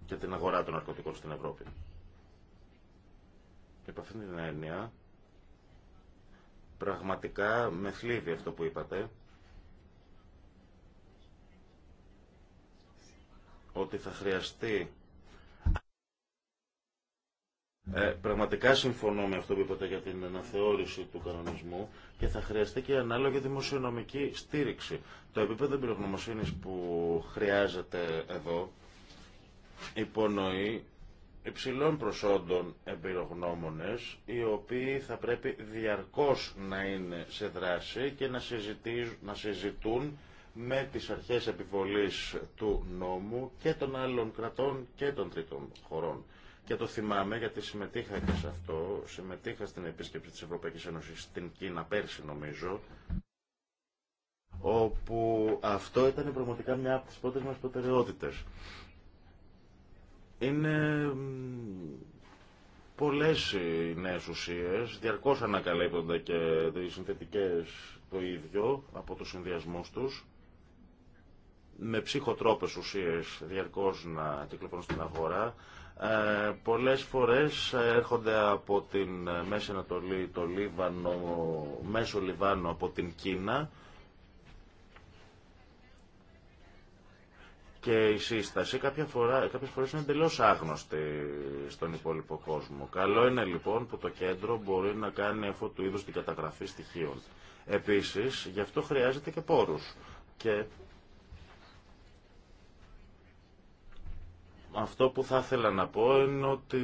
και την αγορά των ναρκωτικών στην Ευρώπη. από αυτήν την έννοια, πραγματικά με θλίβει αυτό που είπατε, ότι θα χρειαστεί ε, πραγματικά συμφωνώ με αυτό που είπατε για την αναθεώρηση του κανονισμού και θα χρειαστεί και ανάλογη δημοσιονομική στήριξη. Το επίπεδο εμπειρογνωμοσύνης που χρειάζεται εδώ υπονοεί υψηλών προσόντων εμπειρογνώμονες οι οποίοι θα πρέπει διαρκώς να είναι σε δράση και να, να συζητούν με τις αρχές επιβολής του νόμου και των άλλων κρατών και των τρίτων χωρών. Και το θυμάμαι γιατί συμμετείχα και σε αυτό. Συμμετείχα στην επίσκεψη της Ευρωπαϊκής Ένωσης στην Κίνα πέρσι νομίζω όπου αυτό ήταν πραγματικά μια από τις πρώτες μας προτεραιότητες. Είναι πολλές οι νέες ουσίες, διαρκώς ανακαλύπτονται και οι συνθετικές το ίδιο από τους συνδυασμούς τους με ψυχοτρόπες ουσίες διαρκώς να κυκλοφορούν στην αγορά. Ε, πολλές φορές έρχονται από την Μέση Ανατολή, το Λίβανο, μέσω λιβάνου από την Κίνα και η σύσταση κάποια φορά, κάποιες φορές είναι εντελώ άγνωστη στον υπόλοιπο κόσμο. Καλό είναι λοιπόν που το κέντρο μπορεί να κάνει αυτό του είδους την καταγραφή στοιχείων. Επίσης, γι' αυτό χρειάζεται και πόρους. Και Αυτό που θα ήθελα να πω είναι ότι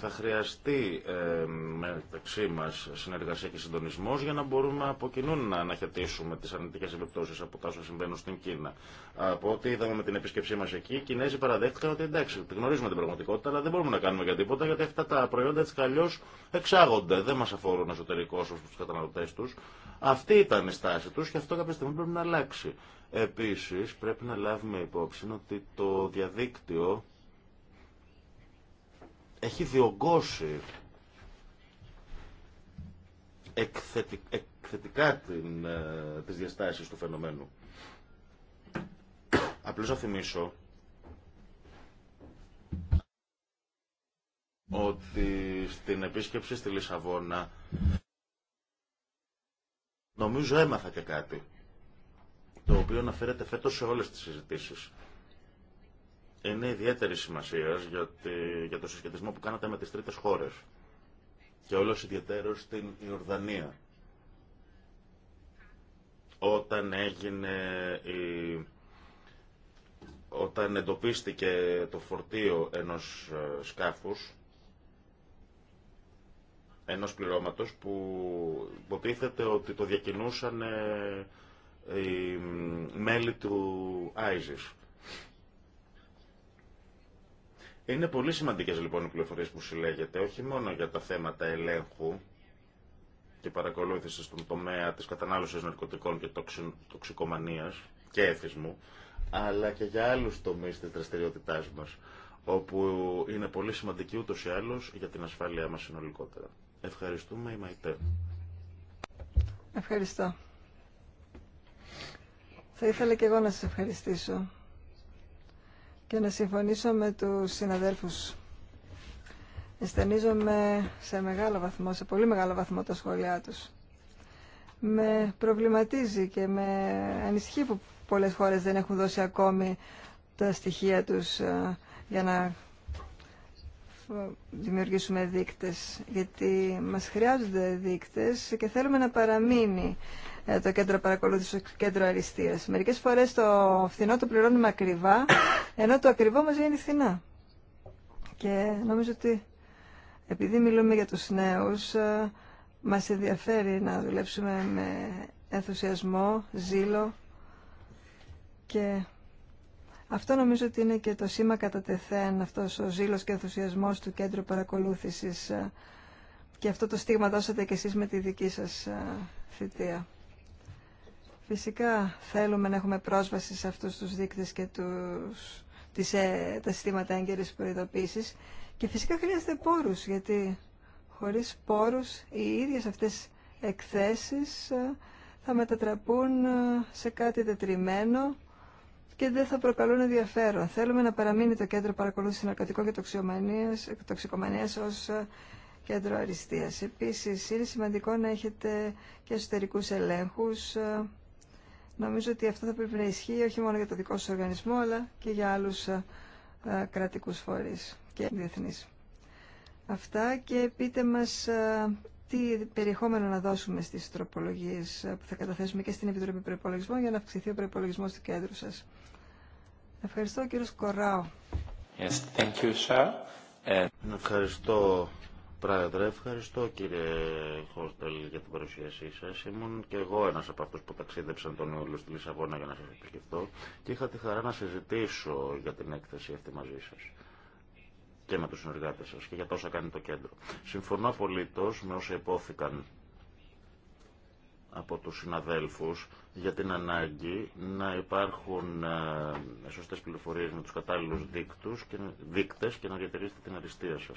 θα χρειαστεί ε, μεταξύ μα συνεργασία και συντονισμό για να μπορούμε από κοινού να αναχαιτήσουμε τι αρνητικέ επιπτώσει από τα όσα συμβαίνουν στην Κίνα. Από ό,τι είδαμε με την επίσκεψή μα εκεί, οι Κινέζοι παραδέχτηκαν ότι εντάξει, τη γνωρίζουμε την πραγματικότητα, αλλά δεν μπορούμε να κάνουμε για τίποτα γιατί αυτά τα προϊόντα έτσι καλλιώ εξάγονται. Δεν μα αφορούν εσωτερικώ ω του καταναλωτέ του. Αυτή ήταν η στάση του και αυτό κάποια στιγμή πρέπει να αλλάξει. Επίσης, πρέπει να λάβουμε υπόψη ότι το διαδίκτυο έχει διωγγώσει εκθετικά την, ε, τις διαστάσεις του φαινομένου. Απλώς να θυμίσω ότι στην επίσκεψη στη Λισαβόνα νομίζω έμαθα και κάτι το οποίο αναφέρεται φέτος σε όλες τις συζητήσει Είναι ιδιαίτερη σημασία για, το συσχετισμό που κάνατε με τις τρίτες χώρες και όλο ιδιαίτερο στην Ιορδανία. Όταν έγινε η... όταν εντοπίστηκε το φορτίο ενός ε, σκάφους ενός πληρώματος που υποτίθεται ότι το διακινούσαν οι μέλη του ISIS. Είναι πολύ σημαντικές λοιπόν οι πληροφορίες που συλλέγεται, όχι μόνο για τα θέματα ελέγχου και παρακολούθησης στον τομέα της κατανάλωσης ναρκωτικών και τοξικομανίας και έθισμου, αλλά και για άλλους τομείς της δραστηριότητάς μας, όπου είναι πολύ σημαντική ούτως ή άλλως για την ασφάλειά μας συνολικότερα. Ευχαριστούμε η Μαϊτέ. Ευχαριστώ. Θα ήθελα και εγώ να σας ευχαριστήσω και να συμφωνήσω με τους συναδέλφους. Αισθανίζομαι σε μεγάλο βαθμό, σε πολύ μεγάλο βαθμό τα σχόλιά τους. Με προβληματίζει και με ανησυχεί που πολλές χώρες δεν έχουν δώσει ακόμη τα στοιχεία τους ε, για να δημιουργήσουμε δείκτες, γιατί μας χρειάζονται δείκτες και θέλουμε να παραμείνει ε, το κέντρο παρακολούθηση, το κέντρο αριστεία. Μερικέ φορέ το φθηνό το πληρώνουμε ακριβά, ενώ το ακριβό μα βγαίνει φθηνά. Και νομίζω ότι επειδή μιλούμε για του νέου, ε, μα ενδιαφέρει να δουλέψουμε με ενθουσιασμό, ζήλο και αυτό νομίζω ότι είναι και το σήμα κατά τεθέν, αυτός ο ζήλος και ενθουσιασμός του κέντρου παρακολούθησης ε, και αυτό το στίγμα δώσατε και εσείς με τη δική σας θητεία. Φυσικά θέλουμε να έχουμε πρόσβαση σε αυτούς τους δείκτες και τους, τις, ε, τα συστήματα έγκαιρης προειδοποίησης και φυσικά χρειάζεται πόρους γιατί χωρίς πόρους οι ίδιες αυτές εκθέσεις ε, θα μετατραπούν ε, σε κάτι τετριμένο και δεν θα προκαλούν ενδιαφέρον. Θέλουμε να παραμείνει το κέντρο παρακολούθηση ναρκωτικών και τοξικομανίας ω κέντρο αριστείας. Επίση, είναι σημαντικό να έχετε και εσωτερικού ελέγχου Νομίζω ότι αυτό θα πρέπει να ισχύει όχι μόνο για το δικό σας οργανισμό, αλλά και για άλλους ε, ε, κρατικούς φορείς και διεθνείς. Αυτά και πείτε μας ε, τι περιεχόμενο να δώσουμε στις τροπολογίες που θα καταθέσουμε και στην Επιτροπή Προϋπολογισμών για να αυξηθεί ο προϋπολογισμός του κέντρου σας. Ευχαριστώ, κύριο Κοράου. Yes, thank you, sir. Ευχαριστώ, Πρόεδρε, ευχαριστώ κύριε Χόρτελ για την παρουσίασή σα. Ήμουν και εγώ ένα από αυτού που ταξίδεψαν τον Ιούλιο στη Λισαβόνα για να σα επισκεφτώ και είχα τη χαρά να συζητήσω για την έκθεση αυτή μαζί σα και με του συνεργάτε σα και για τόσα κάνει το κέντρο. Συμφωνώ απολύτω με όσα υπόθηκαν από τους συναδέλφους για την ανάγκη να υπάρχουν ε, σωστές πληροφορίες με τους κατάλληλους δείκτε και, και να διατηρήσετε την αριστεία σας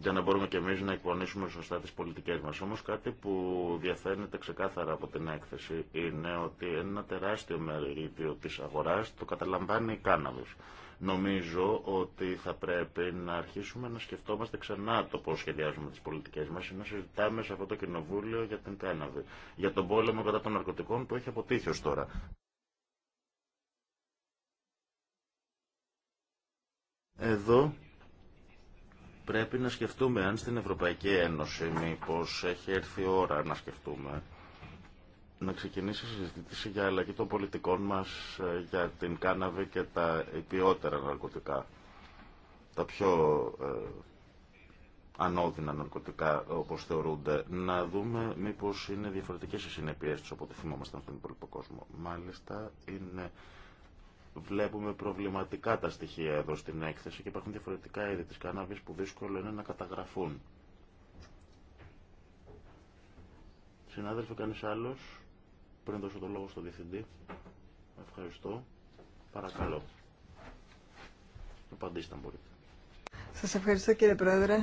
για να μπορούμε και εμείς να εκπονήσουμε σωστά τις πολιτικές μας. Όμως κάτι που διαφαίνεται ξεκάθαρα από την έκθεση είναι ότι ένα τεράστιο μερίδιο της αγοράς το καταλαμβάνει η κάναβης. Νομίζω ότι θα πρέπει να αρχίσουμε να σκεφτόμαστε ξανά το πώς σχεδιάζουμε τις πολιτικές μας ή να συζητάμε σε αυτό το κοινοβούλιο για την κάναβη, για τον πόλεμο κατά των ναρκωτικών που έχει αποτύχει ως τώρα. Εδώ πρέπει να σκεφτούμε αν στην Ευρωπαϊκή Ένωση μήπως έχει έρθει η ώρα να σκεφτούμε να ξεκινήσει η συζήτηση για αλλαγή των πολιτικών μας ε, για την κάναβη και τα υπιότερα ναρκωτικά. Τα πιο ε, ανώδυνα ναρκωτικά όπως θεωρούνται. Να δούμε μήπως είναι διαφορετικές οι συνέπειε τους από ό,τι θυμόμαστε στον υπόλοιπο κόσμο. Μάλιστα είναι Βλέπουμε προβληματικά τα στοιχεία εδώ στην έκθεση και υπάρχουν διαφορετικά είδη της κάναβης που δύσκολο είναι να καταγραφούν. Συνάδελφε, κανείς άλλος, πριν δώσω το λόγο στον Διευθυντή. Ευχαριστώ. Παρακαλώ. Απαντήστε αν μπορείτε. Σας ευχαριστώ κύριε Πρόεδρε.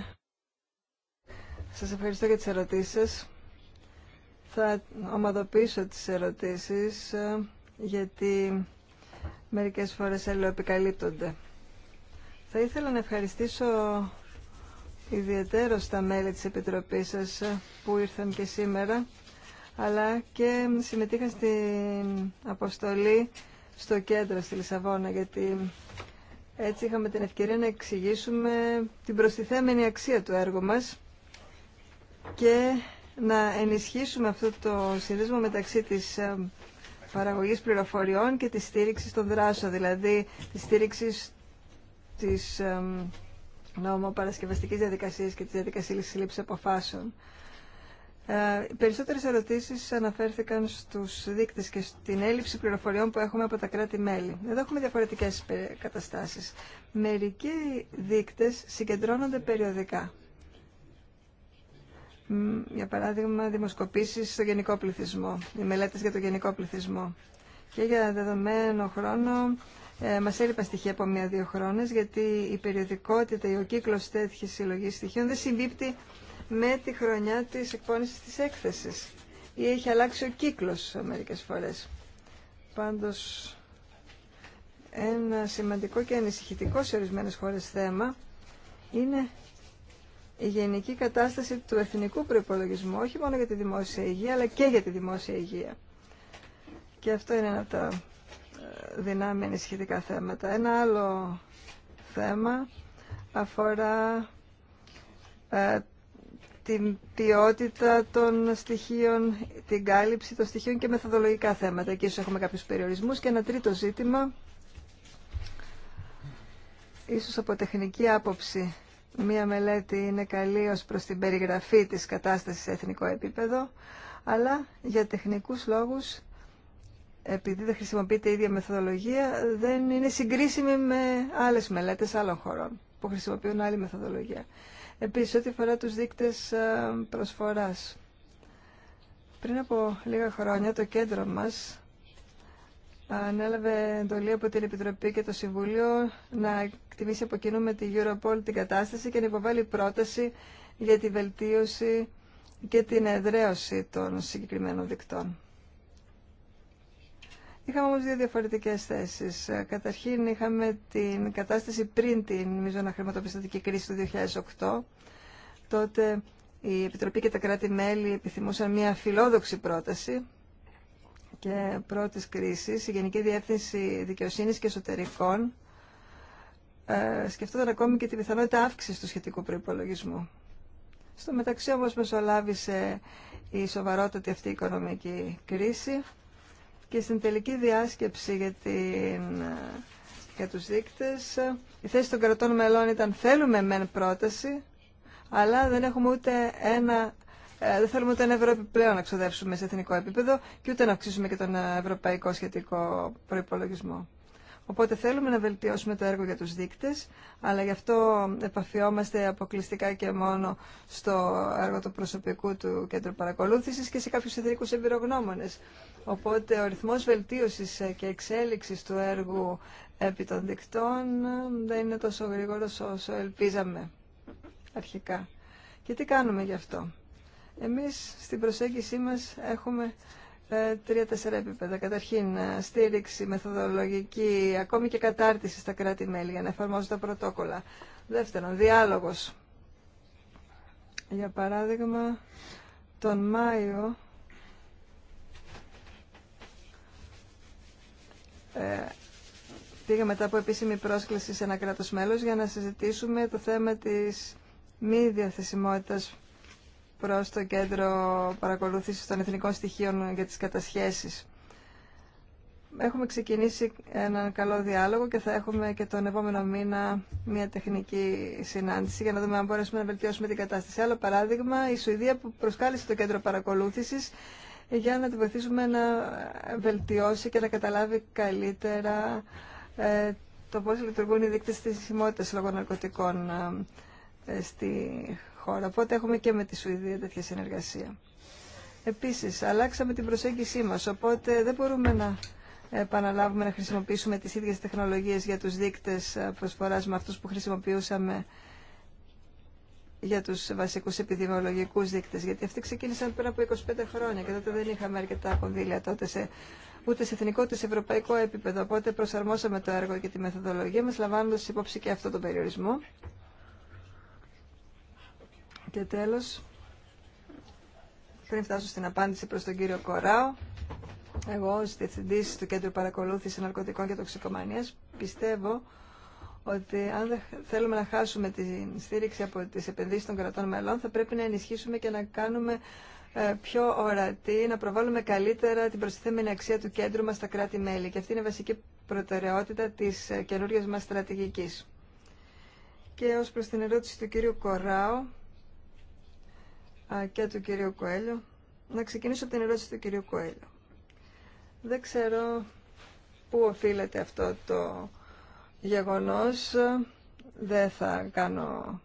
Σας ευχαριστώ για τις ερωτήσεις σας. Θα ομαδοποιήσω τις ερωτήσεις ε, γιατί μερικές φορές αλληλοεπικαλύπτονται. Θα ήθελα να ευχαριστήσω ιδιαίτερο τα μέλη της Επιτροπής σας που ήρθαν και σήμερα, αλλά και συμμετείχαν στην αποστολή στο κέντρο στη Λισαβόνα, γιατί έτσι είχαμε την ευκαιρία να εξηγήσουμε την προστιθέμενη αξία του έργου μας και να ενισχύσουμε αυτό το συνδέσμο μεταξύ της ε, παραγωγής πληροφοριών και τη στήριξη των δράσεων, δηλαδή τη στήριξης της νομοπαρασκευαστικής διαδικασίας και της διαδικασίας λήψης αποφάσεων. Οι ε, περισσότερες ερωτήσεις αναφέρθηκαν στους δείκτες και στην έλλειψη πληροφοριών που έχουμε από τα κράτη-μέλη. Εδώ έχουμε διαφορετικές ε, καταστάσεις. Μερικοί δείκτες συγκεντρώνονται περιοδικά για παράδειγμα, δημοσκοπήσεις στο γενικό πληθυσμό, οι μελέτες για το γενικό πληθυσμό. Και για δεδομένο χρόνο ε, μας έλειπαν στοιχεία από μία-δύο χρόνες, γιατί η περιοδικότητα ή ο κύκλος τέτοιης συλλογή στοιχείων δεν συμπίπτει με τη χρονιά της εκπόνησης της έκθεσης. Ή έχει αλλάξει ο κύκλος μερικές φορές. Πάντως, ένα σημαντικό και ανησυχητικό σε ορισμένες χώρες θέμα είναι η γενική κατάσταση του εθνικού προϋπολογισμού, όχι μόνο για τη δημόσια υγεία, αλλά και για τη δημόσια υγεία. Και αυτό είναι ένα από τα ε, δυνάμει ενισχυτικά θέματα. Ένα άλλο θέμα αφορά ε, την ποιότητα των στοιχείων, την κάλυψη των στοιχείων και μεθοδολογικά θέματα. Εκεί έχουμε κάποιους περιορισμούς. Και ένα τρίτο ζήτημα, ίσως από τεχνική άποψη μία μελέτη είναι καλή ως προς την περιγραφή της κατάστασης σε εθνικό επίπεδο, αλλά για τεχνικούς λόγους, επειδή δεν χρησιμοποιείται η ίδια μεθοδολογία, δεν είναι συγκρίσιμη με άλλες μελέτες άλλων χωρών που χρησιμοποιούν άλλη μεθοδολογία. Επίσης, ό,τι αφορά τους δείκτες ε, προσφοράς. Πριν από λίγα χρόνια το κέντρο μας ανέλαβε εντολή από την Επιτροπή και το Συμβούλιο εκτιμήσει από κοινού με τη Europol την κατάσταση και να υποβάλει πρόταση για τη βελτίωση και την εδραίωση των συγκεκριμένων δικτών. Είχαμε όμως δύο διαφορετικές θέσεις. Καταρχήν είχαμε την κατάσταση πριν την μείζωνα χρηματοπιστωτική κρίση του 2008. Τότε η Επιτροπή και τα κράτη-μέλη επιθυμούσαν μια φιλόδοξη πρόταση και πρώτης κρίσης. Η Γενική Διεύθυνση Δικαιοσύνης και Εσωτερικών ε, σκεφτόταν ακόμη και την πιθανότητα αύξηση του σχετικού προπολογισμού. Στο μεταξύ όμως μεσολάβησε η σοβαρότατη αυτή η οικονομική κρίση και στην τελική διάσκεψη για, την, ε, για τους δείκτες η θέση των κρατών μελών ήταν θέλουμε μεν πρόταση αλλά δεν έχουμε ούτε ένα ε, δεν θέλουμε ούτε ένα ευρώ επιπλέον να ξοδεύσουμε σε εθνικό επίπεδο και ούτε να αυξήσουμε και τον ευρωπαϊκό σχετικό προϋπολογισμό. Οπότε θέλουμε να βελτιώσουμε το έργο για τους δείκτες, αλλά γι' αυτό επαφιόμαστε αποκλειστικά και μόνο στο έργο του προσωπικού του Κέντρου Παρακολούθησης και σε κάποιους ιδρύκους εμπειρογνώμονες. Οπότε ο ρυθμός βελτίωσης και εξέλιξης του έργου επί των δικτών δεν είναι τόσο γρήγορος όσο ελπίζαμε αρχικά. Και τι κάνουμε γι' αυτό. Εμείς στην προσέγγιση μας έχουμε ε, τρία-τέσσερα επίπεδα. Καταρχήν, ε, στήριξη, μεθοδολογική, ακόμη και κατάρτιση στα κράτη-μέλη για να εφαρμόζουν τα πρωτόκολλα. Δεύτερον, διάλογος. Για παράδειγμα, τον Μάιο ε, πήγα μετά από επίσημη πρόσκληση σε ένα κράτος μέλος για να συζητήσουμε το θέμα της μη διαθεσιμότητας προς το Κέντρο Παρακολούθησης των Εθνικών Στοιχείων για τις Κατασχέσεις. Έχουμε ξεκινήσει έναν καλό διάλογο και θα έχουμε και τον επόμενο μήνα μια τεχνική συνάντηση για να δούμε αν μπορέσουμε να βελτιώσουμε την κατάσταση. Άλλο παράδειγμα, η Σουηδία που προσκάλεσε το κέντρο παρακολούθησης για να τη βοηθήσουμε να βελτιώσει και να καταλάβει καλύτερα ε, το πώς λειτουργούν οι δείκτες της σημότητας λόγω ναρκωτικών ε, στη χώρα. Οπότε έχουμε και με τη Σουηδία τέτοια συνεργασία. Επίσης, αλλάξαμε την προσέγγισή μας, οπότε δεν μπορούμε να επαναλάβουμε να χρησιμοποιήσουμε τις ίδιες τεχνολογίες για τους δείκτες προσφοράς με αυτούς που χρησιμοποιούσαμε για τους βασικούς επιδημιολογικούς δείκτες, γιατί αυτοί ξεκίνησαν πριν από 25 χρόνια και τότε δεν είχαμε αρκετά κονδύλια τότε σε, ούτε σε εθνικό ούτε σε ευρωπαϊκό επίπεδο. Οπότε προσαρμόσαμε το έργο και τη μεθοδολογία μας, λαμβάνοντα υπόψη και αυτό τον περιορισμό και τέλος, πριν φτάσω στην απάντηση προς τον κύριο Κοράο, εγώ ως διευθυντής του Κέντρου Παρακολούθησης Ναρκωτικών και Τοξικομανίας πιστεύω ότι αν θέλουμε να χάσουμε τη στήριξη από τις επενδύσεις των κρατών μελών θα πρέπει να ενισχύσουμε και να κάνουμε ε, πιο ορατή, να προβάλλουμε καλύτερα την προστιθέμενη αξία του κέντρου μας στα κράτη-μέλη. Και αυτή είναι η βασική προτεραιότητα της ε, καινούργιας μας στρατηγικής. Και ως προς την ερώτηση του κύριου Κοράου, και του κυρίου Κοέλιο. Να ξεκινήσω από την ερώτηση του κυρίου Κοέλιο. Δεν ξέρω πού οφείλεται αυτό το γεγονός. Δεν θα κάνω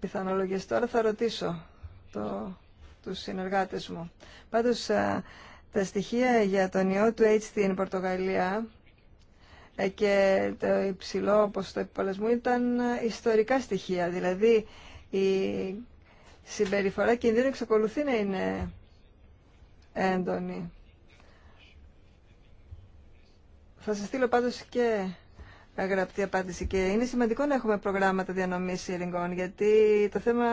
πιθανολογίες τώρα, θα ρωτήσω το, τους συνεργάτες μου. Πάντως, ε, τα στοιχεία για τον ιό του AIDS στην Πορτογαλία ε, και το υψηλό όπως το επιπολεσμό ήταν ιστορικά στοιχεία. Δηλαδή, η συμπεριφορά κινδύνου εξακολουθεί να είναι έντονη. Θα σας στείλω πάντως και γραπτή απάντηση και είναι σημαντικό να έχουμε προγράμματα διανομής ειρηνικών γιατί το θέμα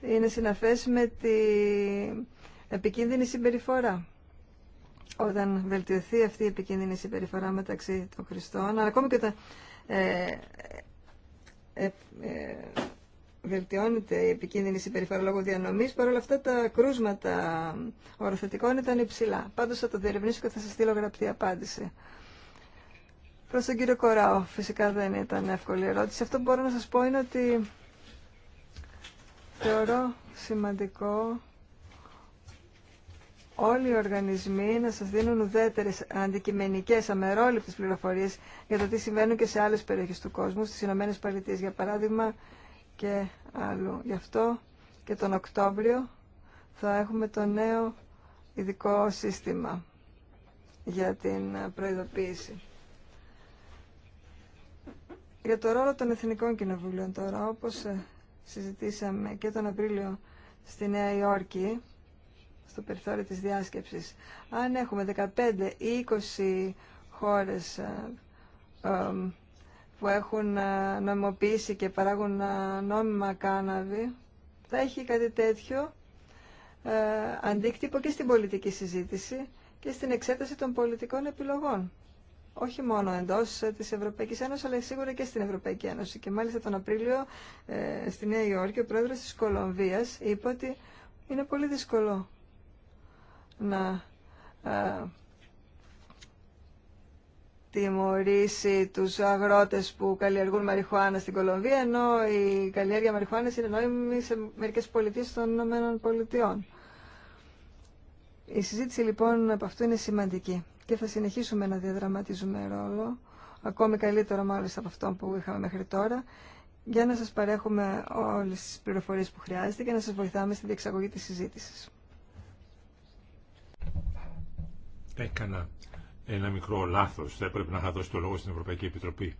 είναι συναφές με την επικίνδυνη συμπεριφορά. Όταν βελτιωθεί αυτή η επικίνδυνη συμπεριφορά μεταξύ των χριστών, αλλά ακόμη και όταν ε, ε, ε βελτιώνεται η επικίνδυνη συμπεριφορά λόγω διανομής, όλα αυτά τα κρούσματα οροθετικών ήταν υψηλά. Πάντως θα το διερευνήσω και θα σα στείλω γραπτή απάντηση. Προ τον κύριο Κοράο, φυσικά δεν ήταν εύκολη ερώτηση. Αυτό που μπορώ να σας πω είναι ότι θεωρώ σημαντικό όλοι οι οργανισμοί να σα δίνουν ουδέτερες αντικειμενικές αμερόληπτες πληροφορίες για το τι συμβαίνουν και σε άλλες περιοχές του κόσμου, στι Ηνωμένες για παράδειγμα και άλλου. Γι' αυτό και τον Οκτώβριο θα έχουμε το νέο ειδικό σύστημα για την προειδοποίηση. Για το ρόλο των Εθνικών Κοινοβουλίων τώρα, όπως ε, συζητήσαμε και τον Απρίλιο στη Νέα Υόρκη, στο περιθώριο της διάσκεψης, αν έχουμε 15 ή 20 χώρες ε, ε, που έχουν ε, νομιμοποιήσει και παράγουν ε, νόμιμα κάναβη θα έχει κάτι τέτοιο ε, αντίκτυπο και στην πολιτική συζήτηση και στην εξέταση των πολιτικών επιλογών. Όχι μόνο εντός της Ευρωπαϊκής Ένωσης, αλλά σίγουρα και στην Ευρωπαϊκή Ένωση. Και μάλιστα τον Απρίλιο στη Νέα Υόρκη, ο πρόεδρο τη Κολομβίας είπε ότι είναι πολύ δύσκολο να τιμωρήσει τους αγρότες που καλλιεργούν μαριχουάνα στην Κολομβία, ενώ η καλλιέργεια μαριχουάνας είναι νόημη σε μερικές πολιτείες των Ηνωμένων Πολιτειών. Η συζήτηση λοιπόν από αυτό είναι σημαντική και θα συνεχίσουμε να διαδραματίζουμε ρόλο, ακόμη καλύτερο μάλιστα από αυτό που είχαμε μέχρι τώρα, για να σας παρέχουμε όλες τις πληροφορίες που χρειάζεται και να σας βοηθάμε στη διεξαγωγή της συζήτησης. Έκανα ένα μικρό λάθος. Θα έπρεπε να είχα δώσει το λόγο στην Ευρωπαϊκή Επιτροπή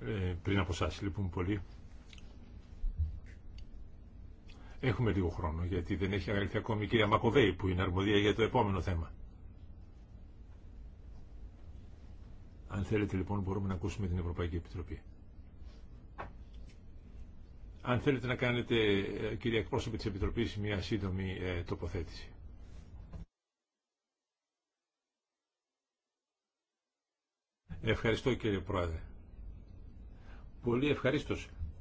ε, πριν από εσά. Λυπούμε πολύ. Έχουμε λίγο χρόνο γιατί δεν έχει αγαλθεί ακόμη η κυρία Μακοβέη που είναι αρμοδία για το επόμενο θέμα. Αν θέλετε λοιπόν μπορούμε να ακούσουμε την Ευρωπαϊκή Επιτροπή. Αν θέλετε να κάνετε, ε, κυρία εκπρόσωπη της Επιτροπής, μια σύντομη ε, τοποθέτηση. Ευχαριστώ κύριε Πρόεδρε. Πολύ ευχαριστώ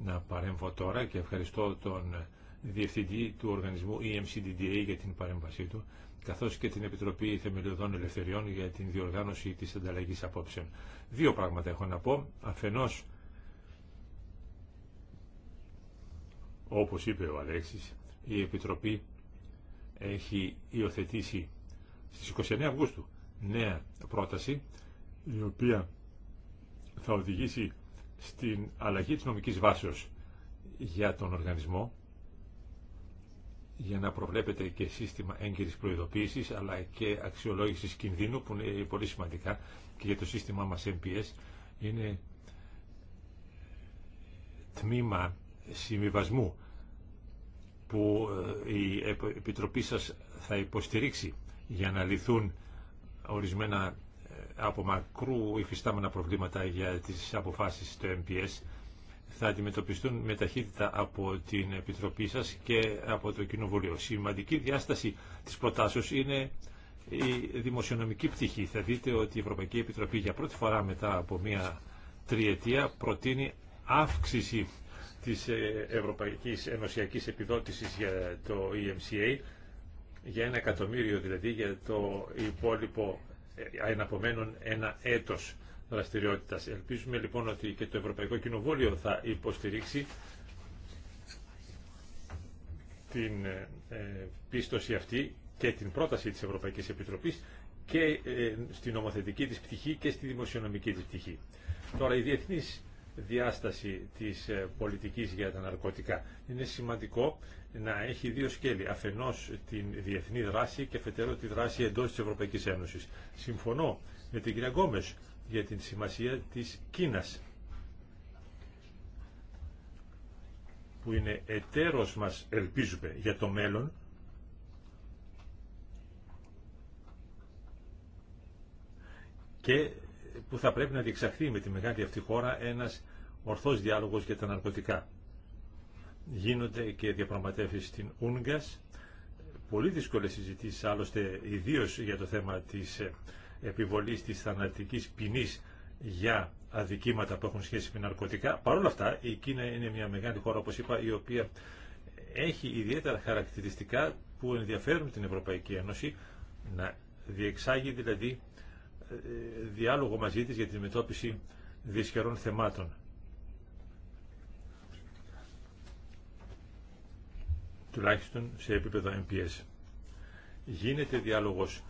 να παρέμβω τώρα και ευχαριστώ τον Διευθυντή του Οργανισμού EMCDDA για την παρέμβασή του, καθώς και την Επιτροπή Θεμελιωδών Ελευθεριών για την διοργάνωση της ανταλλαγής απόψεων. Δύο πράγματα έχω να πω. Αφενός, όπως είπε ο Αλέξης, η Επιτροπή έχει υιοθετήσει στις 29 Αυγούστου νέα πρόταση η οποία θα οδηγήσει στην αλλαγή της νομικής βάσεως για τον οργανισμό για να προβλέπετε και σύστημα έγκυρης προειδοποίησης αλλά και αξιολόγησης κινδύνου που είναι πολύ σημαντικά και για το σύστημά μας MPS είναι τμήμα συμβιβασμού που ε, η Επιτροπή σας θα υποστηρίξει για να λυθούν ορισμένα από μακρού υφιστάμενα προβλήματα για τις αποφάσεις του MPS θα αντιμετωπιστούν με ταχύτητα από την Επιτροπή σας και από το Κοινοβουλίο. Σημαντική διάσταση της προτάσεως είναι η δημοσιονομική πτυχή. Θα δείτε ότι η Ευρωπαϊκή Επιτροπή για πρώτη φορά μετά από μία τριετία προτείνει αύξηση της ε, Ευρωπαϊκής Ενωσιακής Επιδότησης για το EMCA για ένα εκατομμύριο δηλαδή για το υπόλοιπο εναπομένων ένα έτος δραστηριότητας. Ελπίζουμε λοιπόν ότι και το Ευρωπαϊκό Κοινοβούλιο θα υποστηρίξει την ε, ε, πίστοση αυτή και την πρόταση της Ευρωπαϊκής Επιτροπής και ε, στην νομοθετική της πτυχή και στη δημοσιονομική της πτυχή. Τώρα η διεθνής διάσταση της πολιτικής για τα ναρκωτικά είναι σημαντικό να έχει δύο σκέλη. αφενό την διεθνή δράση και αφετέρου τη δράση εντό της Ευρωπαϊκής Ένωσης. Συμφωνώ με την κυρία Γκόμε για την σημασία της Κίνας που είναι εταίρος μας, ελπίζουμε, για το μέλλον και που θα πρέπει να διεξαχθεί με τη μεγάλη αυτή χώρα ένας ορθός διάλογος για τα ναρκωτικά γίνονται και διαπραγματεύσεις στην Ούγκας. Πολύ δύσκολες συζητήσεις άλλωστε ιδίως για το θέμα της ε, επιβολής της θανατικής ποινή για αδικήματα που έχουν σχέση με ναρκωτικά. Παρ' όλα αυτά η Κίνα είναι μια μεγάλη χώρα όπως είπα η οποία έχει ιδιαίτερα χαρακτηριστικά που ενδιαφέρουν την Ευρωπαϊκή Ένωση να διεξάγει δηλαδή ε, ε, διάλογο μαζί της για τη μετώπιση δυσχερών θεμάτων. τουλάχιστον σε επίπεδο MPS. Γίνεται διάλογος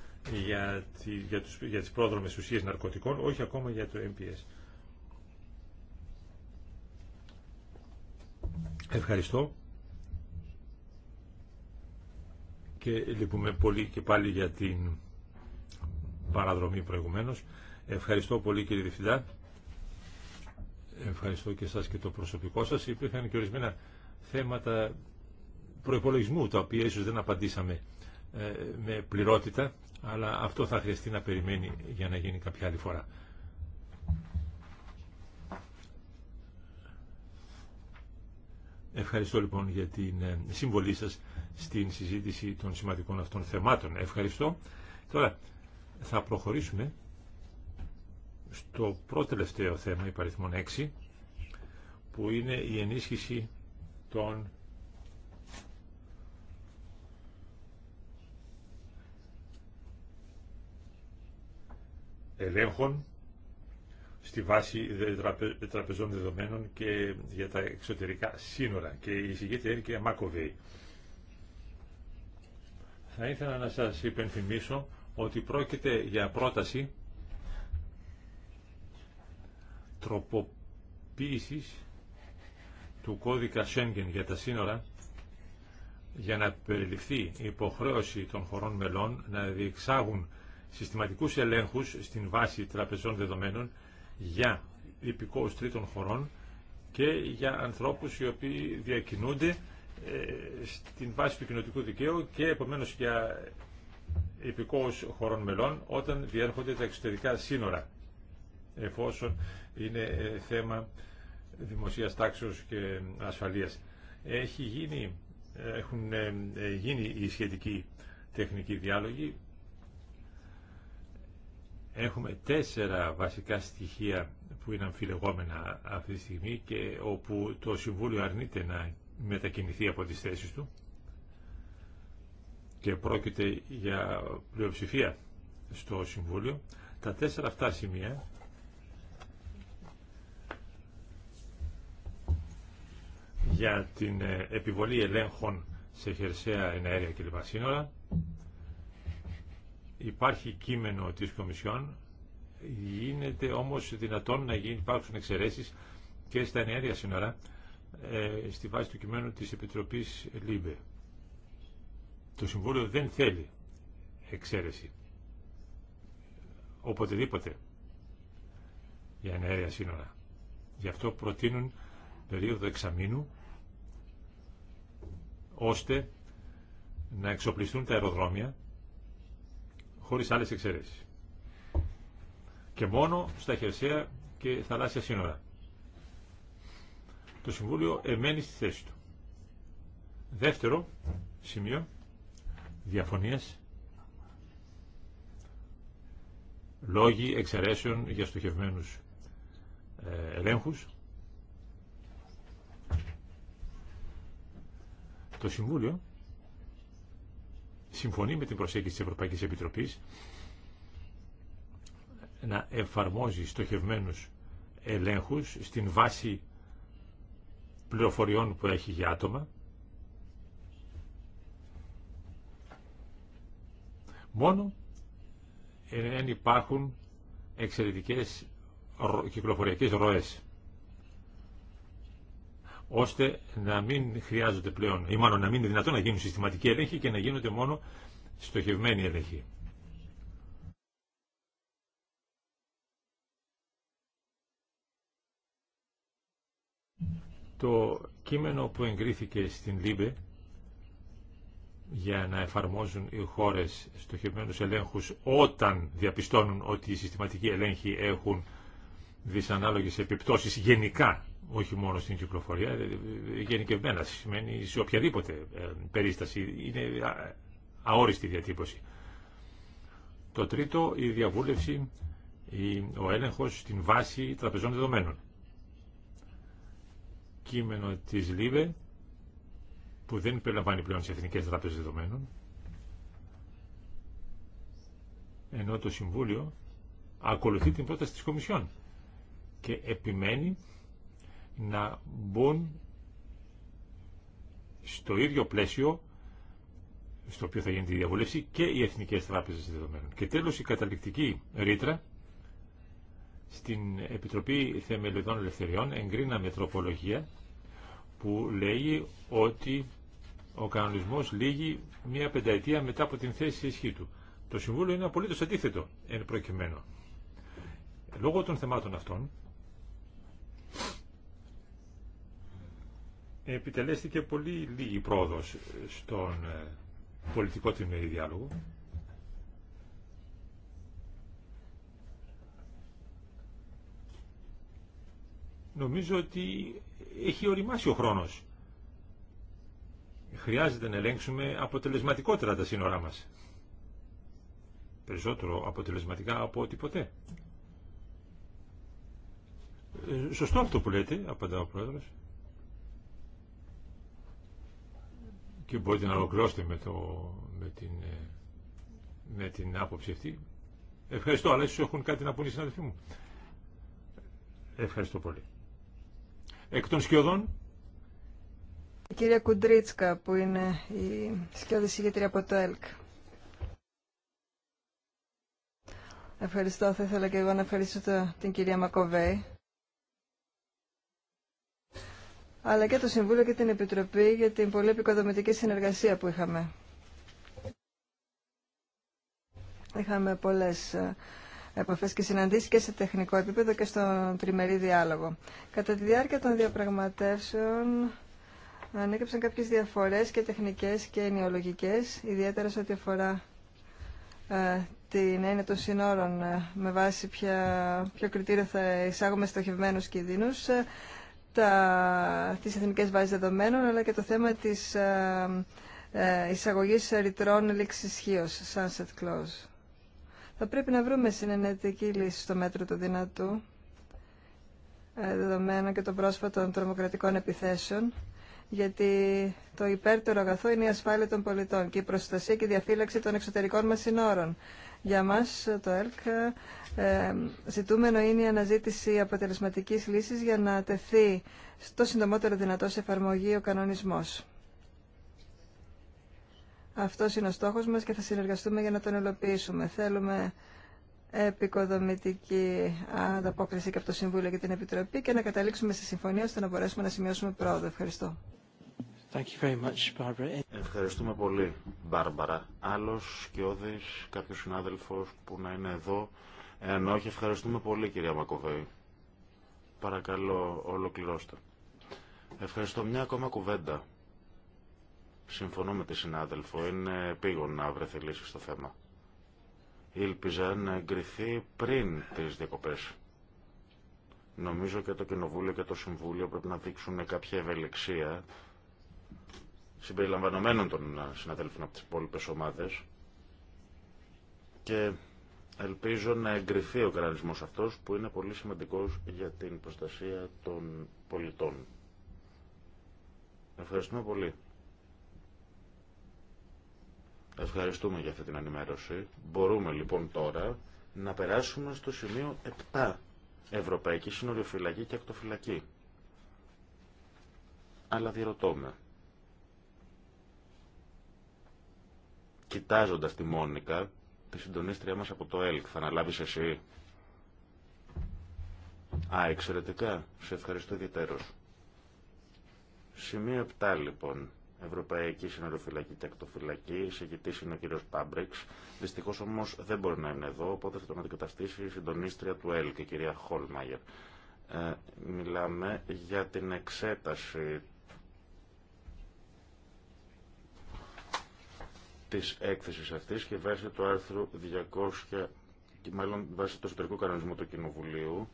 για, τη, για, για τις πρόδρομες ουσίες ναρκωτικών, όχι ακόμα για το MPS. Ευχαριστώ. Και λυπούμε πολύ και πάλι για την παραδρομή προηγουμένως. Ευχαριστώ πολύ κύριε Διευθυντά. Ευχαριστώ και εσάς και το προσωπικό σας. Υπήρχαν και ορισμένα θέματα προπολογισμού, τα οποία ίσως δεν απαντήσαμε ε, με πληρότητα, αλλά αυτό θα χρειαστεί να περιμένει για να γίνει κάποια άλλη φορά. Ευχαριστώ λοιπόν για την ε, συμβολή σας στην συζήτηση των σημαντικών αυτών θεμάτων. Ευχαριστώ. Τώρα θα προχωρήσουμε στο πρώτο τελευταίο θέμα, υπαριθμόν 6, που είναι η ενίσχυση των ελέγχων στη βάση τραπεζών δεδομένων και για τα εξωτερικά σύνορα. Και η εισηγήτρια είναι η Μάκοβέη. Θα ήθελα να σας υπενθυμίσω ότι πρόκειται για πρόταση τροποποίησης του κώδικα Schengen για τα σύνορα για να περιληφθεί η υποχρέωση των χωρών μελών να διεξάγουν συστηματικούς ελέγχους στην βάση τραπεζών δεδομένων για υπηκόους τρίτων χωρών και για ανθρώπους οι οποίοι διακινούνται ε, στην βάση του κοινοτικού δικαίου και επομένως για υπηκόους χωρών μελών όταν διέρχονται τα εξωτερικά σύνορα εφόσον είναι ε, θέμα δημοσίας τάξεως και ασφαλείας. Έχει γίνει, έχουν ε, γίνει οι σχετικοί τεχνικοί διάλογοι Έχουμε τέσσερα βασικά στοιχεία που είναι αμφιλεγόμενα αυτή τη στιγμή και όπου το Συμβούλιο αρνείται να μετακινηθεί από τις θέσεις του και πρόκειται για πλειοψηφία στο Συμβούλιο. Τα τέσσερα αυτά σημεία για την ε, επιβολή ελέγχων σε χερσαία εναέρια κλπ. σύνορα Υπάρχει κείμενο της Κομισιόν, γίνεται όμως δυνατόν να γίνει, υπάρξουν εξαιρέσεις και στα ενέργεια σύνορα ε, στη βάση του κειμένου της Επιτροπής ΛΥΜΠΕ. Το Συμβούλιο δεν θέλει εξαίρεση. Οποτεδήποτε για ενέργεια σύνορα. Γι' αυτό προτείνουν περίοδο εξαμήνου ώστε να εξοπλιστούν τα αεροδρόμια χωρίς άλλες εξαιρέσει. Και μόνο στα χερσαία και θαλάσσια σύνορα. Το Συμβούλιο εμένει στη θέση του. Δεύτερο σημείο διαφωνίες λόγοι εξαιρέσεων για στοχευμένους ε, ελέγχους το Συμβούλιο συμφωνεί με την προσέγγιση της Ευρωπαϊκής Επιτροπής να εφαρμόζει στοχευμένους ελέγχους στην βάση πληροφοριών που έχει για άτομα μόνο εάν υπάρχουν εξαιρετικές κυκλοφοριακές ροές ώστε να μην χρειάζονται πλέον, ή μάλλον να μην είναι δυνατόν να γίνουν συστηματικοί έλεγχοι και να γίνονται μόνο στοχευμένοι έλεγχοι. Το κείμενο που εγκρίθηκε στην ΛΥΜΠΕ για να εφαρμόζουν οι χώρες στοχευμένους ελέγχους όταν διαπιστώνουν ότι οι συστηματικοί ελέγχοι έχουν δυσανάλογες επιπτώσεις γενικά όχι μόνο στην κυκλοφορία, γενικευμένα σημαίνει σε οποιαδήποτε ε, περίσταση. Είναι αόριστη διατύπωση. Το τρίτο, η διαβούλευση, ο έλεγχος στην βάση τραπεζών δεδομένων. Κείμενο της ΛΥΒΕ, που δεν περιλαμβάνει πλέον σε εθνικές τράπεζες δεδομένων, ενώ το Συμβούλιο ακολουθεί την πρόταση της Κομισιόν και επιμένει να μπουν στο ίδιο πλαίσιο στο οποίο θα γίνεται η διαβούλευση και οι εθνικές τράπεζες δεδομένων. Και τέλος η καταληκτική ρήτρα στην Επιτροπή Θεμελιωδών Ελευθεριών εγκρίναμε τροπολογία που λέει ότι ο κανονισμός λύγει μία πενταετία μετά από την θέση ισχύ του. Το Συμβούλιο είναι απολύτως αντίθετο εν προκειμένου. Λόγω των θεμάτων αυτών επιτελέστηκε πολύ λίγη πρόοδος στον ε, πολιτικό τριμερή διάλογο. Νομίζω ότι έχει οριμάσει ο χρόνος. Χρειάζεται να ελέγξουμε αποτελεσματικότερα τα σύνορά μας. Περισσότερο αποτελεσματικά από ό,τι ποτέ. Ε, σωστό αυτό που λέτε, απαντά ο Πρόεδρος. και μπορείτε να ολοκληρώσετε με, το, με, την, ε, με την άποψη αυτή. Ευχαριστώ, αλλά ίσως έχουν κάτι να πούνε οι συνάδελφοί μου. Ευχαριστώ πολύ. Εκ των σκιωδών. Η κυρία Κουντρίτσκα που είναι η σκιώδη συγγετρία από το ΕΛΚ. Ευχαριστώ. Θα ήθελα και εγώ να ευχαριστήσω την κυρία Μακοβέη αλλά και το Συμβούλιο και την Επιτροπή για την πολύ επικοδομητική συνεργασία που είχαμε. Είχαμε πολλές ε, επαφές και συναντήσεις και σε τεχνικό επίπεδο και στον τριμερή διάλογο. Κατά τη διάρκεια των διαπραγματεύσεων ανέκυψαν κάποιες διαφορές και τεχνικές και ενοιολογικές, ιδιαίτερα σε ό,τι αφορά ε, την έννοια των συνόρων ε, με βάση ποιο κριτήριο θα εισάγουμε στοχευμένους κινδύνους τα, τις εθνικές βάσεις δεδομένων, αλλά και το θέμα της ε, ε, εισαγωγής ρητρών λήξης ισχύω, sunset clause. Θα πρέπει να βρούμε συνενετική λύση στο μέτρο του δυνατού, ε, δεδομένων και των πρόσφατων τρομοκρατικών επιθέσεων, γιατί το υπέρτερο αγαθό είναι η ασφάλεια των πολιτών και η προστασία και η διαφύλαξη των εξωτερικών μας συνόρων. Για μας το ΕΛΚ ε, ζητούμενο είναι η αναζήτηση αποτελεσματικής λύσης για να τεθεί στο συντομότερο δυνατό σε εφαρμογή ο κανονισμός. Αυτό είναι ο στόχος μας και θα συνεργαστούμε για να τον ελοποιήσουμε. Θέλουμε επικοδομητική ανταπόκριση και από το Συμβούλιο και την Επιτροπή και να καταλήξουμε σε συμφωνία ώστε να μπορέσουμε να σημειώσουμε πρόοδο. Ευχαριστώ. Ευχαριστούμε πολύ, Μπάρμπαρα. άλλο και όδη κάποιο συνάδελφο που να είναι εδώ. Εάν όχι, ευχαριστούμε πολύ, κυρία Μακοβέη. Παρακαλώ, ολοκληρώστε. Ευχαριστώ. Μια ακόμα κουβέντα. Συμφωνώ με τη συνάδελφο. Είναι πήγον να βρεθεί λύση στο θέμα. Ήλπιζα να εγκριθεί πριν τις διακοπές. Νομίζω και το Κοινοβούλιο και το Συμβούλιο πρέπει να δείξουν κάποια ευελιξία συμπεριλαμβανομένων των ε, συναδέλφων από τις υπόλοιπες ομάδες και ελπίζω να εγκριθεί ο κανονισμός αυτός που είναι πολύ σημαντικός για την προστασία των πολιτών. Ευχαριστούμε πολύ. Ευχαριστούμε για αυτή την ενημέρωση. Μπορούμε λοιπόν τώρα να περάσουμε στο σημείο 7. Ευρωπαϊκή Συνοριοφυλακή και Ακτοφυλακή. Αλλά διερωτώ Κοιτάζοντα τη Μόνικα, τη συντονίστρια μα από το ΕΛΚ, θα αναλάβει εσύ. Α, εξαιρετικά. Σε ευχαριστώ ιδιαίτερω. Σημείο 7 λοιπόν. Ευρωπαϊκή Συνοριοφυλακή και Ακτοφυλακή. Συγητή είναι ο κ. Πάμπρεξ. Δυστυχώ όμω δεν μπορεί να είναι εδώ, οπότε θα τον αντικαταστήσει η συντονίστρια του ΕΛΚ, η κυρία Χόλμαγερ. Ε, μιλάμε για την εξέταση της έκθεσης αυτής και βάσει το άρθρο 200 και μάλλον βάσει το εσωτερικό κανονισμό του Κοινοβουλίου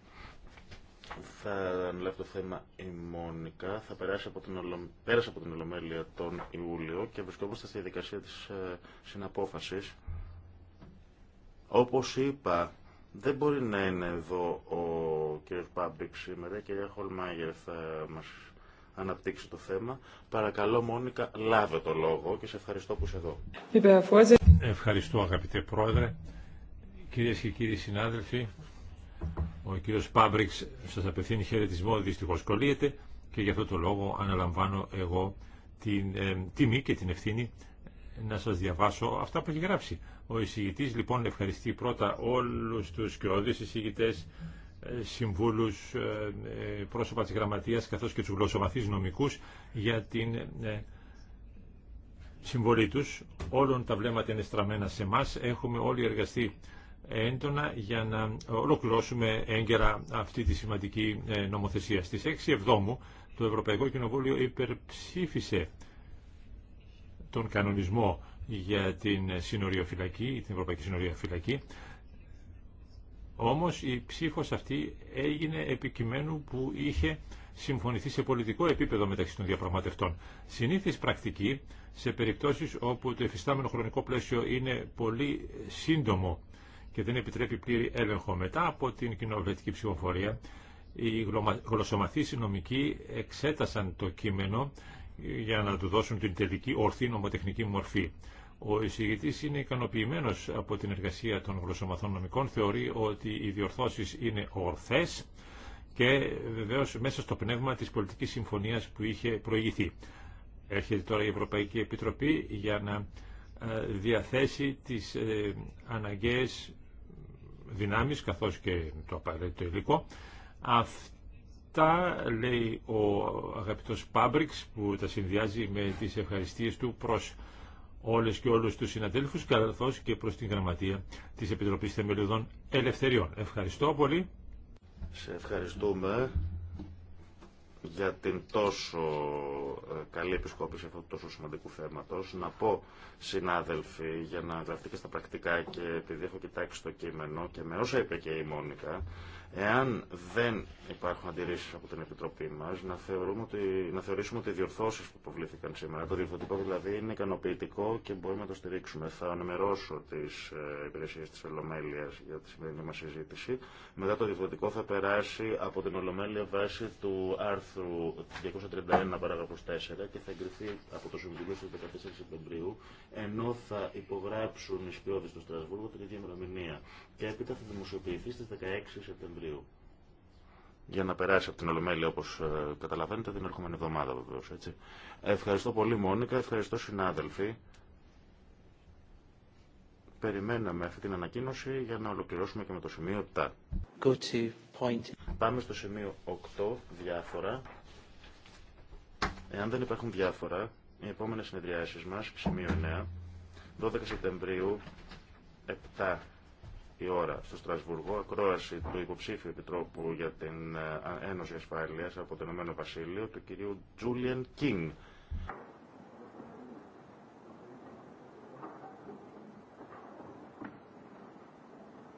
θα αναλάβει το θέμα η Μόνικα, θα περάσει από την, Ολο... πέρασε από την Ολομέλεια τον Ιούλιο και βρισκόμαστε στη διαδικασία της ε, συναπόφασης. Όπως είπα, δεν μπορεί να είναι εδώ ο κ. Πάμπικ σήμερα. Η κ. Χολμάγερ θα μας αναπτύξει το θέμα. Παρακαλώ, Μόνικα, λάβε το λόγο και σε ευχαριστώ που είσαι εδώ. Ευχαριστώ, αγαπητέ Πρόεδρε. Κυρίες και κύριοι συνάδελφοι, ο κύριος Πάμπριξ σας απευθύνει χαιρετισμό, δυστυχώς κολλείεται και γι' αυτό το λόγο αναλαμβάνω εγώ την ε, τιμή και την ευθύνη να σας διαβάσω αυτά που έχει γράψει. Ο εισηγητής λοιπόν ευχαριστεί πρώτα όλους τους και εισηγητές, Συμβούλου, ε, ε, πρόσωπα της γραμματείας καθώς και του γλωσσομαθεί νομικού για την ε, συμβολή του, Όλων τα βλέμματα είναι στραμμένα σε εμά. Έχουμε όλοι εργαστεί έντονα για να ολοκληρώσουμε έγκαιρα αυτή τη σημαντική νομοθεσία. Στις 6 Εβδόμου το Ευρωπαϊκό Κοινοβούλιο υπερψήφισε τον κανονισμό για την συνοριοφυλακή, την Ευρωπαϊκή Συνοριοφυλακή. Όμως η ψήφος αυτή έγινε επικειμένου που είχε συμφωνηθεί σε πολιτικό επίπεδο μεταξύ των διαπραγματευτών. Συνήθις πρακτική σε περιπτώσεις όπου το εφιστάμενο χρονικό πλαίσιο είναι πολύ σύντομο και δεν επιτρέπει πλήρη έλεγχο. Μετά από την κοινοβουλευτική ψηφοφορία, οι γλωσσομαθείς συνομικοί εξέτασαν το κείμενο για να του δώσουν την τελική ορθή νομοτεχνική μορφή. Ο εισηγητή είναι ικανοποιημένο από την εργασία των γλωσσομαθών νομικών, θεωρεί ότι οι διορθώσεις είναι ορθές και βεβαίω μέσα στο πνεύμα της πολιτικής συμφωνίας που είχε προηγηθεί. Έρχεται τώρα η Ευρωπαϊκή Επιτροπή για να ε, διαθέσει τις ε, αναγκαίες δυνάμεις καθώς και το απαραίτητο υλικό. Αυτά λέει ο αγαπητός Πάμπριξ που τα συνδυάζει με τις ευχαριστίες του προς όλες και όλους τους συναδέλφους καθώς και προς την γραμματεία της Επιτροπής Θεμελιωδών Ελευθεριών. Ευχαριστώ πολύ. Σε ευχαριστούμε για την τόσο ε, καλή επισκόπηση αυτού του τόσο σημαντικού θέματος. Να πω, συνάδελφοι, για να γραφτεί και στα πρακτικά και επειδή έχω κοιτάξει το κείμενο και με όσα είπε και η Μόνικα, Εάν δεν υπάρχουν αντιρρήσει από την Επιτροπή μα να, να θεωρήσουμε ότι οι διορθώσεις που υποβλήθηκαν σήμερα, το διορθωτικό δηλαδή είναι ικανοποιητικό και μπορούμε να το στηρίξουμε. Θα ενημερώσω τι ε, υπηρεσίες της Ολομέλειας για τη σημερινή μα συζήτηση. Μετά το διορθωτικό θα περάσει από την Ολομέλεια βάσει του άρθρου 231 παράγραφο 4 και θα εγκριθεί από το Συμβουλίο στι 14 Σεπτεμβρίου, ενώ θα υπογράψουν οι σκιώδει του Στρασβούργο την ίδια ημερομηνία και έπειτα θα δημοσιοποιηθεί στις 16 Σεπτεμβρίου. Για να περάσει από την Ολομέλεια, όπως ε, καταλαβαίνετε, την ερχόμενη εβδομάδα βεβαίως, έτσι. Ευχαριστώ πολύ Μόνικα, ευχαριστώ συνάδελφοι. Περιμέναμε αυτή την ανακοίνωση για να ολοκληρώσουμε και με το σημείο 7. point. Πάμε στο σημείο 8, διάφορα. Εάν δεν υπάρχουν διάφορα, οι επόμενε συνεδριάσεις μας, σημείο 9, 12 Σεπτεμβρίου, 7 η ώρα στο Στρασβουργό ακρόαση του υποψήφιου επιτρόπου για την ε, Ένωση Ασφάλειας από το Ηνωμένο Βασίλειο, του κυρίου Τζούλιαν Κίνγκ.